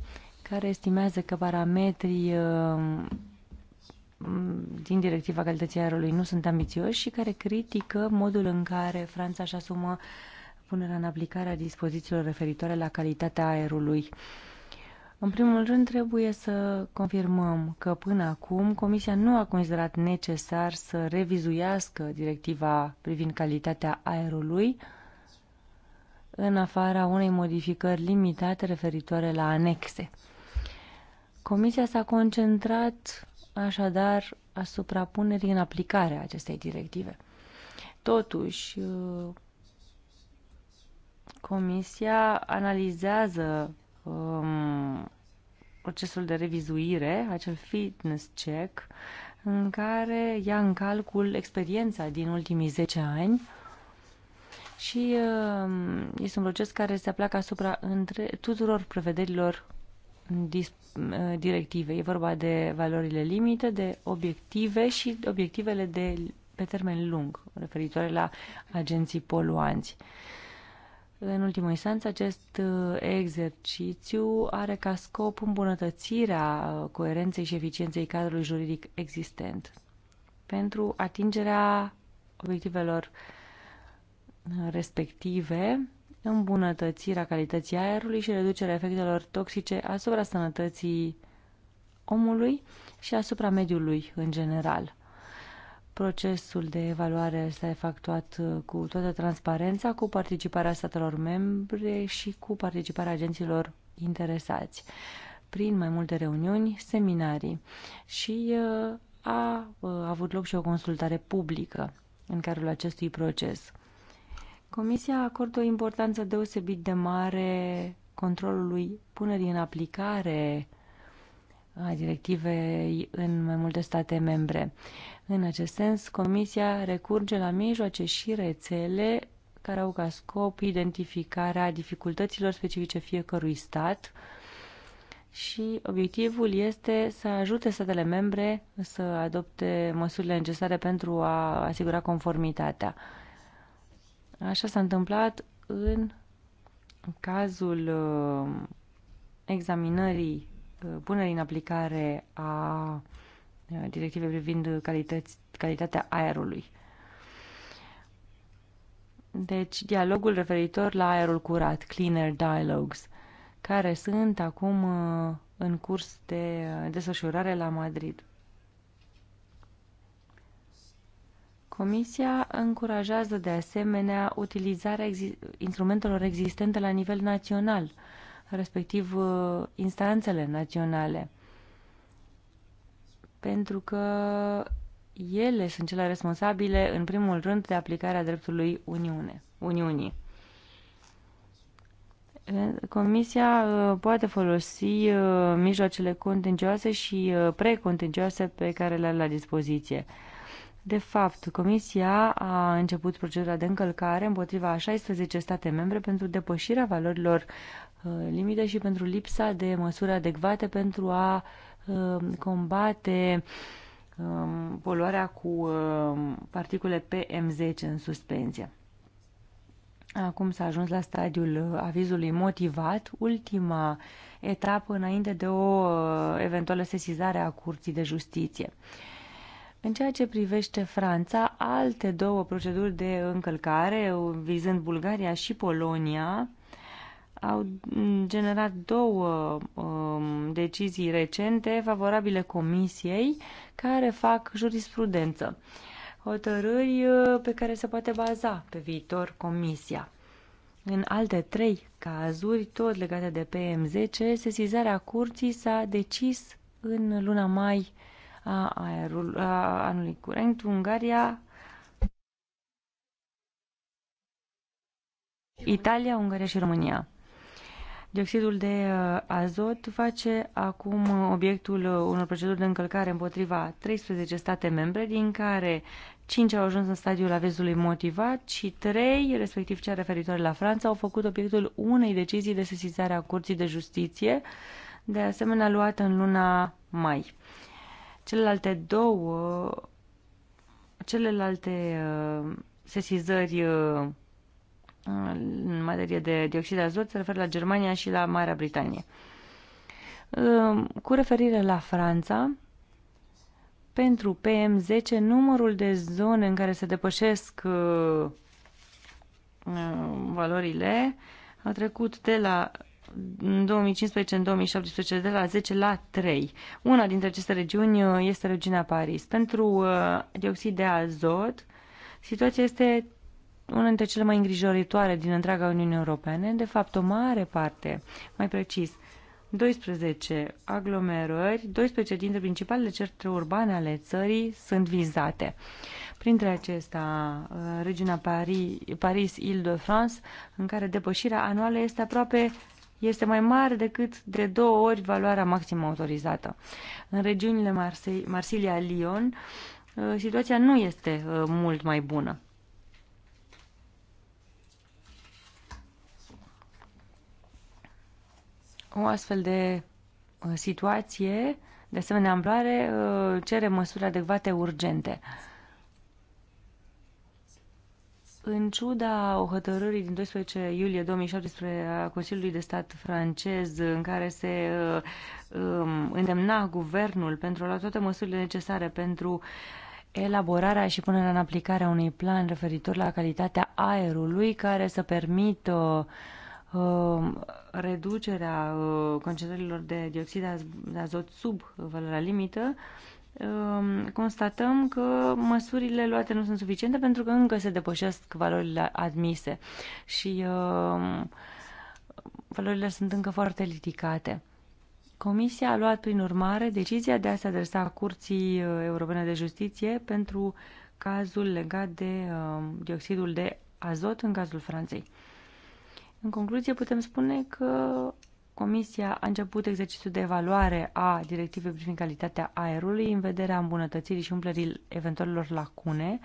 care estimează că parametrii uh, din directiva calității aerului nu sunt ambițioși și care critică modul în care Franța își asumă uh, punerea în aplicare a dispozițiilor referitoare la calitatea aerului. În primul rând, trebuie să confirmăm că până acum Comisia nu a considerat necesar să revizuiască directiva privind calitatea aerului, în afara unei modificări limitate referitoare la anexe. Comisia s-a concentrat așadar asupra punerii în aplicare a acestei directive. Totuși, Comisia analizează um, procesul de revizuire, acel fitness check, în care ia în calcul experiența din ultimii 10 ani și um, este un proces care se aplacă asupra între, tuturor prevederilor uh, directive. E vorba de valorile limite, de obiective și obiectivele de, pe termen lung, referitoare la agenții poluanți. Uh, în ultimă instanță, acest uh, exercițiu are ca scop îmbunătățirea uh, coerenței și eficienței cadrului juridic existent pentru atingerea obiectivelor uh, respective, îmbunătățirea calității aerului și reducerea efectelor toxice asupra sănătății omului și asupra mediului în general. Procesul de evaluare s-a efectuat uh, cu toată transparența, cu participarea statelor membre și cu participarea agenților interesați, prin mai multe reuniuni, seminarii și uh, a uh, avut loc și o consultare publică în cadrul acestui proces. Comisia acordă o importanță deosebit de mare controlului punerii în aplicare a directivei în mai multe state membre. În acest sens, Comisia recurge la mijloace și rețele care au ca scop identificarea dificultăților specifice fiecărui stat și obiectivul este să ajute statele membre să adopte măsurile necesare pentru a asigura conformitatea. Așa s-a întâmplat în cazul uh, examinării Uh, punerii în aplicare a uh, directivei privind calități, calitatea aerului. Deci, dialogul referitor la aerul curat, Cleaner Dialogues, care sunt acum uh, în curs de desfășurare la Madrid. Comisia încurajează de asemenea utilizarea exi instrumentelor existente la nivel național – respectiv uh, instanțele naționale. Pentru că ele sunt cele responsabile, în primul rând, de aplicarea dreptului Uniune, Uniunii. Comisia uh, poate folosi uh, mijloacele contingioase și precontingioase pe care le are la dispoziție. De fapt, Comisia a început procedura de încălcare împotriva a 16 state membre pentru depășirea valorilor Uh, limite și pentru lipsa de măsuri adecvate pentru a uh, combate um, poluarea cu um, particule PM10 în suspensie. Acum s-a ajuns la stadiul uh, avizului motivat, ultima etapă înainte de o eventuală sesizare a Curții de Justiție. În ceea ce privește Franța, alte două proceduri de încălcare, vizând Bulgaria și Polonia, au generat două um, decizii recente favorabile Comisiei care fac jurisprudență. Hotărâri uh, pe care se poate baza pe viitor Comisia. În alte trei cazuri, tot legate de PM10, sesizarea curții s-a decis în luna mai a, aerul, a anului curent. Ungaria, Italia, Ungaria și România. Dioxidul de uh, azot face acum uh, obiectul uh, unor proceduri de încălcare împotriva 13 state membre, din care 5 au ajuns în stadiul avezului motivat și 3, respectiv cea referitoare la Franța, au făcut obiectul unei decizii de sesizare a Curții de Justiție, de asemenea luată în luna mai. Celelalte două, celelalte sesizări în materie de dioxid de azot se referă la Germania și la Marea Britanie. Cu referire la Franța, pentru PM10, numărul de zone în care se depășesc uh, uh, valorile a trecut de la în 2015 în 2017 de la 10 la 3. Una dintre aceste regiuni uh, este regiunea Paris. Pentru dioxid de azot, situația este una dintre cele mai îngrijoritoare din întreaga Uniune Europeană, de fapt o mare parte, mai precis, 12 aglomerări, 12 dintre principalele centre urbane ale țării sunt vizate. Printre acestea, uh, regiunea Paris, Paris ile de france în care depășirea anuală este aproape este mai mare decât de două ori valoarea maximă autorizată. În regiunile Marse Marsilia-Lyon, uh, situația nu este uh, mult mai bună. O astfel de uh, situație de asemenea amploare uh, cere măsuri adecvate urgente. În ciuda o hotărârii din 12 iulie 2017 a Consiliului de Stat francez, în care se uh, um, îndemna guvernul pentru a lua toate măsurile necesare pentru elaborarea și punerea în aplicare a unui plan referitor la calitatea aerului care să permită uh, Um, reducerea uh, concentrărilor de dioxid de azot sub valoarea limită, um, constatăm că măsurile luate nu sunt suficiente pentru că încă se depășesc valorile admise și um, valorile sunt încă foarte ridicate. Comisia a luat, prin urmare, decizia de a se adresa Curții uh, Europene de Justiție pentru cazul legat de dioxidul de azot în cazul Franței. În concluzie, putem spune că Comisia a început exercițiul de evaluare a directivei privind calitatea aerului în vederea îmbunătățirii și umplerii eventualelor lacune,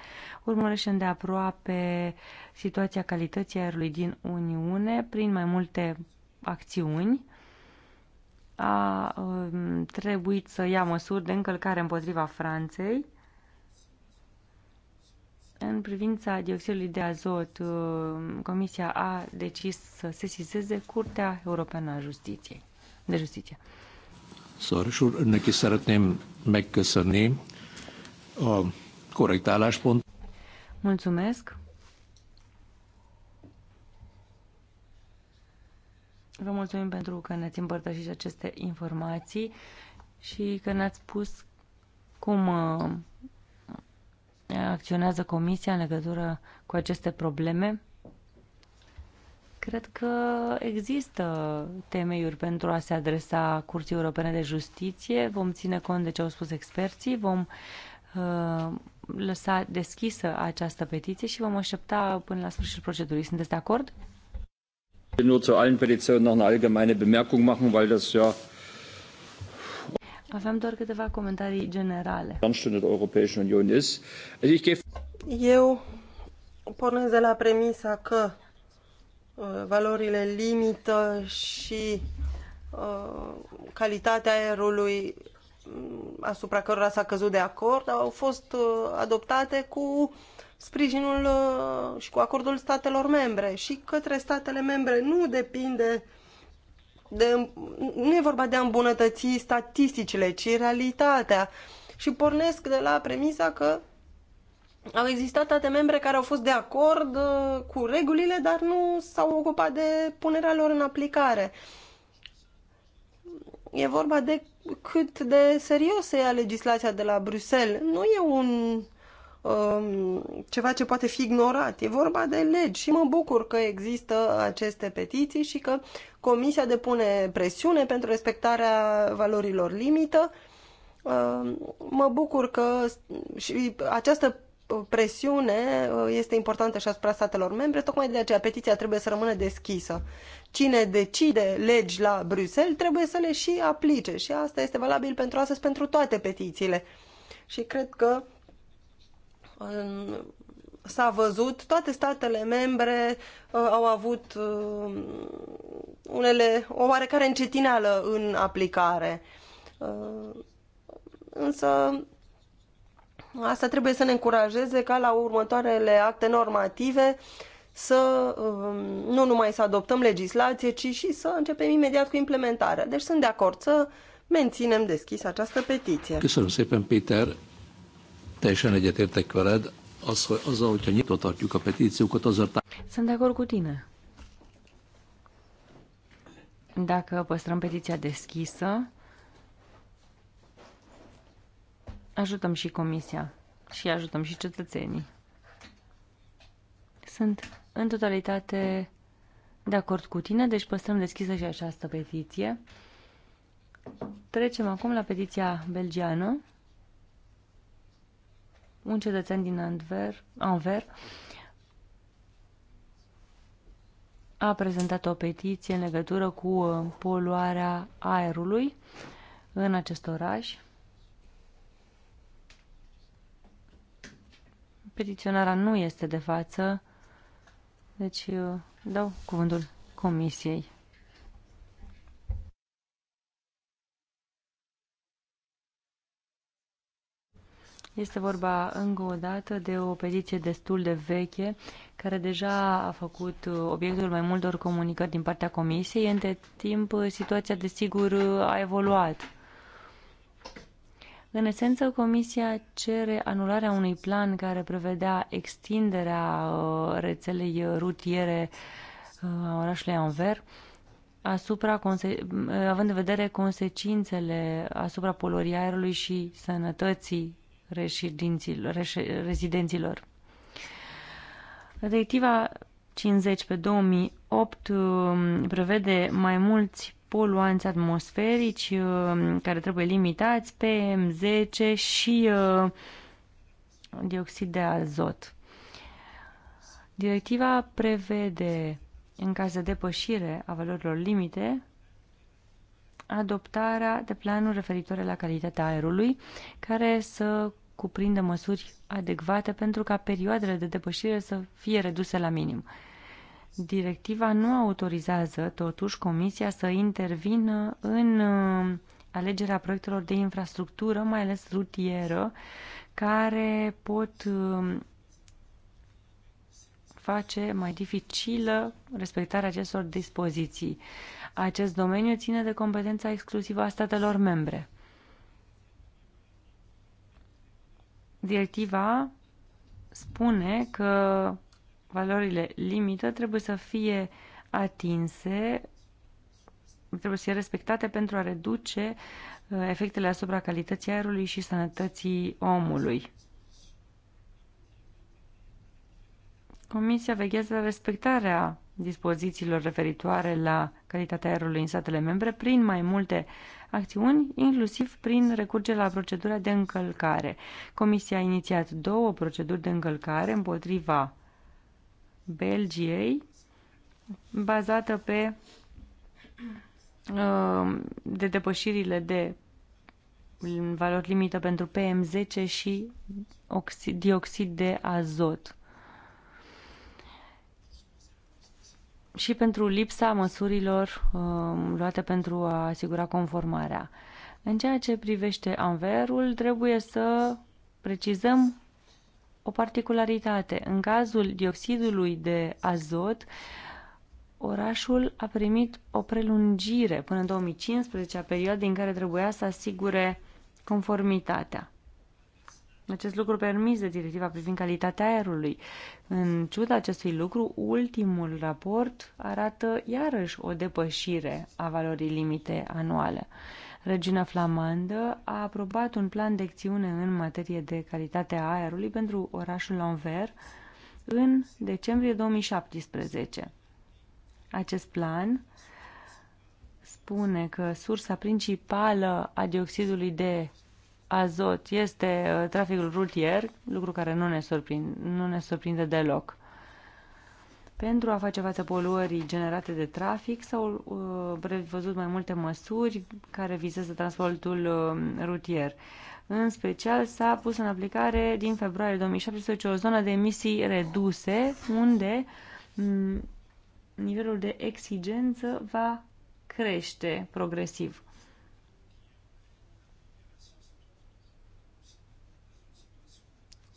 urmărește aproape situația calității aerului din Uniune prin mai multe acțiuni. A, a um, trebuit să ia măsuri de încălcare împotriva Franței, în privința dioxidului de azot, uh, Comisia a decis să se sesizeze Curtea Europeană a Justiției, de Justiție. Szorosúr, ne chisărătnem szeretném megköszönni a korrekt álláspont. Mulțumesc. Vă mulțumim pentru că ne-ați împărtășit aceste informații și că ne-ați spus cum uh, acționează Comisia în legătură cu aceste probleme? Cred că există temeiuri pentru a se adresa Curții Europene de Justiție. Vom ține cont de ce au spus experții, vom uh, lăsa deschisă această petiție și vom aștepta până la sfârșitul procedurii. Sunteți de acord? Nu zu allen Petitionen noch eine allgemeine Bemerkung machen, weil das ja Aveam doar câteva comentarii generale. Eu pornesc de la premisa că uh, valorile limită și uh, calitatea aerului mm, asupra cărora s-a căzut de acord au fost uh, adoptate cu sprijinul și cu acordul statelor membre și către statele membre nu depinde uh, de, nu e vorba de a îmbunătăți statisticile, ci realitatea. Și pornesc de la premisa că au existat toate membre care au fost de acord uh, cu regulile, dar nu s-au ocupat de punerea lor în aplicare. E vorba de cât de serios se ia legislația de la Bruxelles. Nu e un um, ceva ce poate fi ignorat. E vorba de legi și mă bucur că există aceste petiții și că Comisia depune presiune pentru respectarea valorilor limită. Uh, mă bucur că și această presiune uh, este importantă și asupra statelor membre, tocmai de aceea petiția trebuie să rămână deschisă. Cine decide legi la Bruxelles trebuie să le și aplice și asta este valabil pentru astăzi pentru toate petițiile. Și cred că s-a văzut, toate statele membre uh, au avut uh, unele, o oarecare încetineală în aplicare. Uh, însă asta trebuie să ne încurajeze ca la următoarele acte normative să uh, nu numai să adoptăm legislație, ci și să începem imediat cu implementarea. Deci sunt de acord să menținem deschis această petiție. Köszönöm szépen, Péter! Teljesen egyetértek veled, sunt de acord cu tine. Dacă păstrăm petiția deschisă, ajutăm și comisia și ajutăm și cetățenii. Sunt în totalitate de acord cu tine, deci păstrăm deschisă și această petiție. Trecem acum la petiția belgiană un cetățean din Anver, Anver a prezentat o petiție în legătură cu uh, poluarea aerului în acest oraș. Petiționarea nu este de față, deci uh, dau cuvântul comisiei. Este vorba încă o dată de o petiție destul de veche, care deja a făcut uh, obiectul mai multor comunicări din partea Comisiei. Între timp, uh, situația, desigur, uh, a evoluat. În esență, Comisia cere anularea unui plan care prevedea extinderea rețelei rutiere a orașului Anver, asupra, având în vedere consecințele asupra poluării aerului și sănătății rezidenților. Directiva 50 pe 2008 um, prevede mai mulți poluanți atmosferici um, care trebuie limitați, PM10 și uh, dioxid de azot. Directiva prevede, în caz de depășire a valorilor limite, adoptarea de planuri referitoare la calitatea aerului, care să cuprindă măsuri adecvate pentru ca perioadele de depășire să fie reduse la minim. Directiva nu autorizează, totuși, Comisia să intervină în uh, alegerea proiectelor de infrastructură, mai ales rutieră, care pot uh, face mai dificilă respectarea acestor dispoziții. Acest domeniu ține de competența exclusivă a statelor membre. Directiva spune că valorile limită trebuie să fie atinse, trebuie să fie respectate pentru a reduce uh, efectele asupra calității aerului și sănătății omului. Comisia veghează la respectarea dispozițiilor referitoare la calitatea aerului în statele membre prin mai multe acțiuni, inclusiv prin recurgere la procedura de încălcare. Comisia a inițiat două proceduri de încălcare împotriva Belgiei, bazată pe uh, de depășirile de valori limită pentru PM10 și dioxid de azot. și pentru lipsa măsurilor um, luate pentru a asigura conformarea. În ceea ce privește anverul, trebuie să precizăm o particularitate. În cazul dioxidului de azot, orașul a primit o prelungire până în 2015 a perioadei în care trebuia să asigure conformitatea. Acest lucru permis de directiva privind calitatea aerului. În ciuda acestui lucru, ultimul raport arată iarăși o depășire a valorii limite anuale. Regiunea flamandă a aprobat un plan de acțiune în materie de calitate a aerului pentru orașul Anvers în decembrie 2017. Acest plan spune că sursa principală a dioxidului de azot este uh, traficul rutier, lucru care nu ne, surprind, nu ne surprinde deloc. Pentru a face față poluării generate de trafic s-au uh, prevăzut mai multe măsuri care vizează transportul uh, rutier. În special s-a pus în aplicare din februarie 2017 o zonă de emisii reduse unde mm, nivelul de exigență va crește progresiv.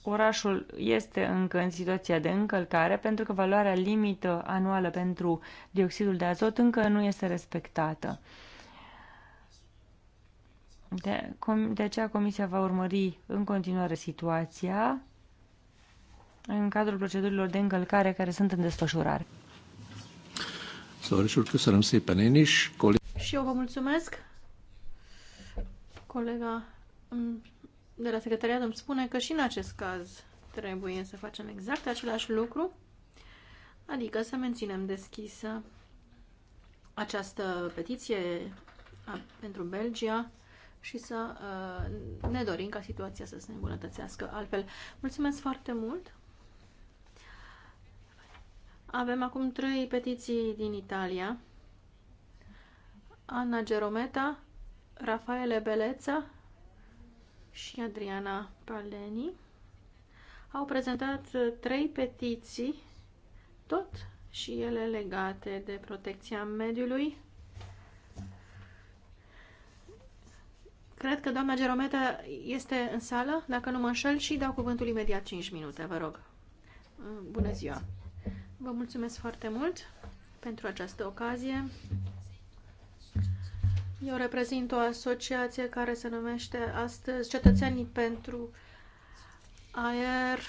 orașul este încă în situația de încălcare pentru că valoarea limită anuală pentru dioxidul de azot încă nu este respectată. De, com, de aceea Comisia va urmări în continuare situația în cadrul procedurilor de încălcare care sunt în desfășurare. Și eu vă mulțumesc, colega de la secretariat îmi spune că și în acest caz trebuie să facem exact același lucru, adică să menținem deschisă această petiție pentru Belgia și să uh, ne dorim ca situația să se îmbunătățească altfel. Mulțumesc foarte mult! Avem acum trei petiții din Italia. Anna Gerometa, Rafaele Beleța și Adriana Paleni au prezentat trei petiții, tot și ele legate de protecția mediului. Cred că doamna Gerometa este în sală, dacă nu mă înșel, și dau cuvântul imediat 5 minute, vă rog. Bună ziua! Vă mulțumesc foarte mult pentru această ocazie eu reprezint o asociație care se numește astăzi Cetățenii pentru Aer,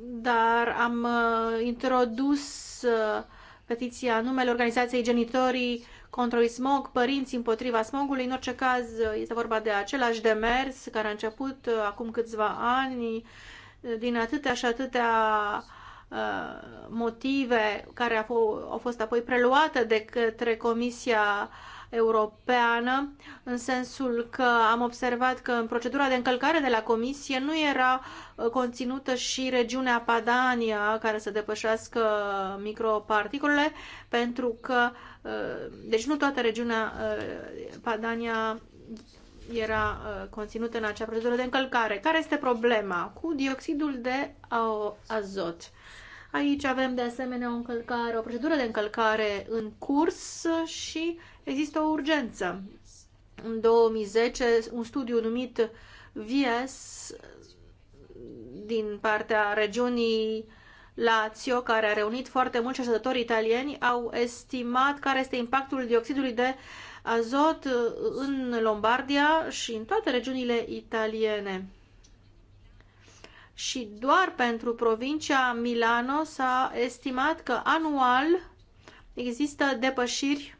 dar am uh, introdus uh, petiția numele organizației genitorii contra smog, părinți împotriva smogului. În orice caz, uh, este vorba de același demers care a început acum câțiva ani din atâtea și atâtea motive care au fost apoi preluate de către Comisia uh, europeană, în sensul că am observat că în procedura de încălcare de la Comisie nu era uh, conținută și regiunea Padania care să depășească microparticulele, pentru că, uh, deci nu toată regiunea uh, Padania era conținută în acea procedură de încălcare. Care este problema cu dioxidul de azot? Aici avem de asemenea o încălcare, o procedură de încălcare în curs și Există o urgență. În 2010, un studiu numit VIES din partea regiunii Lazio, care a reunit foarte mulți cercetători italieni, au estimat care este impactul dioxidului de azot în Lombardia și în toate regiunile italiene. Și doar pentru provincia Milano s-a estimat că anual există depășiri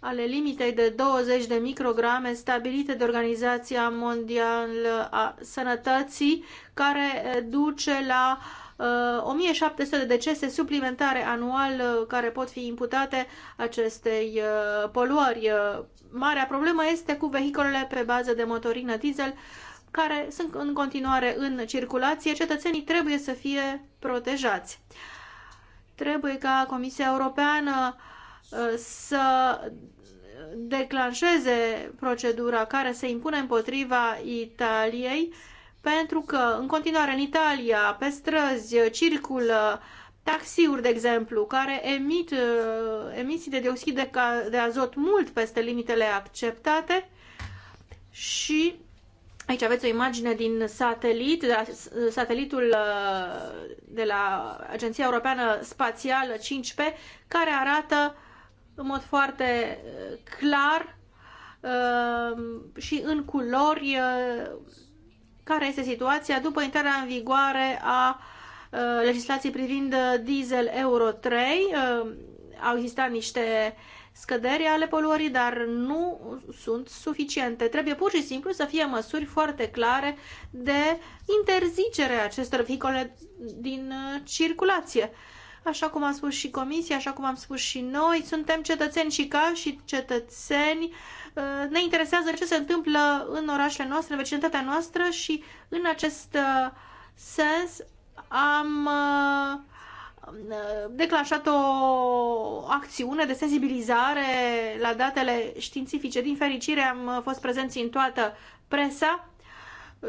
ale limitei de 20 de micrograme stabilite de Organizația Mondială a Sănătății, care eh, duce la uh, eh, 1700 de decese suplimentare anual uh, care pot fi imputate acestei uh, poluări. Marea problemă este cu vehiculele pe bază de motorină diesel care sunt în continuare în circulație. Cetățenii trebuie să fie protejați. Trebuie ca Comisia Europeană uh, Uh, să declanșeze procedura care se impune împotriva Italiei, pentru că în continuare în Italia, pe străzi, circulă taxiuri, de exemplu, care emit uh, emisii de dioxid de, de azot mult peste limitele acceptate și aici aveți o imagine din satelit, de la, satelitul uh, de la Agenția Europeană Spațială 5P, care arată uh, în mod foarte uh, clar uh, și în culori uh, care este situația după intrarea în vigoare a legislației privind diesel Euro 3. Au existat niște scăderi ale poluării, dar nu sunt suficiente. Trebuie pur și simplu să fie măsuri foarte clare de interzicere acestor vehicule din circulație. Uh, Așa cum a spus și Comisia, așa cum am spus și noi, suntem cetățeni și ca și cetățeni. Uh, ne interesează ce se întâmplă în orașele noastre, în vecinătatea noastră și în acest uh, sens am uh, declanșat o acțiune de sensibilizare la datele științifice. Din fericire am fost prezenți în toată presa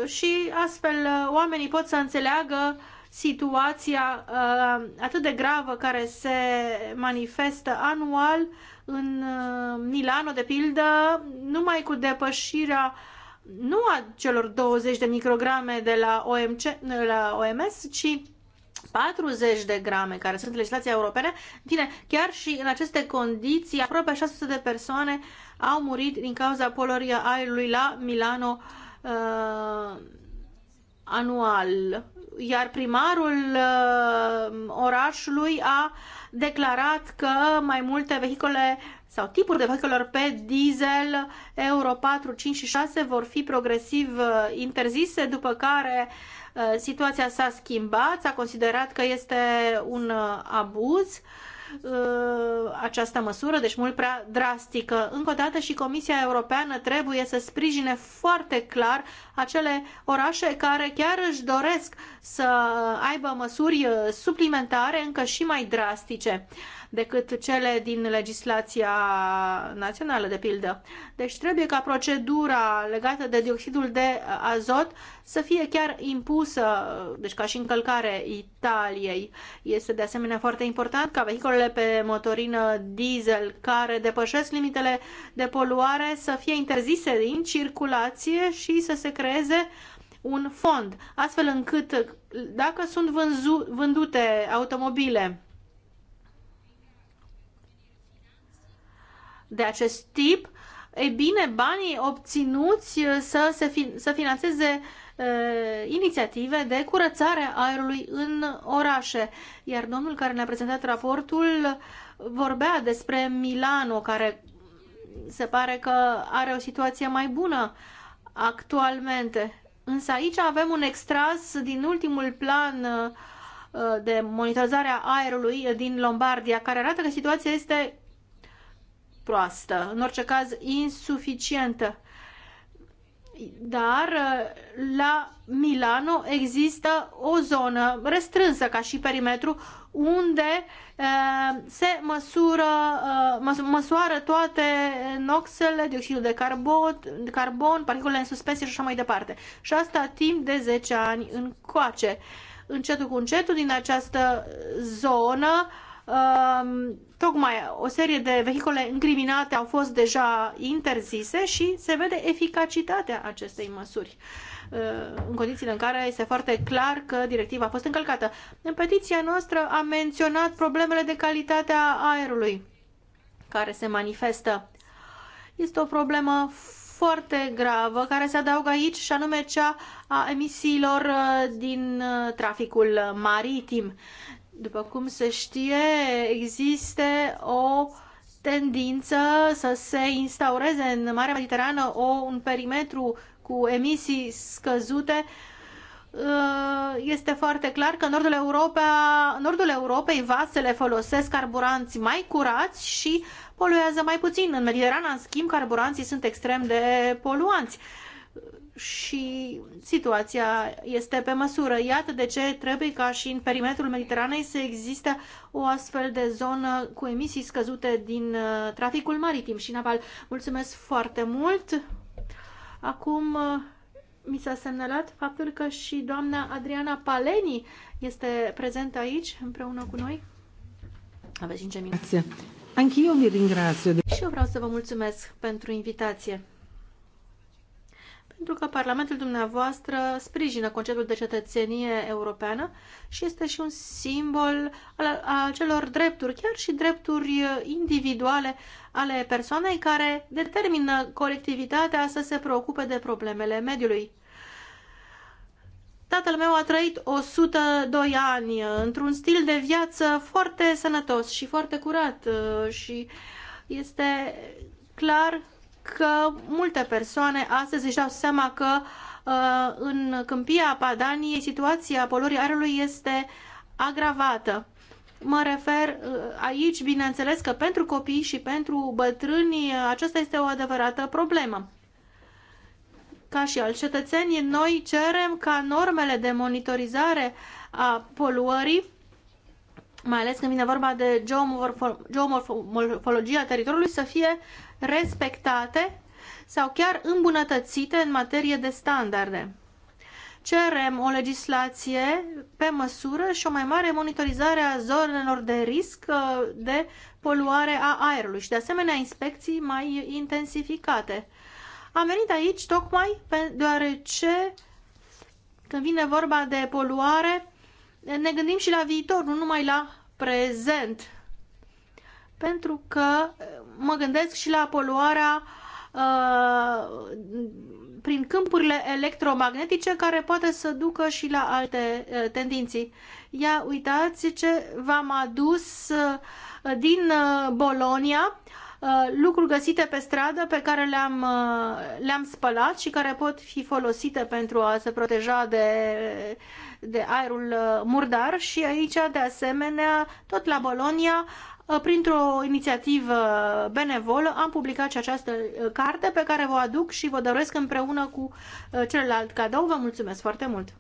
și astfel oamenii pot să înțeleagă uh, situația uh, atât de gravă care se manifestă anual în uh, Milano, de pildă, numai cu depășirea nu a celor 20 de micrograme de la, OMC, la OMS, ci 40 de grame, care sunt legislația europene, bine, chiar și în aceste condiții, aproape 600 de persoane au murit din cauza polorii aerului la Milano uh, anual iar primarul uh, orașului a declarat că mai multe vehicole sau tipuri de vehiculelor pe diesel Euro 4, 5 și 6 vor fi progresiv uh, interzise, după care uh, situația s-a schimbat, s-a considerat că este un abuz Uh, această măsură, deci mult prea drastică. Încă o dată și Comisia Europeană trebuie să sprijine foarte clar acele orașe care chiar își doresc să aibă măsuri uh, suplimentare încă și mai drastice. Uh, decât cele din legislația națională, de pildă. Deci trebuie ca procedura legată de dioxidul de azot să fie chiar impusă, deci ca și încălcare Italiei. Este de asemenea foarte important ca vehiculele pe motorină diesel care depășesc limitele de poluare să fie interzise din circulație și să se creeze un fond, astfel încât dacă sunt vânzu- vândute automobile de acest tip, e bine, banii obținuți uh, să, se fi, să financeze uh, inițiative de curățare aerului în orașe. Iar domnul care ne-a prezentat raportul vorbea despre Milano, care se pare că are o situație mai bună actualmente. Însă aici avem un extras din ultimul plan uh, de monitorizare a aerului din Lombardia, care arată că situația este proastă, în orice caz insuficientă. Dar uh, la Milano există o zonă restrânsă ca și perimetru unde uh, se măsură, uh, măsoară toate noxele, dioxidul de carbon, carbon particulele în suspensie și așa mai departe. Și asta timp de 10 ani încoace. Încetul cu încetul din această zonă Um, tocmai o serie de vehicule incriminate au fost deja interzise și se vede eficacitatea acestei măsuri uh, în condițiile în care este foarte clar că directiva a fost încălcată. În petiția noastră am menționat problemele de calitate a aerului care se manifestă. Este o problemă foarte gravă care se adaugă aici și anume cea a emisiilor uh, din uh, traficul maritim. După cum se știe, există o tendință să se instaureze în Marea Mediterană o, un perimetru cu emisii scăzute. Uh, este foarte clar că nordul, Europa, nordul Europei vasele folosesc carburanți mai curați și poluează mai puțin. În Mediterana, în schimb, carburanții sunt extrem de poluanți și situația este pe măsură. Iată de ce trebuie ca și în perimetrul Mediteranei să existe o astfel de zonă cu emisii scăzute din uh, traficul maritim și naval. Mulțumesc foarte mult! Acum uh, mi s-a semnalat faptul că și doamna Adriana Paleni este prezentă aici împreună cu noi. Aveți 5 minute. Anch'io vi ringrazio. Și eu vreau să vă mulțumesc pentru invitație pentru că Parlamentul dumneavoastră sprijină conceptul de cetățenie europeană și este și un simbol al, al celor drepturi, chiar și drepturi individuale ale persoanei care determină colectivitatea să se preocupe de problemele mediului. Tatăl meu a trăit 102 ani într-un stil de viață foarte sănătos și foarte curat uh, și este clar că multe persoane astăzi își dau seama că uh, în câmpia Padaniei situația poluării aerului este agravată. Mă refer uh, aici, bineînțeles, că pentru copii și pentru bătrâni uh, aceasta este o adevărată problemă. Ca și alți cetățeni, noi cerem ca normele de monitorizare a poluării, mai ales când vine vorba de geomorfologia teritoriului, să fie uh, respectate sau chiar îmbunătățite în materie de standarde. Cerem o legislație pe măsură și o mai mare monitorizare a zonelor de risc uh, de poluare a aerului și de asemenea inspecții mai intensificate. Am venit aici tocmai deoarece când vine vorba de poluare ne gândim și la viitor, nu numai la prezent pentru că uh, mă gândesc și la poluarea uh, prin câmpurile electromagnetice care poate să ducă și la alte uh, tendinții. Ia uitați ce v-am adus uh, din uh, Bolonia, uh, lucruri găsite pe stradă pe care le-am, uh, le-am spălat și care pot fi folosite pentru a se proteja de de aerul uh, murdar și aici, de asemenea, tot la Bolonia Uh, printr-o inițiativă benevolă, am publicat și această uh, carte pe care vă aduc și vă doresc împreună cu uh, celălalt cadou. Vă mulțumesc foarte mult!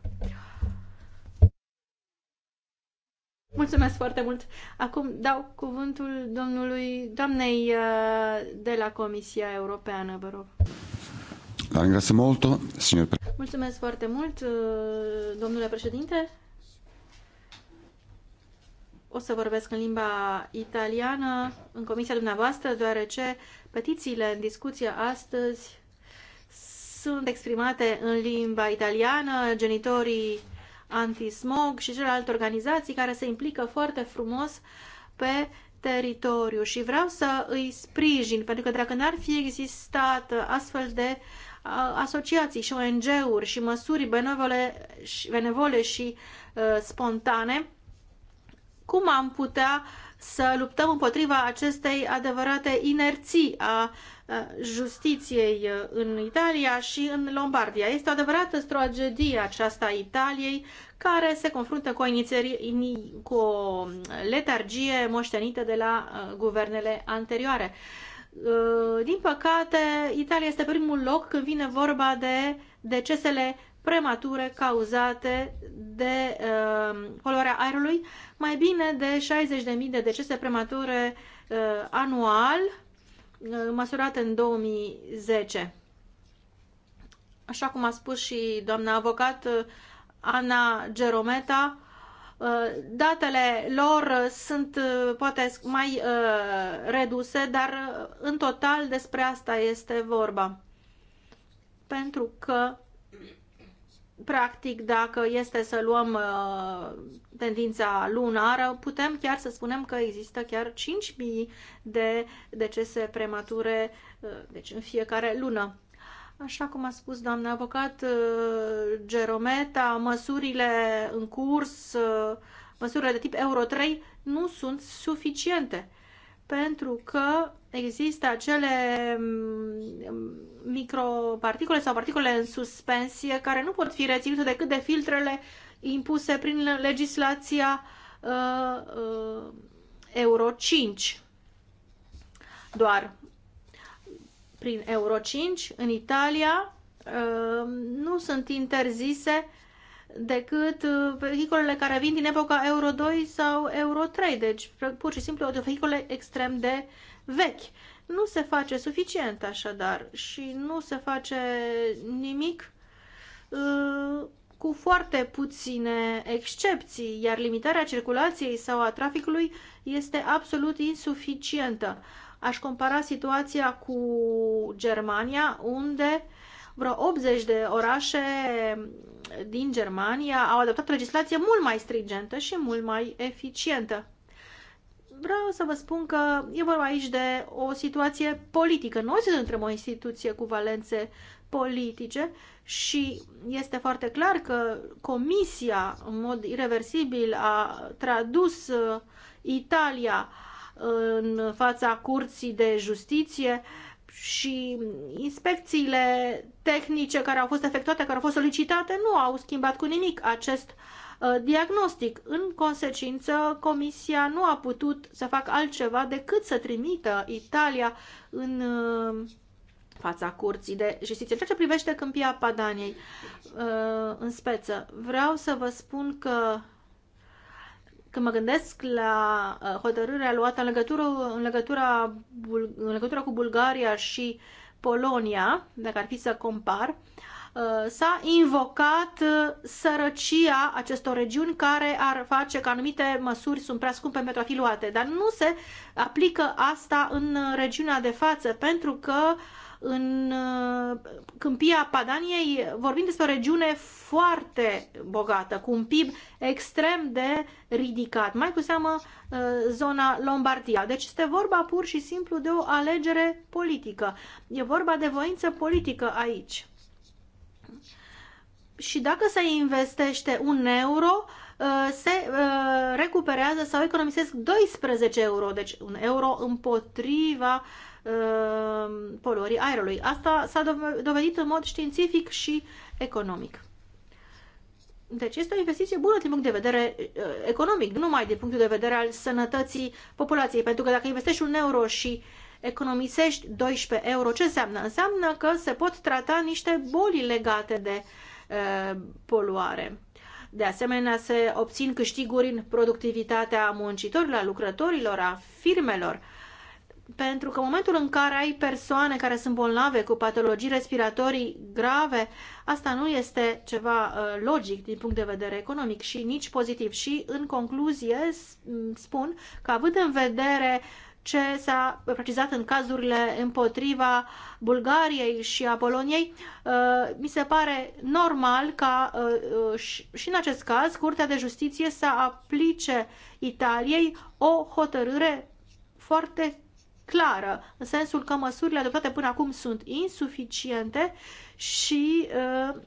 Mulțumesc foarte mult! Acum dau cuvântul domnului, doamnei de la Comisia Europeană, vă rog. Mulțumesc foarte mult, domnule președinte, o să vorbesc în limba italiană în comisia dumneavoastră, deoarece petițiile în discuție astăzi sunt exprimate în limba italiană, genitorii antismog și celelalte organizații care se implică foarte frumos pe teritoriu și vreau să îi sprijin, pentru că dacă n-ar fi existat astfel de asociații și ONG-uri și măsuri benevole și, benevole și uh, spontane, cum am putea să luptăm împotriva acestei adevărate inerții a justiției în Italia și în Lombardia. Este o adevărată tragedie aceasta a Italiei care se confruntă cu o, cu o letargie moștenită de la guvernele anterioare. Din păcate, Italia este primul loc când vine vorba de decesele premature cauzate de uh, poluarea aerului, mai bine de 60.000 de decese premature uh, anual, uh, măsurate în 2010. Așa cum a spus și doamna avocat uh, Ana Gerometa, uh, datele lor sunt uh, poate mai uh, reduse, dar uh, în total despre asta este vorba. Pentru că practic, dacă este să luăm uh, tendința lunară, putem chiar să spunem că există chiar 5.000 de decese premature, uh, deci în fiecare lună. Așa cum a spus doamna avocat Gerometa, uh, măsurile în curs, măsurile de tip Euro 3 nu sunt suficiente pentru că există acele mm, mm, microparticule sau particule în suspensie care nu pot fi reținute decât de filtrele impuse prin legislația uh, uh, Euro 5. Doar prin Euro 5 în Italia uh, nu sunt interzise uh, decât uh, vehiculele care vin din epoca Euro 2 sau Euro 3, deci pur și simplu vehicule extrem de vechi. Nu se face suficient așadar și nu se face nimic uh, cu foarte puține excepții, iar limitarea circulației sau a traficului este absolut insuficientă. Aș compara situația cu Germania, unde vreo 80 de orașe din Germania au adoptat legislație mult mai stringentă și mult mai eficientă. Vreau să vă spun că e vorba aici de o situație politică. Noi suntem o instituție cu valențe politice și este foarte clar că Comisia, în mod irreversibil, a tradus uh, Italia uh, în fața Curții de Justiție uh, și inspecțiile tehnice care au fost efectuate, care au fost solicitate, nu au schimbat cu nimic acest uh, diagnostic. În consecință, Comisia nu a putut să facă altceva decât să trimită Italia în uh, fața curții de justiție. Ceea ce privește câmpia Padaniei uh, în speță, vreau să vă spun că când mă gândesc la uh, hotărârea luată în legătură, în legătura, în legătura cu Bulgaria și Polonia, dacă ar fi să compar, uh, s-a invocat uh, sărăcia acestor regiuni care ar face că anumite măsuri sunt prea scumpe pentru a fi luate, dar nu se aplică asta în regiunea de față, pentru că uh, în uh, câmpia Padaniei vorbim despre o regiune foarte bogată, cu un PIB extrem de ridicat, mai cu seamă uh, zona Lombardia. Deci este vorba pur și simplu de o alegere politică. E vorba de voință politică aici. Și dacă se investește un euro, uh, se recuperează sau economisesc 12 euro, deci un euro împotriva uh, Uh, poluării aerului. Asta s-a dovedit în mod științific și economic. Deci este o investiție bună din punct de vedere uh, economic, nu numai din punctul de vedere al sănătății populației, pentru că dacă investești un euro și economisești 12 euro, ce înseamnă? Înseamnă că se pot trata niște boli legate de uh, poluare. De asemenea, se obțin câștiguri în productivitatea muncitorilor, a lucrătorilor, a firmelor. Uh, pentru că în momentul în care ai persoane care sunt bolnave cu patologii respiratorii grave, asta nu este ceva uh, logic din punct de vedere economic și nici pozitiv. Și în concluzie spun că având în vedere ce s-a precizat în cazurile împotriva Bulgariei și a Poloniei, uh, mi se pare normal ca uh, și în acest caz Curtea de Justiție să aplice Italiei o hotărâre foarte clară, în sensul că măsurile adoptate până acum sunt insuficiente și uh,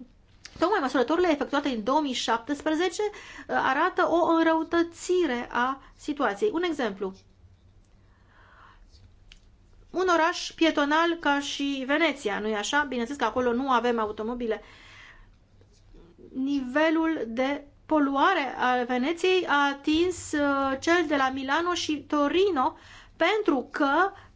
tocmai măsurătorile efectuate în 2017 uh, arată o înrăutățire a situației. Un exemplu, un oraș pietonal ca și Veneția, nu-i așa? Bineînțeles că acolo nu avem automobile. Nivelul de poluare al Veneției a atins uh, cel de la Milano și Torino pentru că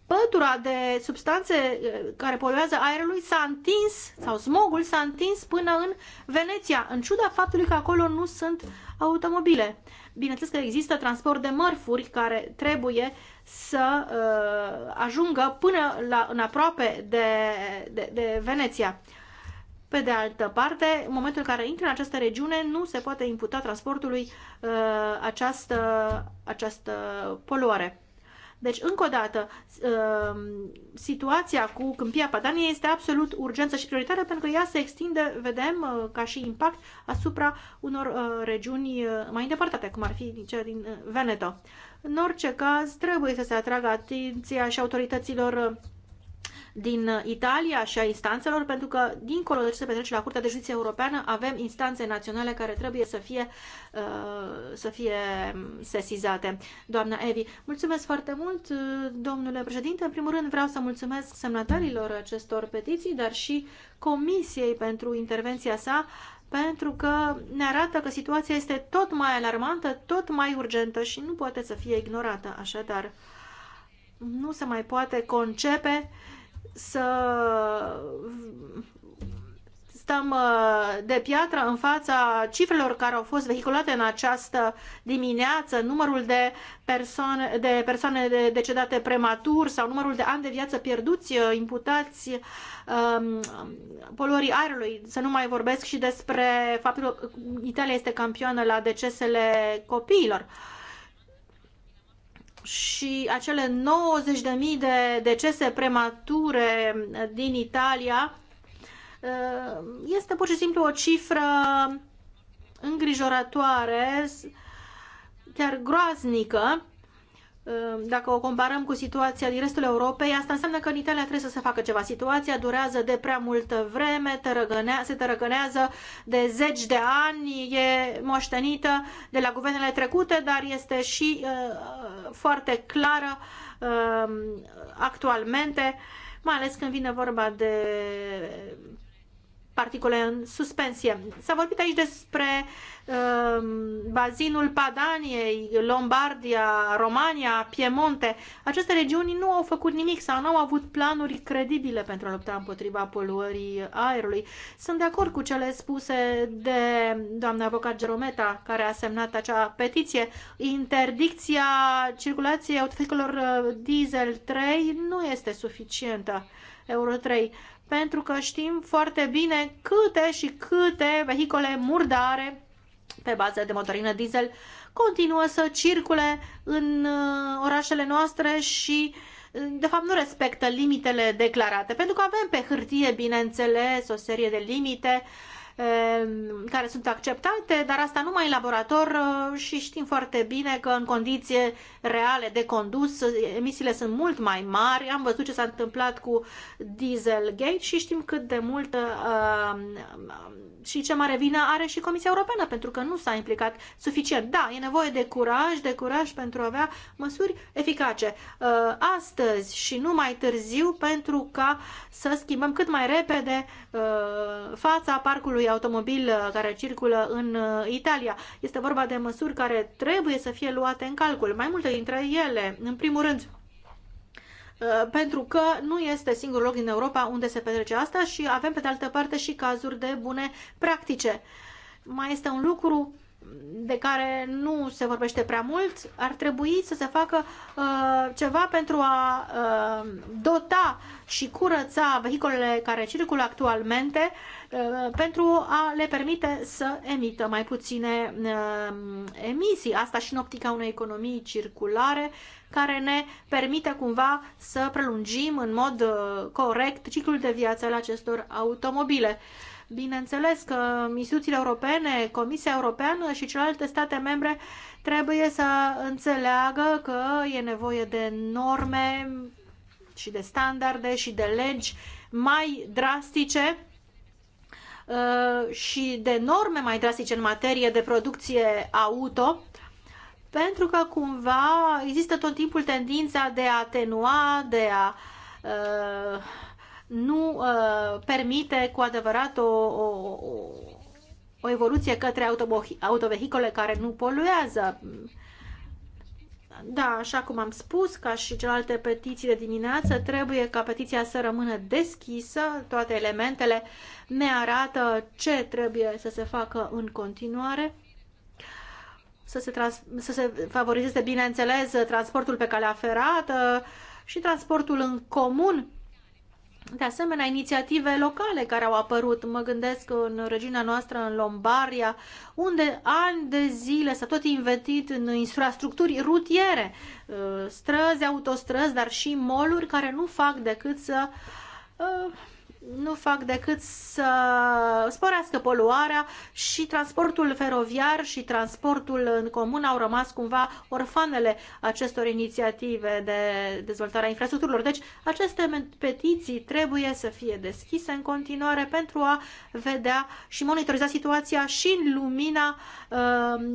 pătura de substanțe eh, care poluează aerului s-a întins, sau smogul s-a întins până în Veneția, în ciuda faptului că acolo nu sunt automobile. Bineînțeles că există transport de mărfuri care trebuie să uh, ajungă până la, în aproape de, de, de Veneția. Pe de altă parte, în momentul în care intră în această regiune, nu se poate imputa transportului uh, această, această poluare. Deci, încă o dată, ă, situația cu Câmpia Padanie este absolut urgentă și prioritară pentru că ea se extinde, vedem, ă, ca și impact asupra unor ă, regiuni mai îndepărtate, cum ar fi cea din Veneto. În orice caz, trebuie să se atragă atenția și autorităților din Italia și a instanțelor, pentru că, dincolo de ce se petrece la Curtea de Justiție Europeană, avem instanțe naționale care trebuie să fie, uh, să fie sesizate. Doamna Evi, mulțumesc foarte mult, uh, domnule președinte. În primul rând vreau să mulțumesc semnatarilor acestor petiții, dar și Comisiei pentru intervenția sa, pentru că ne arată că situația este tot mai alarmantă, tot mai urgentă și nu poate să fie ignorată. Așadar, nu se mai poate concepe uh, să stăm uh, de piatră în fața cifrelor care au fost vehiculate în această dimineață, numărul de persoane, de persoane decedate prematur sau numărul de ani de viață pierduți, uh, imputați um, poluării aerului. Să nu mai vorbesc și despre faptul că Italia este campioană la decesele copiilor. Uh, și acele 90.000 de decese premature din Italia este pur și simplu o cifră îngrijorătoare, chiar groaznică Ehm, dacă o comparăm cu situația din restul Europei, asta înseamnă că în Italia trebuie să se facă ceva. Situația durează de prea multă vreme, tărăgânea, se tărăgânează de zeci de ani, e moștenită de la guvernele trecute, dar este și uh, foarte clară uh, actualmente, mai ales când vine vorba de particule în suspensie. S-a vorbit aici despre um, bazinul Padaniei, Lombardia, Romania, Piemonte. Aceste regiuni nu au făcut nimic sau nu au avut planuri credibile pentru a lupta împotriva poluării aerului. Sunt de acord cu cele spuse de doamna avocat Gerometa, care a semnat acea petiție. Interdicția circulației autovehiculelor uh, diesel 3 nu este suficientă. Euro 3 pentru că știm foarte bine câte și câte vehicole murdare pe bază de motorină diesel continuă să circule în uh, orașele noastre și uh, de fapt nu respectă limitele declarate, pentru că avem pe hârtie, bineînțeles, o serie de limite uh, Eh, care sunt acceptate, dar asta numai în laborator eh, și știm foarte bine că în condiții reale de condus eh, emisiile sunt mult mai mari. Am văzut ce s-a întâmplat cu Dieselgate și știm cât de mult și ce mare vină are și Comisia Europeană pentru că nu s-a implicat suficient. Da, e nevoie de curaj, de curaj pentru a avea măsuri eficace astăzi și nu mai târziu pentru ca să schimbăm cât mai repede fața parcului automobil uh, care circulă în uh, Italia. Este vorba de măsuri care trebuie să fie luate în calcul, mai multe dintre ele. În primul rând, uh, pentru că nu este singurul loc din Europa unde se petrece asta și avem pe de altă parte și cazuri de bune practice. Mai este un lucru de care nu se vorbește prea mult, ar trebui să se facă uh, ceva pentru a uh, dota și curăța vehiculele care circulă actualmente Uh, pentru a le permite să emită mai puține uh, emisii. Asta și în optica unei economii circulare care ne permite cumva să prelungim în mod uh, corect ciclul de viață al acestor automobile. Bineînțeles că instituțiile europene, Comisia Europeană și celelalte state membre trebuie să înțeleagă că e nevoie de norme și de standarde și de legi mai drastice Uh, și de norme mai drastice în materie de producție auto, pentru că cumva există tot timpul tendința de a atenua, de a uh, nu uh, permite cu adevărat o, o, o evoluție către autovehicole care nu poluează. Da, așa cum am spus, ca și celelalte petiții de dimineață, trebuie ca petiția să rămână deschisă. Toate elementele ne arată ce trebuie să se facă în continuare. Să se, trans- să se favorizeze, bineînțeles, transportul pe calea ferată și transportul în comun de asemenea, inițiative locale care au apărut, mă gândesc în regiunea noastră, în Lombardia, unde ani de zile s-a tot investit în infrastructuri rutiere, uh, străzi, autostrăzi, dar și moluri care nu fac decât să uh, nu fac decât să sporească poluarea și transportul feroviar și transportul în comun au rămas cumva orfanele acestor inițiative de dezvoltare a infrastructurilor. Deci aceste petiții trebuie să fie deschise în continuare pentru a vedea și monitoriza situația și în lumina um,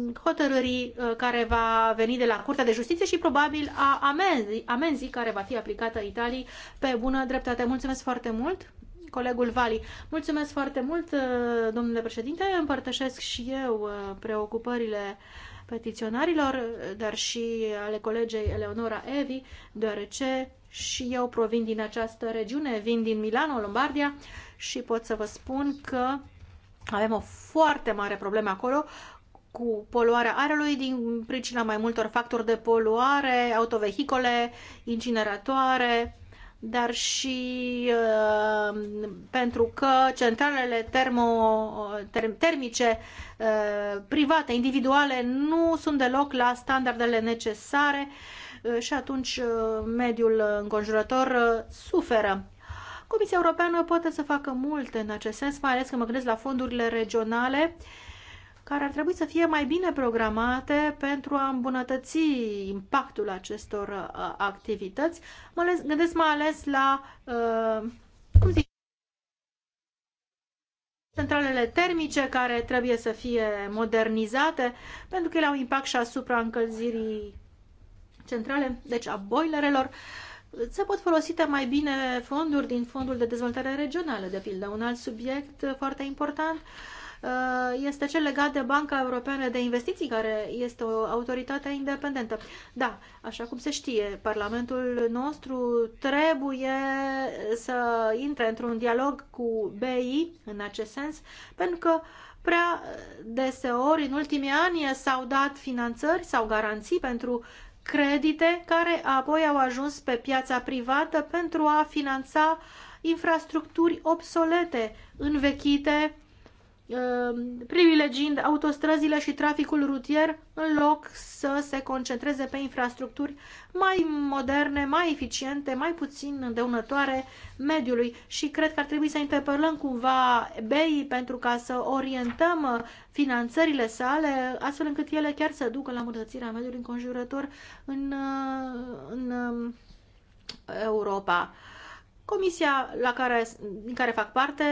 uh, hotărârii care va veni de la Curtea de Justiție și probabil a amenzii, amenzii care va fi aplicată Italiei pe bună dreptate. Mulțumesc foarte mult! colegul Vali. Mulțumesc foarte mult, uh, domnule președinte. Împărtășesc și eu uh, preocupările petiționarilor, dar și ale colegei Eleonora Evi, deoarece și eu provin din această regiune, vin din Milano, Lombardia și pot să vă spun că avem o foarte mare problemă acolo cu poluarea aerului din pricina mai multor factori de poluare, autovehicole, incineratoare, dar și uh, pentru că centralele termo, term, termice uh, private, individuale, nu sunt deloc la standardele necesare uh, și atunci uh, mediul înconjurător uh, suferă. Comisia Europeană poate să facă multe în acest sens, mai ales că mă gândesc la fondurile regionale uh, care ar trebui să fie mai bine programate pentru a îmbunătăți impactul acestor uh, activități. Mă ales, gândesc mai ales la, uh, cum zic, centralele termice care trebuie să fie modernizate pentru că ele au impact și asupra încălzirii centrale, deci a boilerelor. Se pot folosi mai bine fonduri din Fondul de Dezvoltare Regională, de pildă, un alt subiect foarte important. Uh, Uh, este cel legat de Banca Europeană de Investiții, care este o autoritate independentă. Da, așa cum se știe, Parlamentul nostru trebuie să intre într-un dialog cu BI în acest sens, pentru că prea deseori, în ultimii ani, s-au dat finanțări sau garanții pentru credite care apoi au ajuns pe piața privată pentru a finanța infrastructuri obsolete, învechite Um, privilegiind autostrăzile și traficul rutier în loc să se concentreze pe infrastructuri mai moderne, mai eficiente, mai puțin îndeunătoare mediului și cred că ar trebui să interpelăm cumva BEI pentru ca să orientăm finanțările sale astfel încât ele chiar să ducă la îmbunătățirea mediului înconjurător în, uh, în um, Europa. Comisia la care, din care fac parte,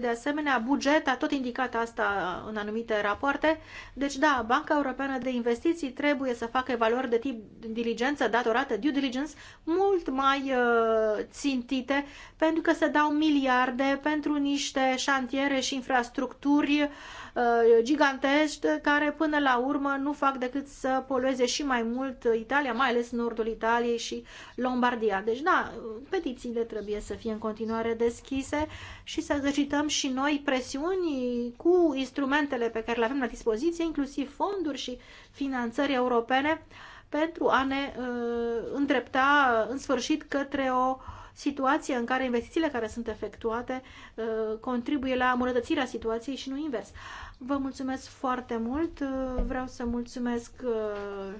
de asemenea, buget, a tot indicat asta în anumite rapoarte. Deci, da, Banca Europeană de Investiții trebuie să facă evaluări de tip diligență, datorată, due diligence, mult mai uh, țintite, pentru că se dau miliarde pentru niște șantiere și infrastructuri uh, Uh, gigantești care până la urmă nu fac decât să polueze și mai mult Italia, mai ales nordul Italiei și Lombardia. Deci da, petițiile trebuie să fie în continuare deschise și să exercităm și noi presiuni cu instrumentele pe care le avem la dispoziție, inclusiv fonduri și finanțări europene, pentru a ne uh, îndrepta în sfârșit către o situație în care investițiile care sunt efectuate uh, contribuie la îmbunătățirea situației și nu invers. Uh, Vă mulțumesc foarte mult. Vreau să mulțumesc uh,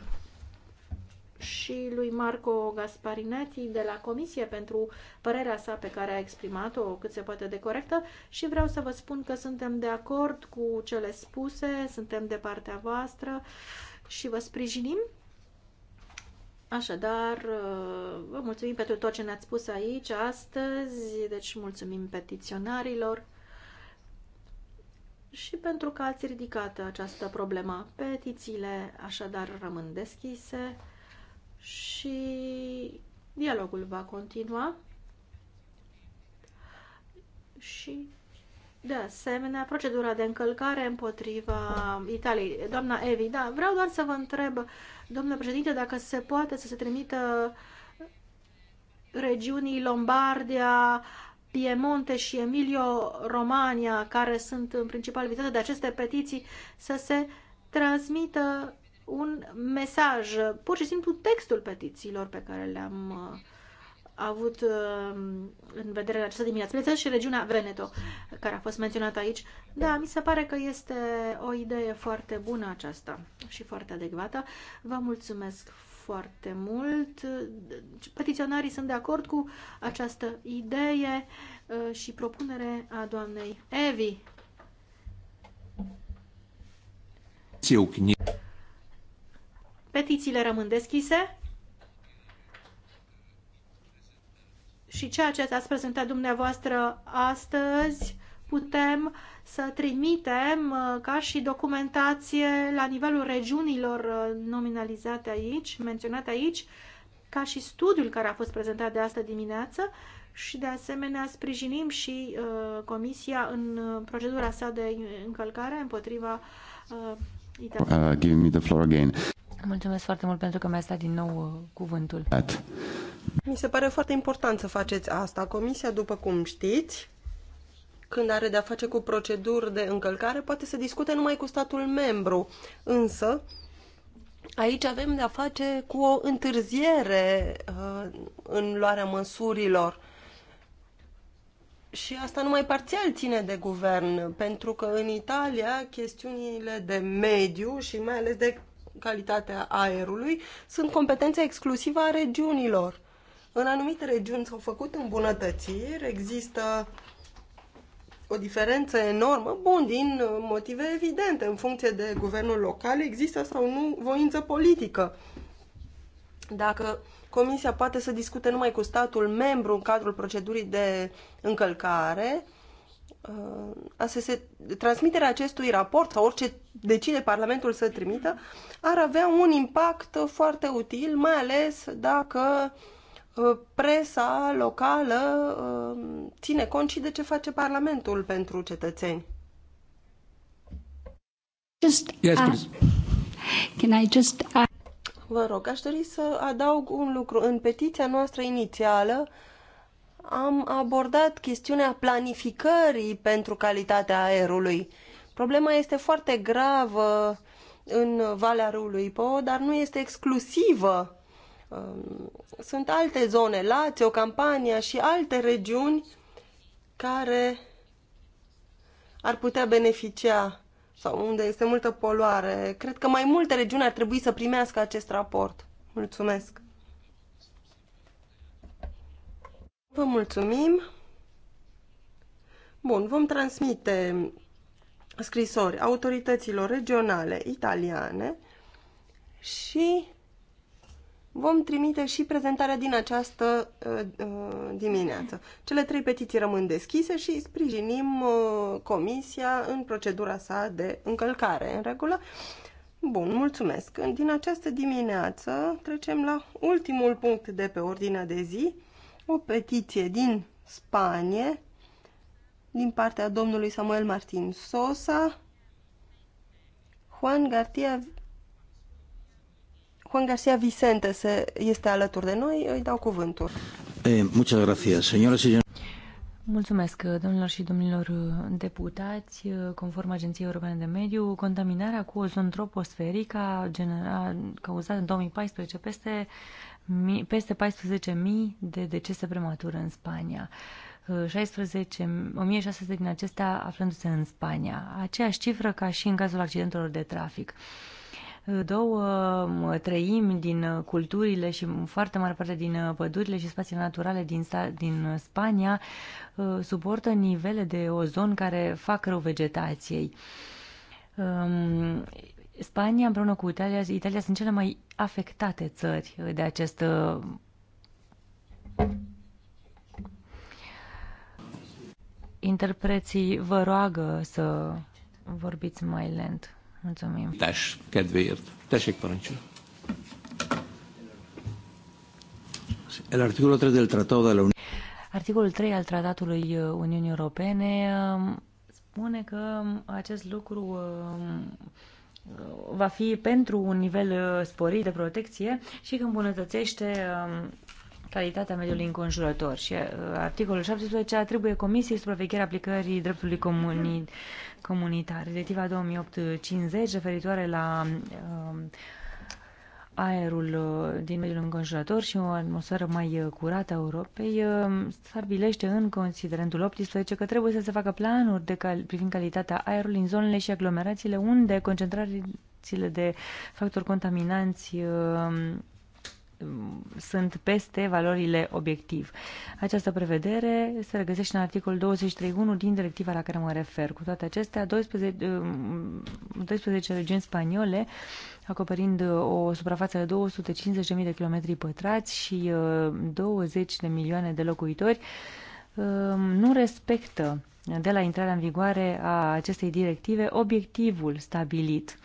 și lui Marco Gasparinetti de la Comisie pentru părerea sa pe care a exprimat-o cât se poate de corectă și vreau să vă spun că suntem de acord cu cele spuse, suntem de partea voastră și vă sprijinim. Așadar, uh, vă mulțumim pentru tot ce ne-ați spus aici astăzi, deci mulțumim petiționarilor și pentru că ați ridicat această problemă. Petițiile așadar rămân deschise și dialogul va continua și de asemenea procedura de încălcare împotriva Italiei. Doamna Evi, da, vreau doar să vă întreb, domnule președinte, dacă se poate să se trimită regiunii Lombardia, Piemonte și Emilio-Romania, care sunt în principal vizate de aceste petiții, să se transmită un mesaj, pur și simplu textul petițiilor pe care le-am uh, avut uh, în vedere la această dimineață. Bineînțeles și regiunea Veneto, care a fost menționată aici. Da, mi se pare că este o idee foarte bună aceasta și foarte adecvată. Vă mulțumesc foarte mult. Petiționarii sunt de acord cu această idee uh, și propunere a doamnei Evi. Petițiile rămân deschise și ceea ce ați prezentat dumneavoastră astăzi putem să trimitem uh, ca și documentație la nivelul regiunilor uh, nominalizate aici, menționate aici, ca și studiul care a fost prezentat de astă dimineață și de asemenea sprijinim și uh, Comisia în uh, procedura sa de încălcare împotriva uh, Italiei. Uh, give me the floor again. Mulțumesc foarte mult pentru că mi-a stat din nou uh, cuvântul. At. Mi se pare foarte important să faceți asta. Comisia, după cum știți, când are de-a face cu proceduri de încălcare, poate să discute numai cu statul membru. Însă, aici avem de-a face cu o întârziere uh, în luarea măsurilor. Și asta numai parțial ține de guvern, pentru că în Italia chestiunile de mediu și mai ales de calitatea aerului sunt competența exclusivă a regiunilor. În anumite regiuni s-au făcut îmbunătățiri, există uh, o diferență enormă, bun, din motive evidente, în funcție de guvernul local există sau nu voință politică. Dacă Comisia poate să discute numai cu statul membru în cadrul procedurii de încălcare, uh, ASS, transmiterea acestui raport sau orice decide Parlamentul să trimită ar avea un impact foarte util, mai ales dacă uh, Uh, presa locală uh, ține cont și de ce face Parlamentul pentru cetățeni. Just, yes, uh, please. Can I just Vă rog, aș dori să adaug un lucru. În petiția noastră inițială am abordat chestiunea planificării pentru calitatea aerului. Problema este foarte gravă în Valea Râului Po, dar nu este exclusivă Um, sunt alte zone, Lazio, Campania și alte regiuni care ar putea beneficia sau unde este multă poluare. Cred că mai multe regiuni ar trebui să primească acest raport. Mulțumesc! Vă mulțumim! Bun, vom transmite scrisori autorităților regionale italiane și vom trimite și prezentarea din această uh, uh, dimineață. Cele trei petiții rămân deschise și sprijinim uh, comisia în procedura sa de încălcare în regulă. Bun, mulțumesc. Din această dimineață trecem la ultimul punct de pe ordinea de zi, o petiție din Spanie, din partea domnului Samuel Martin Sosa, Juan García Juan García Vicente se, este alături de noi, îi dau cuvântul. Eh, gracias, y Mulțumesc, eh, domnilor și domnilor eh, deputați. Eh, conform Agenției Europene de Mediu, contaminarea cu ozon troposferic a, genera, cauzat în 2014 peste, peste 14.000 de decese premature în Spania. 16, 1600 din acestea aflându-se în Spania. Aceeași cifră ca și în cazul accidentelor de trafic două treimi din culturile și foarte mare parte din pădurile și spațiile naturale din, din Spania uh, suportă nivele de ozon care fac rău vegetației. Um, Spania împreună cu Italia, Italia sunt cele mai afectate țări de acest uh, interpreții vă roagă să vorbiți mai lent. Mulțumim. Tess, kedvéért. Tessék, parancsol. El articolul 3 del Tratado de la Uniune. Articolul 3 al Tratatului uh, Uniunii Europene um, spune că um, acest lucru um, uh, va fi pentru un nivel uh, sporit de protecție și că îmbunătățește calitatea mediului înconjurător și uh, articolul 17 atribuie Comisiei supravegherea aplicării dreptului comuni, comunitar. Directiva 2850 referitoare la um, uh, aerul din mediul înconjurător și o atmosferă mai uh, curată a Europei uh, stabilește în considerentul 18 că trebuie să se facă planuri de cal- privind calitatea aerului în zonele și aglomerațiile unde concentrațiile de factori contaminanți sunt peste valorile obiectiv. Această prevedere se regăsește în articolul 23.1 din directiva la care mă refer. Cu toate acestea, 12, 12 um, regiuni spaniole, acoperind o suprafață de 250.000 de km pătrați și 20 uh, de milioane de locuitori, um, nu respectă de la intrarea în vigoare a acestei directive obiectivul stabilit.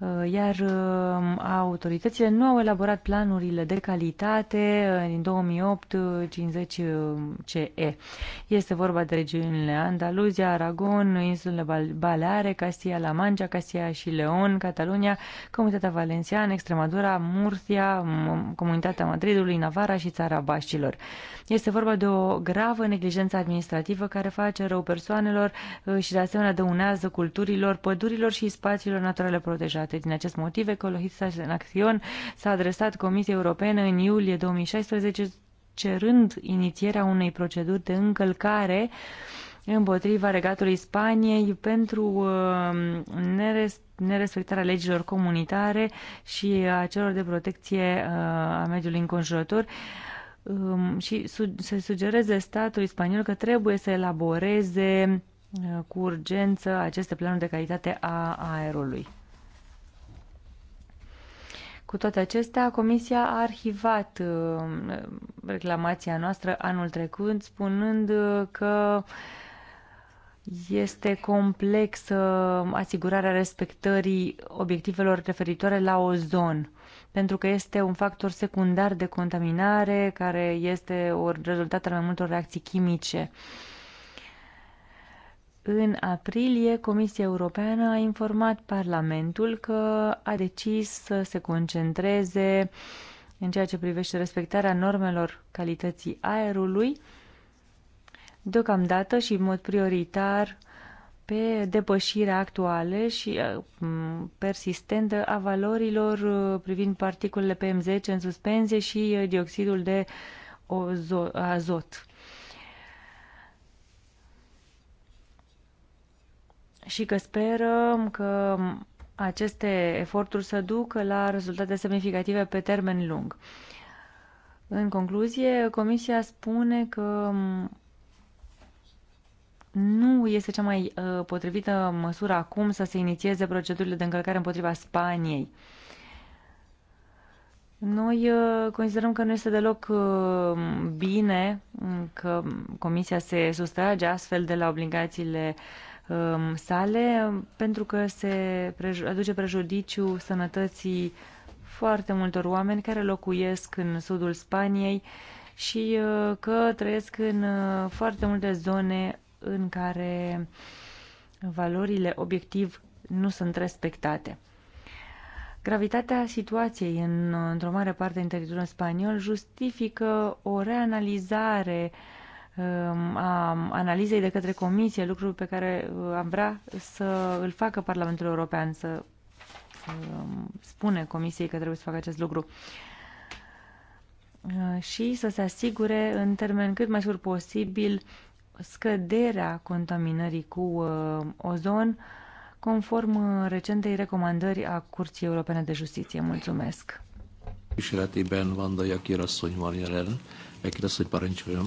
Uh, iar uh, autoritățile nu au elaborat planurile de calitate uh, din 2008-50CE. Este vorba de regiunile Andaluzia, Aragon, insulele Baleare, Castilla-La Mancha, Castilla și Leon, Catalunia, Comunitatea Valenciană, Extremadura, Murcia, Comunitatea Madridului, Navara și Țara Baștilor. Este vorba de o gravă neglijență administrativă care face rău persoanelor și de asemenea dăunează culturilor, pădurilor și spațiilor naturale protejate menționate. Din acest motiv, Ecologista în Acțion s-a adresat Comisiei Europene în iulie 2016 cerând inițierea unei proceduri de încălcare împotriva regatului Spaniei pentru uh, nerespectarea legilor comunitare și a celor de protecție uh, a mediului înconjurător um, și se sugereze statului spaniol că trebuie să elaboreze uh, cu urgență aceste planuri de calitate a aerului. Cu toate acestea, Comisia a arhivat uh, reclamația noastră anul trecut, spunând uh, că este complexă asigurarea respectării obiectivelor referitoare la ozon, pentru că este un factor secundar de contaminare care este o rezultat al mai multor reacții chimice. Uh, în aprilie, Comisia Europeană a informat Parlamentul că a decis să se concentreze în ceea ce privește respectarea normelor calității aerului, deocamdată și în mod prioritar pe depășirea actuală și uh, persistentă a valorilor uh, privind particulele PM10 în suspensie și uh, dioxidul de azot. și că sperăm că aceste eforturi să ducă la rezultate semnificative pe termen lung. În concluzie, Comisia spune că nu este cea mai uh, potrivită măsură acum să se inițieze procedurile de încălcare împotriva Spaniei. Noi uh, considerăm că nu este deloc uh, bine că Comisia se sustrage astfel de la obligațiile uh, Um, sale, pentru că se aduce prejudiciu sănătății foarte multor oameni care locuiesc în sudul Spaniei și uh, că trăiesc în uh, foarte multe zone în care valorile obiectiv nu sunt respectate. Gravitatea situației în, într-o mare parte din teritoriul spaniol justifică o reanalizare uh, Um, a analizei de către Comisie, lucruri pe care uh, am vrea să îl facă Parlamentul European, să um, spune Comisiei că trebuie să facă acest lucru uh, și să se asigure în termen cât mai scurt posibil scăderea contaminării cu uh, ozon conform recentei recomandări a Curții Europene de Justiție. Mulțumesc! Vanda Jakir asszony van jelen. parancsoljon.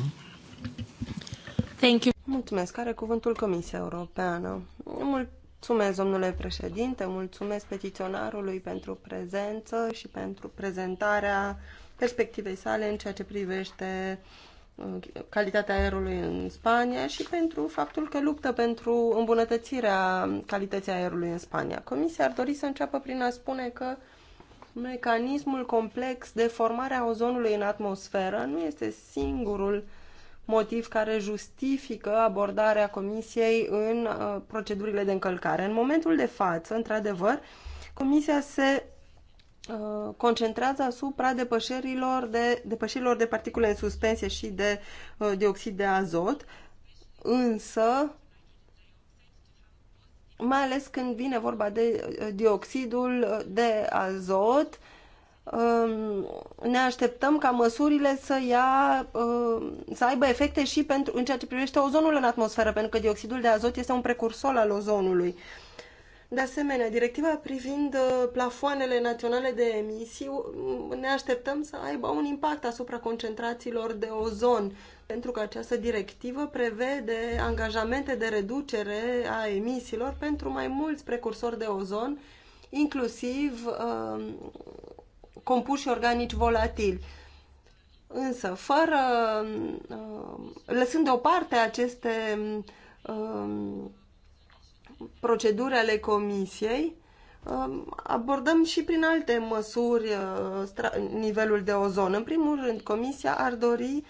Thank you. Mulțumesc. Are cuvântul Comisia Europeană. Mulțumesc, domnule președinte, mulțumesc petiționarului pentru prezență și pentru prezentarea perspectivei sale în ceea ce privește uh, calitatea aerului în Spania și pentru faptul că luptă pentru îmbunătățirea calității aerului în Spania. Comisia ar dori să înceapă prin a spune că mecanismul complex de formare a ozonului în atmosferă nu este singurul motiv care justifică abordarea Comisiei în uh, procedurile de încălcare. În momentul de față, într-adevăr, Comisia se uh, concentrează asupra depășirilor de, depășirilor de particule în suspensie și de uh, dioxid de azot, însă mai ales când vine vorba de dioxidul de azot, Ehm, ne așteptăm ca măsurile să, ia, ehm, să aibă efecte și pentru, în ceea ce privește ozonul în atmosferă, pentru că dioxidul de azot este un precursor al ozonului. De asemenea, directiva privind uh, plafoanele naționale de emisii ne așteptăm să aibă un impact asupra concentrațiilor de ozon, pentru că această directivă prevede angajamente de reducere a emisiilor pentru mai mulți precursori de ozon, inclusiv uh, compuși organici volatili. Însă, fără, uh, lăsând deoparte aceste um, proceduri ale comisiei, um, abordăm și prin alte măsuri uh, nivelul de ozon. În primul rând, comisia ar dori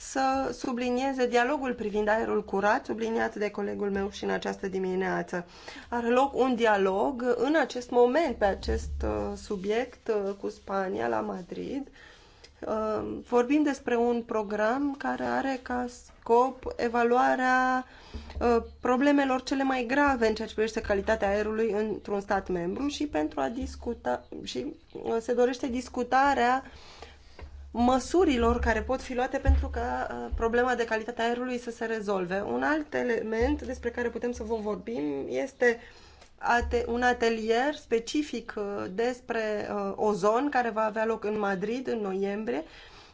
să sublinieze dialogul privind aerul curat, subliniat de colegul meu și în această dimineață. Are loc un dialog în acest moment pe acest uh, subiect uh, cu Spania la Madrid. Uh, vorbim despre un program care are ca scop evaluarea problemelor cele mai grave în ceea ce privește calitatea aerului într-un stat membru și pentru a discuta și se dorește discutarea uh, măsurilor care pot fi luate pentru ca uh, problema de calitate a aerului să se rezolve. Un alt element despre care putem să vă vorbim este un atelier specific uh, despre uh, ozon care va avea loc în Madrid în noiembrie.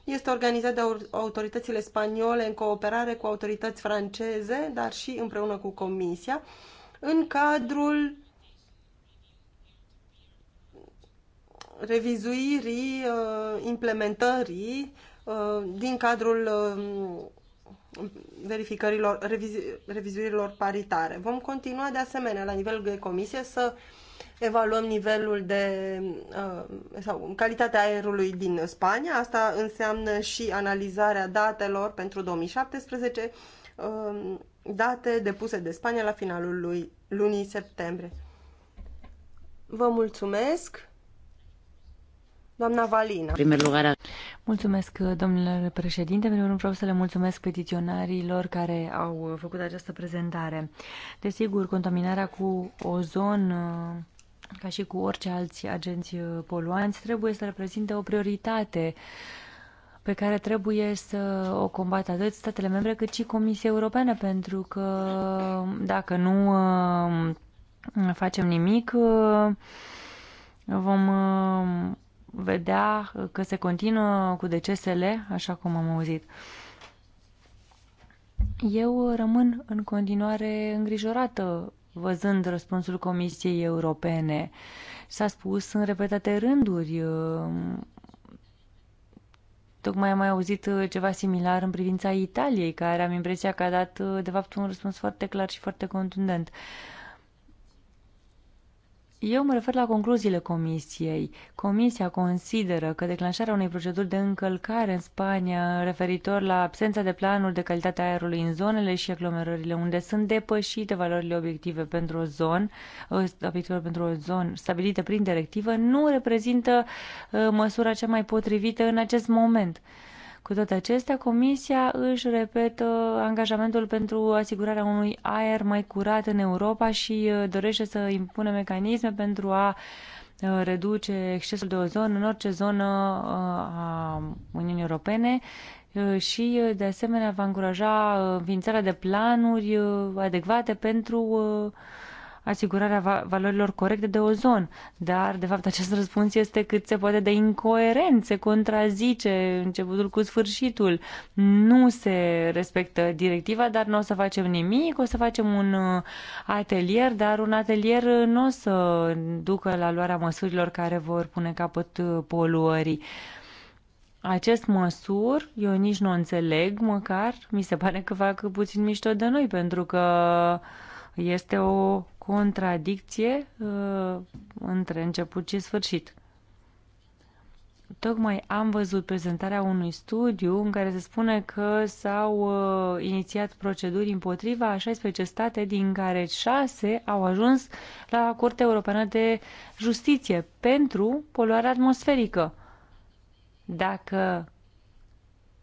Este organizat de autoritățile spaniole în cooperare cu autorități franceze, dar și împreună cu Comisia, în cadrul revizuirii uh, implementării uh, din cadrul uh, verificărilor, revizu, revizuirilor paritare. Vom continua de asemenea la nivelul de comisie să evaluăm nivelul de sau calitatea aerului din Spania. Asta înseamnă și analizarea datelor pentru 2017, date depuse de Spania la finalul lui, lunii septembrie. Vă mulțumesc! Mulțumesc, domnule președinte. În rând vreau să le mulțumesc petiționarilor care au făcut această prezentare. Desigur, contaminarea cu ozon uh, ca și cu orice alți agenți uh, poluanți, trebuie să reprezinte o prioritate pe care trebuie să o combată atât statele membre cât și Comisia Europeană, pentru că dacă nu uh, facem nimic, vom vedea că se continuă cu decesele, așa cum am auzit. Eu rămân în continuare îngrijorată văzând răspunsul Comisiei Europene. S-a spus în repetate rânduri Tocmai am mai auzit ceva similar în privința Italiei, care am impresia că a dat, de fapt, un răspuns foarte clar și foarte contundent. Uh, eu mă refer la concluziile comisiei. Comisia consideră că declanșarea unei proceduri de încălcare în Spania referitor la absența de planuri de calitate a aerului în zonele și aglomerările unde sunt depășite valorile obiective pentru o zonă, obiective pentru o zonă stabilită prin directivă, nu reprezintă uh, măsura cea mai potrivită în acest moment. Cu toate acestea, Comisia își repetă angajamentul pentru asigurarea unui aer mai curat în Europa și uh, dorește să impună mecanisme pentru a uh, reduce excesul de ozon în orice zonă uh, a Uniunii Europene și, de asemenea, va încuraja înființarea de planuri adecvate pentru asigurarea valorilor corecte de ozon. Dar, de fapt, acest răspuns este cât se poate de incoerent, se contrazice începutul cu sfârșitul. Nu se respectă directiva, dar nu o să facem nimic, o să facem un uh, atelier, dar un atelier nu o să ducă la luarea măsurilor care vor pune capăt uh, poluării acest măsur, eu nici nu înțeleg, măcar mi se pare că fac puțin mișto de noi, pentru că este o contradicție uh, între început și sfârșit. Tocmai am văzut prezentarea unui studiu în care se spune că s-au uh, inițiat proceduri împotriva a 16 state, din care 6 au ajuns la Curtea Europeană de Justiție pentru poluarea atmosferică. Dacă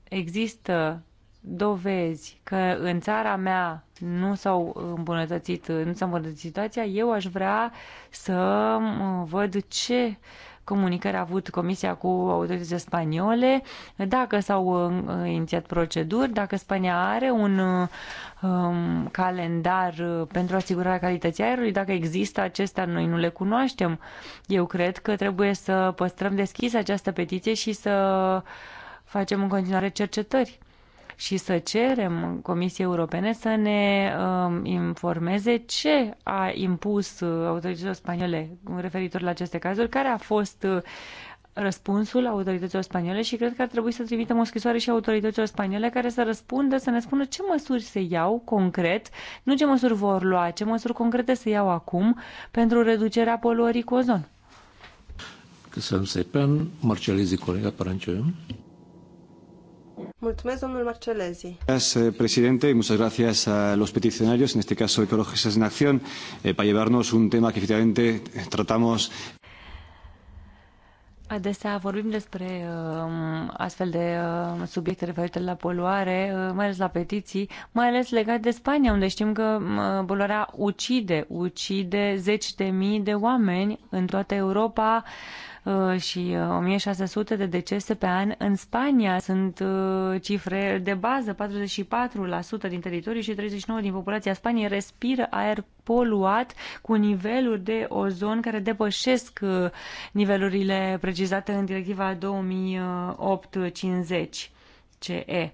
există dovezi că în țara mea nu s-au îmbunătățit, nu s-a îmbunătățit situația, eu aș vrea să văd ce comunicări a avut Comisia cu autoritățile spaniole, dacă s-au uh, inițiat proceduri, dacă Spania are un um, calendar uh, pentru asigurarea calității aerului, dacă există acestea, noi nu le cunoaștem. Eu cred că trebuie să păstrăm deschis această petiție și să facem în continuare cercetări și să cerem Comisiei Europene să ne uh, informeze ce a impus uh, autoritățile spaniole referitor la aceste cazuri, care a fost uh, răspunsul autorităților spaniole și cred că ar trebui să trimitem o scrisoare și autorităților spaniole care să răspundă, să ne spună ce măsuri se iau concret, nu ce măsuri vor lua, ce măsuri concrete se iau acum pentru reducerea poluării cu ozon. Köszönöm szépen, Marcellizi colega parancsoljon. Mulțumesc, domnul Marcelezi. Gracias, eh, presidente, y muchas gracias a los peticionarios, en este caso Ecologistas en Acción, eh, para llevarnos un tema que efectivamente tratamos. Adesea vorbim despre um, astfel de um, subiecte referite la poluare, uh, mai ales la petiții, mai ales legat de Spania, unde știm că uh, poluarea ucide, ucide zeci de mii de oameni în toată Europa. Uh, Uh, și 1600 uh, de decese pe an în Spania. Sunt uh, cifre de bază, 44% din teritoriu și 39% din populația Spaniei respiră aer poluat cu niveluri de ozon care depășesc nivelurile precizate în directiva 2008-50 CE.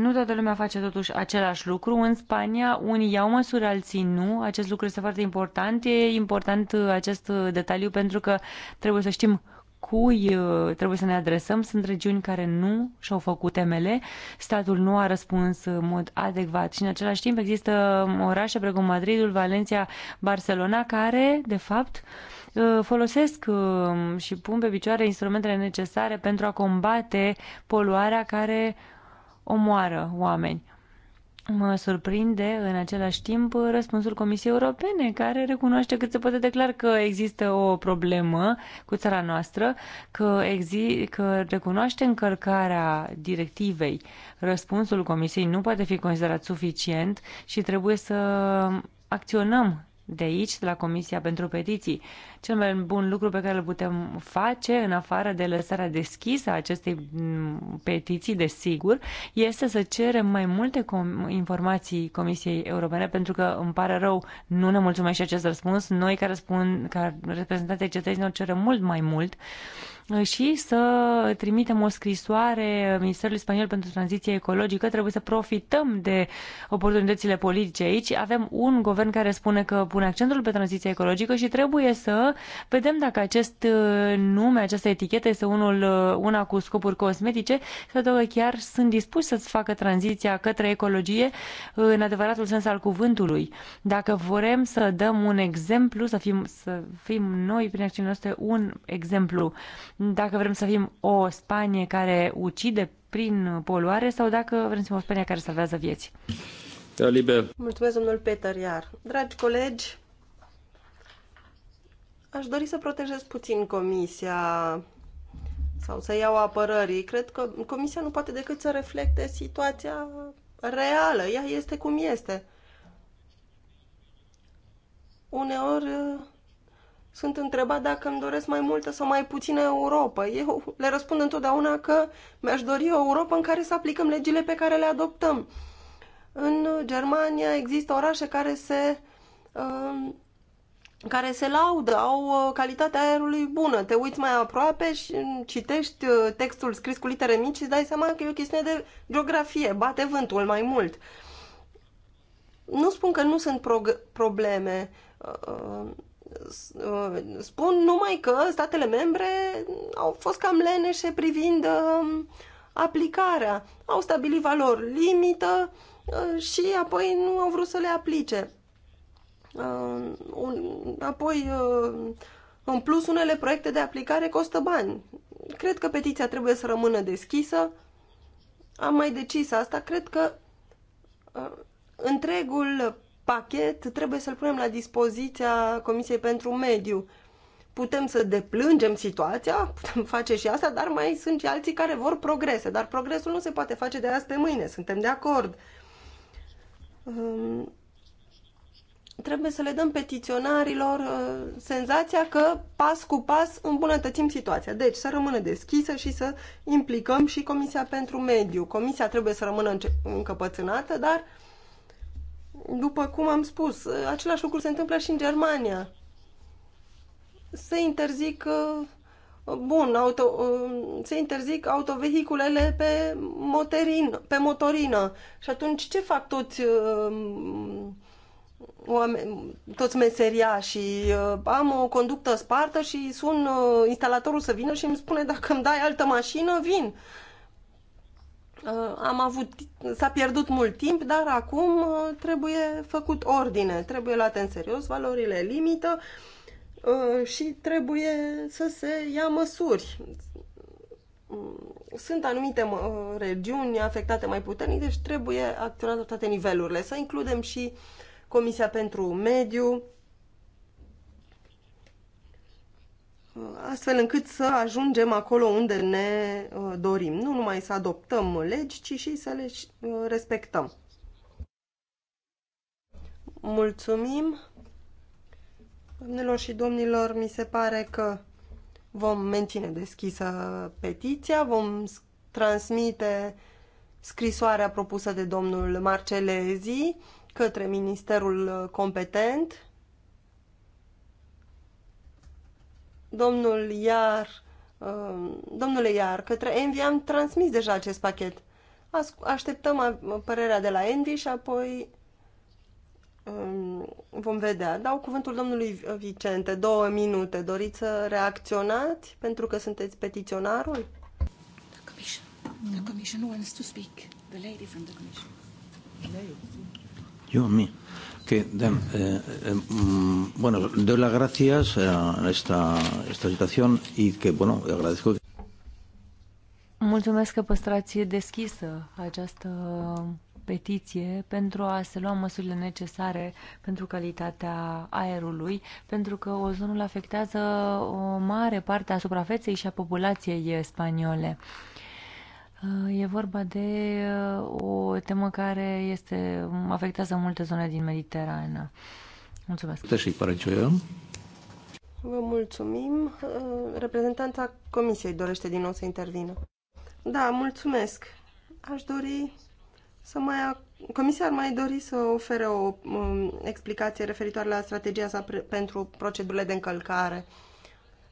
Nu toată lumea face totuși același lucru. În Spania, unii iau măsuri, alții nu. Acest lucru este foarte important. E important uh, acest uh, detaliu pentru că trebuie să știm cui uh, trebuie să ne adresăm. Sunt regiuni care nu și-au făcut temele, statul nu a răspuns în mod adecvat și în același timp există um, orașe precum Madridul, Valencia, Barcelona care, de fapt, folosesc um, și pun pe picioare instrumentele necesare pentru a combate poluarea care omoară oameni. Mă surprinde în același timp răspunsul Comisiei Europene, care recunoaște cât se poate declar că există o problemă cu țara noastră, că, exi- că recunoaște încălcarea directivei. Răspunsul Comisiei nu poate fi considerat suficient și trebuie să acționăm de aici, de la Comisia pentru Petiții. Cel mai bun lucru pe care îl putem face, în afară de lăsarea deschisă a acestei mm, petiții, desigur, este să cerem mai multe com- informații Comisiei Europene, pentru că îmi pare rău, nu ne și acest răspuns. Noi, care care ca reprezentanții cetățenilor, cerem mult mai mult. Uh, și să trimitem o scrisoare Ministerului Spaniol pentru Tranziție Ecologică. Trebuie să profităm de oportunitățile politice aici. Avem un guvern care spune că pune accentul pe tranziția ecologică și trebuie să vedem dacă acest uh, nume, această etichetă este unul, uh, una cu scopuri cosmetice sau dacă chiar sunt dispuși să-ți facă tranziția către ecologie uh, în adevăratul sens al cuvântului. Dacă vrem să dăm un exemplu, să fim, să fim noi prin acțiunile noastre un exemplu dacă vrem să fim o Spanie care ucide prin poluare sau dacă vrem să fim o Spanie care salvează vieți. Da, Liber. Mulțumesc, domnul Peter, iar. Dragi colegi, aș dori să protejez puțin comisia sau să iau apărării. Cred că comisia nu poate decât să reflecte situația reală. Ea este cum este. Uneori sunt întrebat dacă îmi doresc mai multă sau mai puțină Europa. Eu le răspund întotdeauna că mi-aș dori o Europa în care să aplicăm legile pe care le adoptăm. În Germania există orașe care se, um, care se laudă, au uh, calitatea aerului bună. Te uiți mai aproape și citești uh, textul scris cu litere mici și îți dai seama că e o chestiune de geografie, bate vântul mai mult. Nu spun că nu sunt probleme. Uh, Uh, spun numai că statele membre au fost cam leneșe privind uh, aplicarea. Au stabilit valori limită uh, și apoi nu au vrut să le aplice. Apoi, în plus, unele proiecte de aplicare costă bani. Cred că petiția trebuie să rămână deschisă. Am mai decis asta. Cred că întregul pachet trebuie să-l punem la dispoziția Comisiei pentru Mediu. Putem să deplângem situația, putem face și asta, dar mai sunt și alții care vor progrese. Dar progresul nu se poate face de azi pe mâine, suntem de acord. Um, trebuie să le dăm petiționarilor uh, senzația că pas cu pas îmbunătățim situația. Deci să rămână deschisă și să implicăm și Comisia pentru Mediu. Comisia trebuie să rămână înce- încăpățânată, dar uh, după cum am spus, același lucru se întâmplă și în Germania. Se interzic uh, bun, auto, uh, se interzic autovehiculele pe, motorin, pe motorină. Și atunci ce fac toți uh, oameni, toți Și Am o conductă spartă și sun instalatorul să vină și îmi spune dacă îmi dai altă mașină, vin. Uh, am avut, s-a pierdut mult timp, dar acum uh, trebuie făcut ordine, trebuie luate în serios valorile limită uh, și trebuie să se ia măsuri. Mm, sunt anumite regiuni afectate mai puternic, deci trebuie acționat la toate nivelurile. Să includem și Comisia pentru Mediu, astfel încât să ajungem acolo unde ne uh, dorim. Nu numai să adoptăm legi, ci și să le uh, respectăm. Mulțumim! Domnilor și domnilor, mi se pare că vom menține deschisă petiția, vom transmite scrisoarea propusă de domnul Marcelezi către ministerul competent domnul Iar, uh, domnule Iar, către Envy am transmis deja acest pachet. Așteptăm părerea de la Envy și apoi um, vom vedea. Dau cuvântul domnului Vicente, două minute. Doriți să reacționați pentru că sunteți petiționarul? The commission. The commission wants to speak. The lady from the commission. You and me que, eh, eh, mm, bueno, doy las gracias a esta, esta situación y que, bueno, agradezco. que... Mulțumesc că păstrați deschisă această petiție pentru a se lua măsurile necesare pentru calitatea aerului, pentru că ozonul afectează o mare parte a suprafeței și a populației spaniole. Uh, e vorba de uh, o temă care este, afectează multe zone din Mediterană. Mulțumesc. Teșii, Parăcioiu. Vă mulțumim. Uh, reprezentanta Comisiei dorește din nou să intervină. Da, mulțumesc. Aș dori să mai... Comisia ar mai dori să ofere o um, explicație referitoare la strategia sa pentru procedurile de încălcare.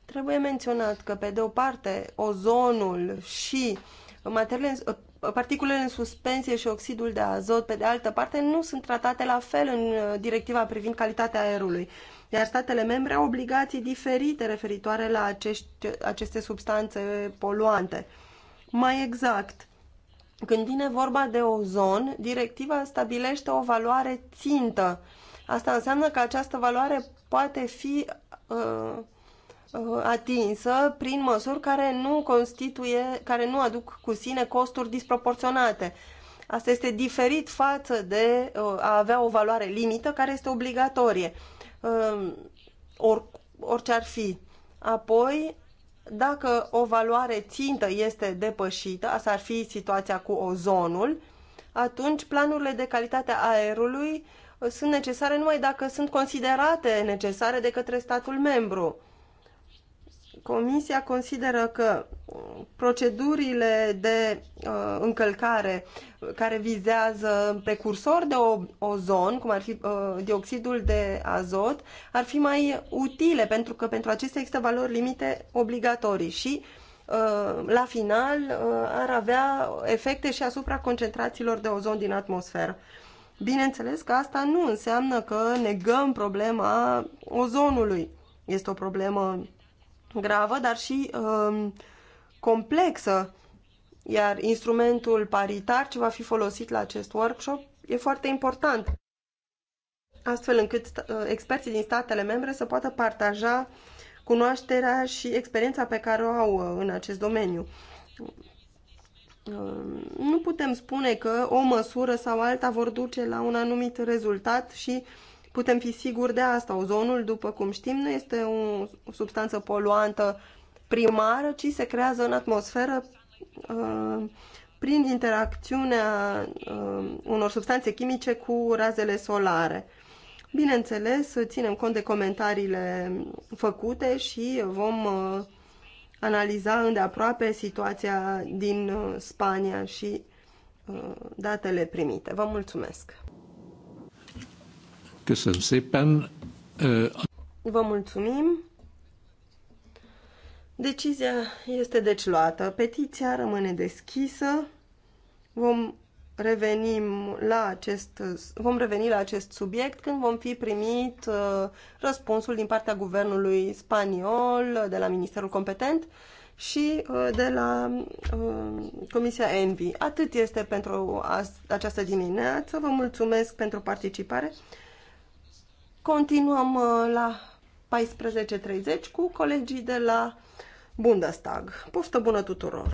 Trebuie menționat că, pe de o parte, ozonul și uh, materiile, uh, particulele în suspensie și oxidul de azot, pe de altă parte, nu sunt tratate la fel în uh, directiva privind calitatea aerului, iar statele membre au obligații diferite referitoare la acești, aceste substanțe poluante. Mai exact, când vine vorba de ozon, directiva stabilește o valoare țintă. Asta înseamnă că această valoare poate fi uh, Uh, atinsă prin măsuri care nu constituie, care nu aduc cu sine costuri disproporționate. Asta este diferit față de uh, a avea o valoare limită care este obligatorie, uh, or, orice ar fi. Apoi, dacă o valoare țintă este depășită, asta ar fi situația cu ozonul, atunci planurile de calitate a aerului sunt necesare numai dacă sunt considerate necesare de către statul membru Comisia consideră că uh, procedurile de uh, încălcare care vizează precursori de ozon, cum ar fi uh, dioxidul de azot, ar fi mai utile pentru că pentru acestea există valori limite obligatorii și uh, la final uh, ar avea efecte și asupra concentrațiilor de ozon din atmosferă. Bineînțeles că asta nu înseamnă că negăm problema ozonului. Este o problemă gravă, dar și um, complexă. Iar instrumentul paritar ce va fi folosit la acest workshop e foarte important, astfel încât uh, experții din statele membre să poată partaja cunoașterea și experiența pe care o au uh, în acest domeniu. Uh, nu putem spune că o măsură sau alta vor duce la un anumit rezultat și uh, putem fi siguri de asta. Ozonul, după cum știm, nu este o substanță poluantă primară, ci se creează în atmosferă uh, prin interacțiunea uh, unor substanțe chimice cu razele solare. Bineînțeles, ținem cont de comentariile făcute și vom uh, analiza îndeaproape situația din uh, Spania și uh, datele primite. Vă mulțumesc! Köszönöm szépen. Uh, Vă mulțumim. Decizia este deci luată. Petiția rămâne deschisă. Vom reveni la acest, vom reveni la acest subiect când vom fi primit uh, răspunsul din partea guvernului spaniol, de la ministerul competent și uh, de la Comisia Envi. Atât este pentru această dimineață. Vă mulțumesc pentru participare. Continuăm uh, la 14.30 cu colegii de la Bundestag. Poftă bună tuturor!